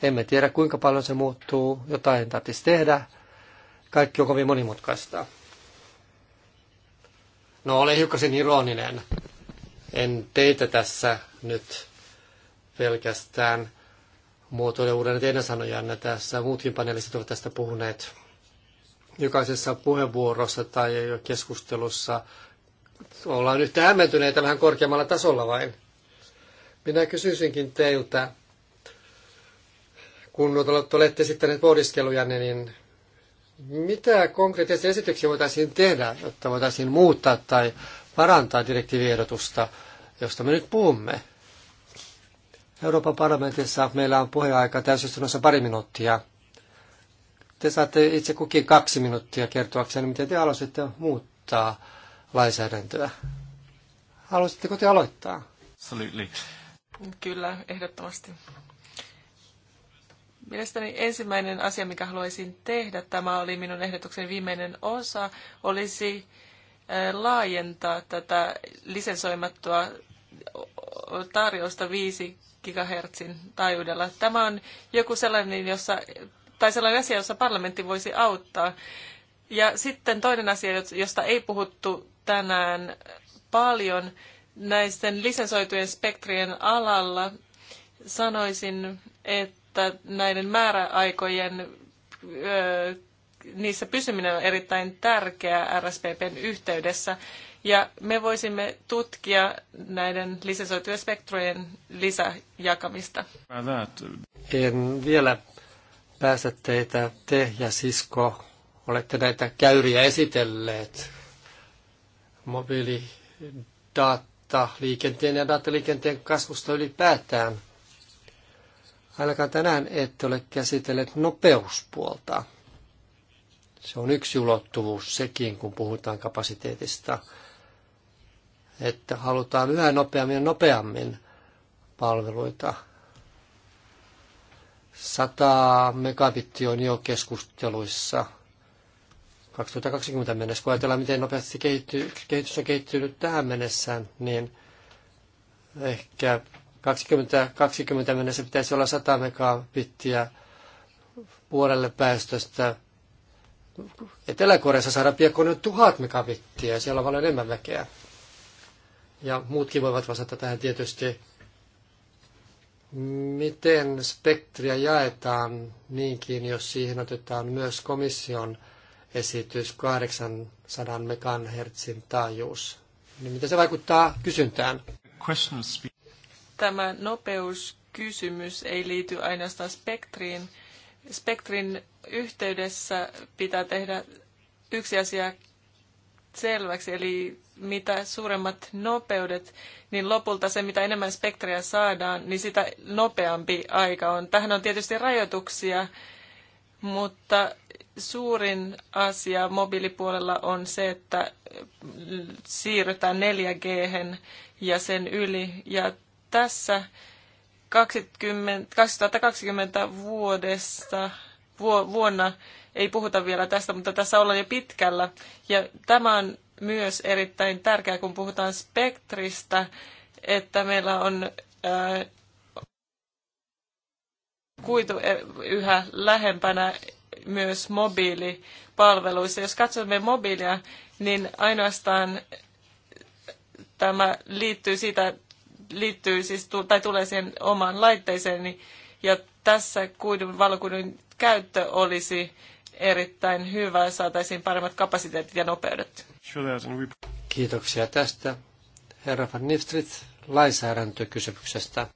Speaker 1: Emme tiedä kuinka paljon se muuttuu, jotain tarvitsisi tehdä. Kaikki on kovin monimutkaista. No ole hiukkasin ironinen. En teitä tässä nyt pelkästään muotoilee uudelleen teidän sanojanne tässä. Muutkin panelistit ovat tästä puhuneet. Jokaisessa puheenvuorossa tai keskustelussa ollaan yhtä hämmentyneitä vähän korkeammalla tasolla vain. Minä kysyisinkin teiltä, kun olette esittäneet pohdiskeluja, niin mitä konkreettisia esityksiä voitaisiin tehdä, jotta voitaisiin muuttaa tai parantaa direktiiviehdotusta, josta me nyt puhumme? Euroopan parlamentissa meillä on puheaika täysistunnossa pari minuuttia. Te saatte itse kukin kaksi minuuttia kertoakseen, miten te haluaisitte muuttaa lainsäädäntöä. Haluaisitteko te aloittaa?
Speaker 2: Absolutely. Kyllä, ehdottomasti. Mielestäni ensimmäinen asia, mikä haluaisin tehdä, tämä oli minun ehdotuksen viimeinen osa, olisi laajentaa tätä lisensoimattua tarjousta viisi gigahertsin taajuudella. Tämä on joku sellainen, jossa, tai sellainen asia, jossa parlamentti voisi auttaa. Ja sitten toinen asia, josta ei puhuttu tänään paljon näisten lisensoitujen spektrien alalla, sanoisin, että näiden määräaikojen niissä pysyminen on erittäin tärkeää RSPPn yhteydessä. Ja me voisimme tutkia näiden lisäsoitujen spektrojen lisäjakamista.
Speaker 1: En vielä päästä teitä, te ja sisko, olette näitä käyriä esitelleet. Mobiilidata liikenteen ja dataliikenteen kasvusta ylipäätään. Ainakaan tänään ette ole käsitelleet nopeuspuolta. Se on yksi ulottuvuus sekin, kun puhutaan kapasiteetista että halutaan yhä nopeammin ja nopeammin palveluita. 100 megabitti on jo keskusteluissa 2020 mennessä. Kun ajatellaan, miten nopeasti kehitty, kehitys on kehittynyt tähän mennessä, niin ehkä 2020 mennessä pitäisi olla 100 megabittiä puolelle päästöstä. Etelä-Koreassa saadaan piakkoon 1000 megabittiä, ja siellä on paljon enemmän väkeä ja muutkin voivat vastata tähän tietysti. Miten spektriä jaetaan niinkin, jos siihen otetaan myös komission esitys 800 megahertsin taajuus? Niin miten se vaikuttaa kysyntään?
Speaker 2: Tämä nopeuskysymys ei liity ainoastaan spektriin. Spektrin yhteydessä pitää tehdä yksi asia selväksi, eli mitä suuremmat nopeudet, niin lopulta se, mitä enemmän spektriä saadaan, niin sitä nopeampi aika on. Tähän on tietysti rajoituksia, mutta suurin asia mobiilipuolella on se, että siirrytään 4G ja sen yli. Ja tässä 20, 2020 vuodesta, vuonna ei puhuta vielä tästä, mutta tässä ollaan jo pitkällä. Ja tämä on myös erittäin tärkeää, kun puhutaan spektristä, että meillä on ää, äh, kuitu äh, yhä lähempänä myös mobiilipalveluissa. Jos katsomme mobiilia, niin ainoastaan tämä liittyy siitä, liittyy siis, tai tulee siihen omaan laitteeseen, ja tässä kuidun valokuidun käyttö olisi erittäin hyvä ja saataisiin paremmat kapasiteetit ja nopeudet.
Speaker 1: Kiitoksia tästä. Herra Van Nistrit, lainsäädäntökysymyksestä.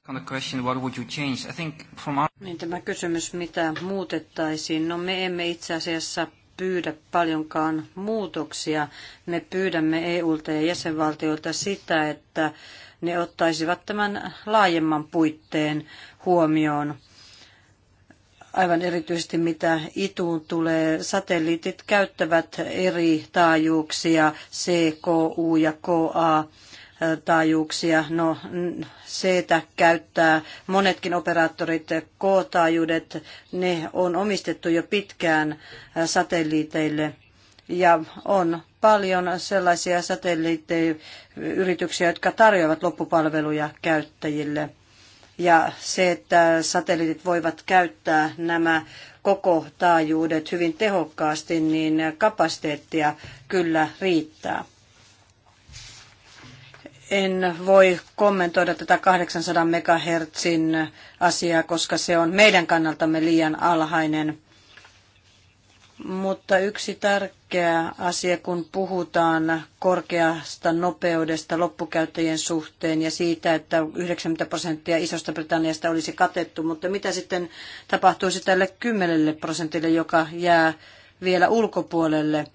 Speaker 3: Niin tämä kysymys, mitä muutettaisiin. No me emme itse asiassa pyydä paljonkaan muutoksia. Me pyydämme EUlta ja jäsenvaltioilta sitä, että ne ottaisivat tämän laajemman puitteen huomioon aivan erityisesti mitä ituun tulee. Satelliitit käyttävät eri taajuuksia, CKU ja KA taajuuksia. No, C-tä käyttää monetkin operaattorit, K-taajuudet, ne on omistettu jo pitkään satelliiteille ja on paljon sellaisia satelliittiyrityksiä, jotka tarjoavat loppupalveluja käyttäjille – ja se, että satelliitit voivat käyttää nämä koko taajuudet hyvin tehokkaasti, niin kapasiteettia kyllä riittää. En voi kommentoida tätä 800 megahertsin asiaa, koska se on meidän kannaltamme liian alhainen mutta yksi tärkeä asia, kun puhutaan korkeasta nopeudesta loppukäyttäjien suhteen ja siitä, että 90 prosenttia isosta Britanniasta olisi katettu, mutta mitä sitten tapahtuisi tälle 10 prosentille, joka jää vielä ulkopuolelle?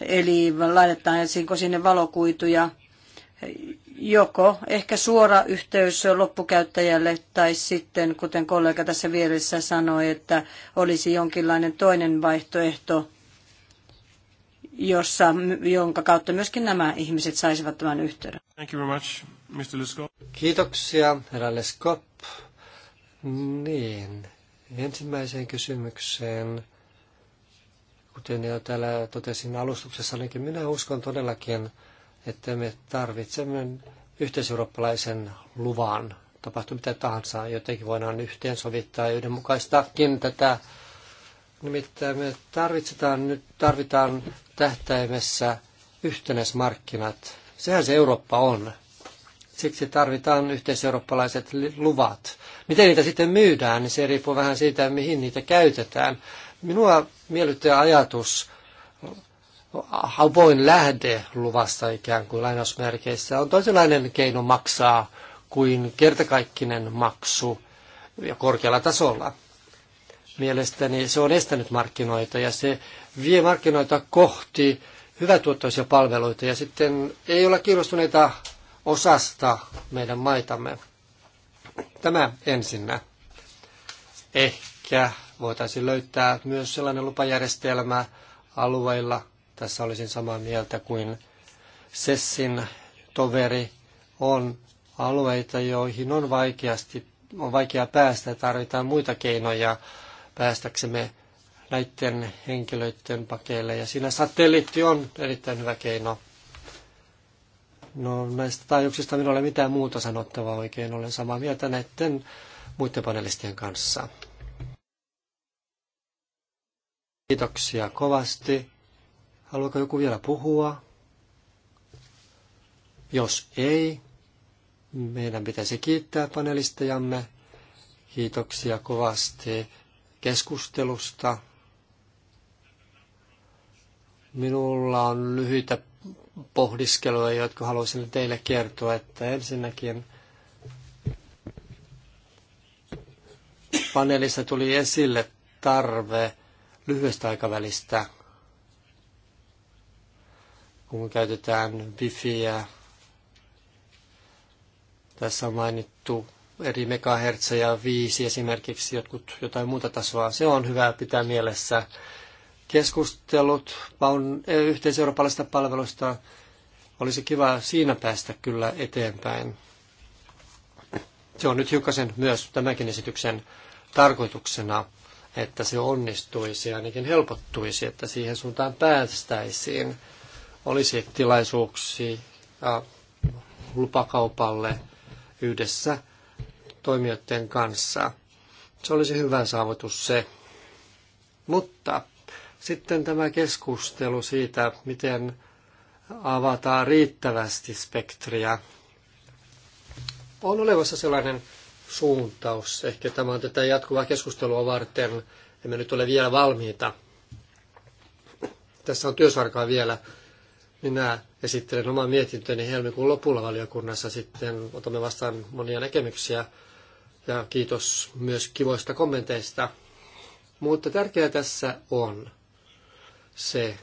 Speaker 3: Eli laitettaisiinko sinne valokuituja joko ehkä suora yhteys loppukäyttäjälle tai sitten, kuten kollega tässä vieressä sanoi, että olisi jonkinlainen toinen vaihtoehto, jossa, jonka kautta myöskin nämä ihmiset saisivat tämän yhteyden.
Speaker 1: Thank you very much, Mr. Kiitoksia, herra Leskop. Niin, ensimmäiseen kysymykseen kuten jo täällä totesin alustuksessa, ainakin minä uskon todellakin, että me tarvitsemme yhteiseurooppalaisen luvan. Tapahtuu mitä tahansa, jotenkin voidaan yhteensovittaa ja yhdenmukaistaakin tätä. Nimittäin me tarvitsetaan nyt, tarvitaan tähtäimessä yhtenäismarkkinat. Sehän se Eurooppa on. Siksi tarvitaan yhteiseurooppalaiset luvat. Miten niitä sitten myydään, niin se riippuu vähän siitä, mihin niitä käytetään. Minua miellyttää ajatus avoin lähde luvasta ikään kuin lainausmerkeissä on toisenlainen keino maksaa kuin kertakaikkinen maksu ja korkealla tasolla. Mielestäni se on estänyt markkinoita ja se vie markkinoita kohti hyvätuottoisia palveluita ja sitten ei olla kiinnostuneita osasta meidän maitamme. Tämä ensinnä. Ehkä voitaisiin löytää myös sellainen lupajärjestelmä alueilla, tässä olisin samaa mieltä kuin Sessin toveri on alueita, joihin on, vaikeasti, on vaikea päästä. Tarvitaan muita keinoja päästäksemme näiden henkilöiden pakeille. Ja siinä satelliitti on erittäin hyvä keino. No näistä taajuuksista minulla ei ole mitään muuta sanottavaa oikein. Olen samaa mieltä näiden muiden panelistien kanssa. Kiitoksia kovasti. Haluaako joku vielä puhua? Jos ei, meidän pitäisi kiittää panelistejamme Kiitoksia kovasti keskustelusta. Minulla on lyhyitä pohdiskeluja, jotka haluaisin teille kertoa, että ensinnäkin paneelissa tuli esille tarve lyhyestä aikavälistä kun käytetään bifiä, Tässä on mainittu eri megahertsejä, viisi esimerkiksi, jotkut jotain muuta tasoa. Se on hyvä pitää mielessä. Keskustelut e, yhteiseurooppalaisista palveluista olisi kiva siinä päästä kyllä eteenpäin. Se on nyt hiukkasen myös tämänkin esityksen tarkoituksena, että se onnistuisi ja ainakin helpottuisi, että siihen suuntaan päästäisiin olisi tilaisuuksia lupakaupalle yhdessä toimijoiden kanssa. Se olisi hyvä saavutus se. Mutta sitten tämä keskustelu siitä, miten avataan riittävästi spektriä. On olemassa sellainen suuntaus. Ehkä tämä on tätä jatkuvaa keskustelua varten. Emme nyt ole vielä valmiita. Tässä on työsarkaa vielä minä esittelen oman mietintöni helmikuun lopulla valiokunnassa. Sitten otamme vastaan monia näkemyksiä ja kiitos myös kivoista kommenteista. Mutta tärkeää tässä on se,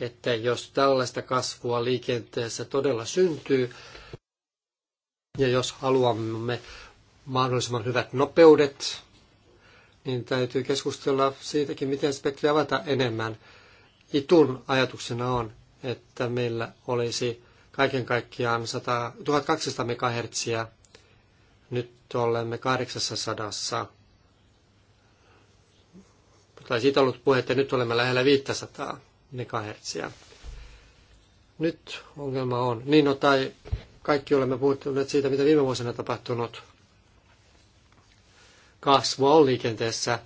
Speaker 1: että jos tällaista kasvua liikenteessä todella syntyy, ja jos haluamme mahdollisimman hyvät nopeudet, niin täytyy keskustella siitäkin, miten spektri avata enemmän. ITUN ajatuksena on, että meillä olisi kaiken kaikkiaan 100, 1200 MHz. Nyt olemme 800. Tai siitä ollut puhe, että nyt olemme lähellä 500 MHz. Nyt ongelma on. Niin, no tai kaikki olemme puhuneet siitä, mitä viime vuosina tapahtunut. Kasvua on liikenteessä –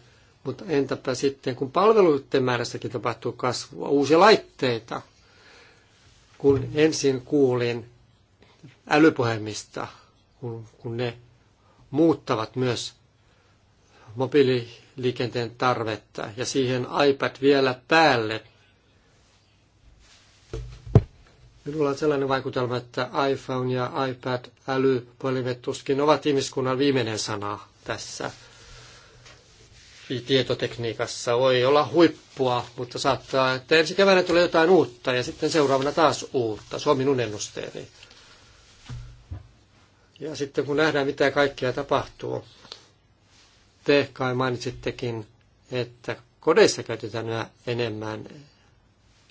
Speaker 1: mutta entäpä sitten, kun palveluiden määrässäkin tapahtuu kasvua, uusia laitteita, kun ensin kuulin älypuhelimista, kun, kun ne muuttavat myös mobiililiikenteen tarvetta ja siihen iPad vielä päälle. Minulla on sellainen vaikutelma, että iPhone ja iPad älypuhelimet tuskin ovat ihmiskunnan viimeinen sana tässä tietotekniikassa voi olla huippua, mutta saattaa, että ensi keväänä tulee jotain uutta ja sitten seuraavana taas uutta. Se on minun ennusteeni. Ja sitten kun nähdään, mitä kaikkea tapahtuu, te kai mainitsittekin, että kodeissa käytetään yhä enemmän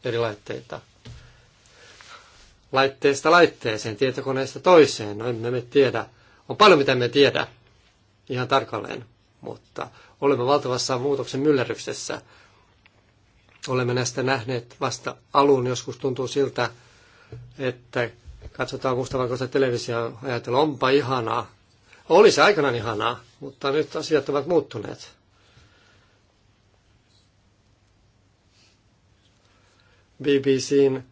Speaker 1: eri laitteita. Laitteesta laitteeseen, tietokoneesta toiseen, no emme me tiedä. On paljon mitä me tiedä, ihan tarkalleen mutta olemme valtavassa muutoksen myllerryksessä. Olemme näistä nähneet vasta alun, joskus tuntuu siltä, että katsotaan mustavalkoista televisioa ja ajatellaan, onpa ihanaa. se aikanaan ihanaa, mutta nyt asiat ovat muuttuneet. BBCn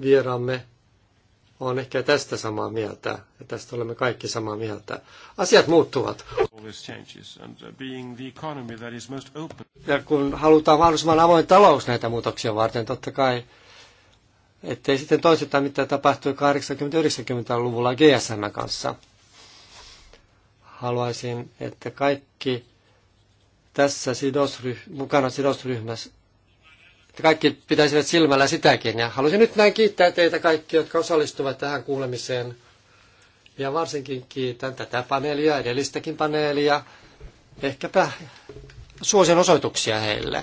Speaker 1: vieraamme on ehkä tästä samaa mieltä, ja tästä olemme kaikki samaa mieltä. Asiat muuttuvat. Uh, ja kun halutaan mahdollisimman avoin talous näitä muutoksia varten, totta kai, ettei sitten toiseta mitä tapahtui 80-90-luvulla GSM kanssa. Haluaisin, että kaikki tässä sidosryh- mukana sidosryhmässä kaikki pitäisivät silmällä sitäkin. Ja haluaisin nyt näin kiittää teitä kaikki, jotka osallistuvat tähän kuulemiseen. Ja varsinkin kiitän tätä paneelia, edellistäkin paneelia. Ehkäpä suosin osoituksia heille.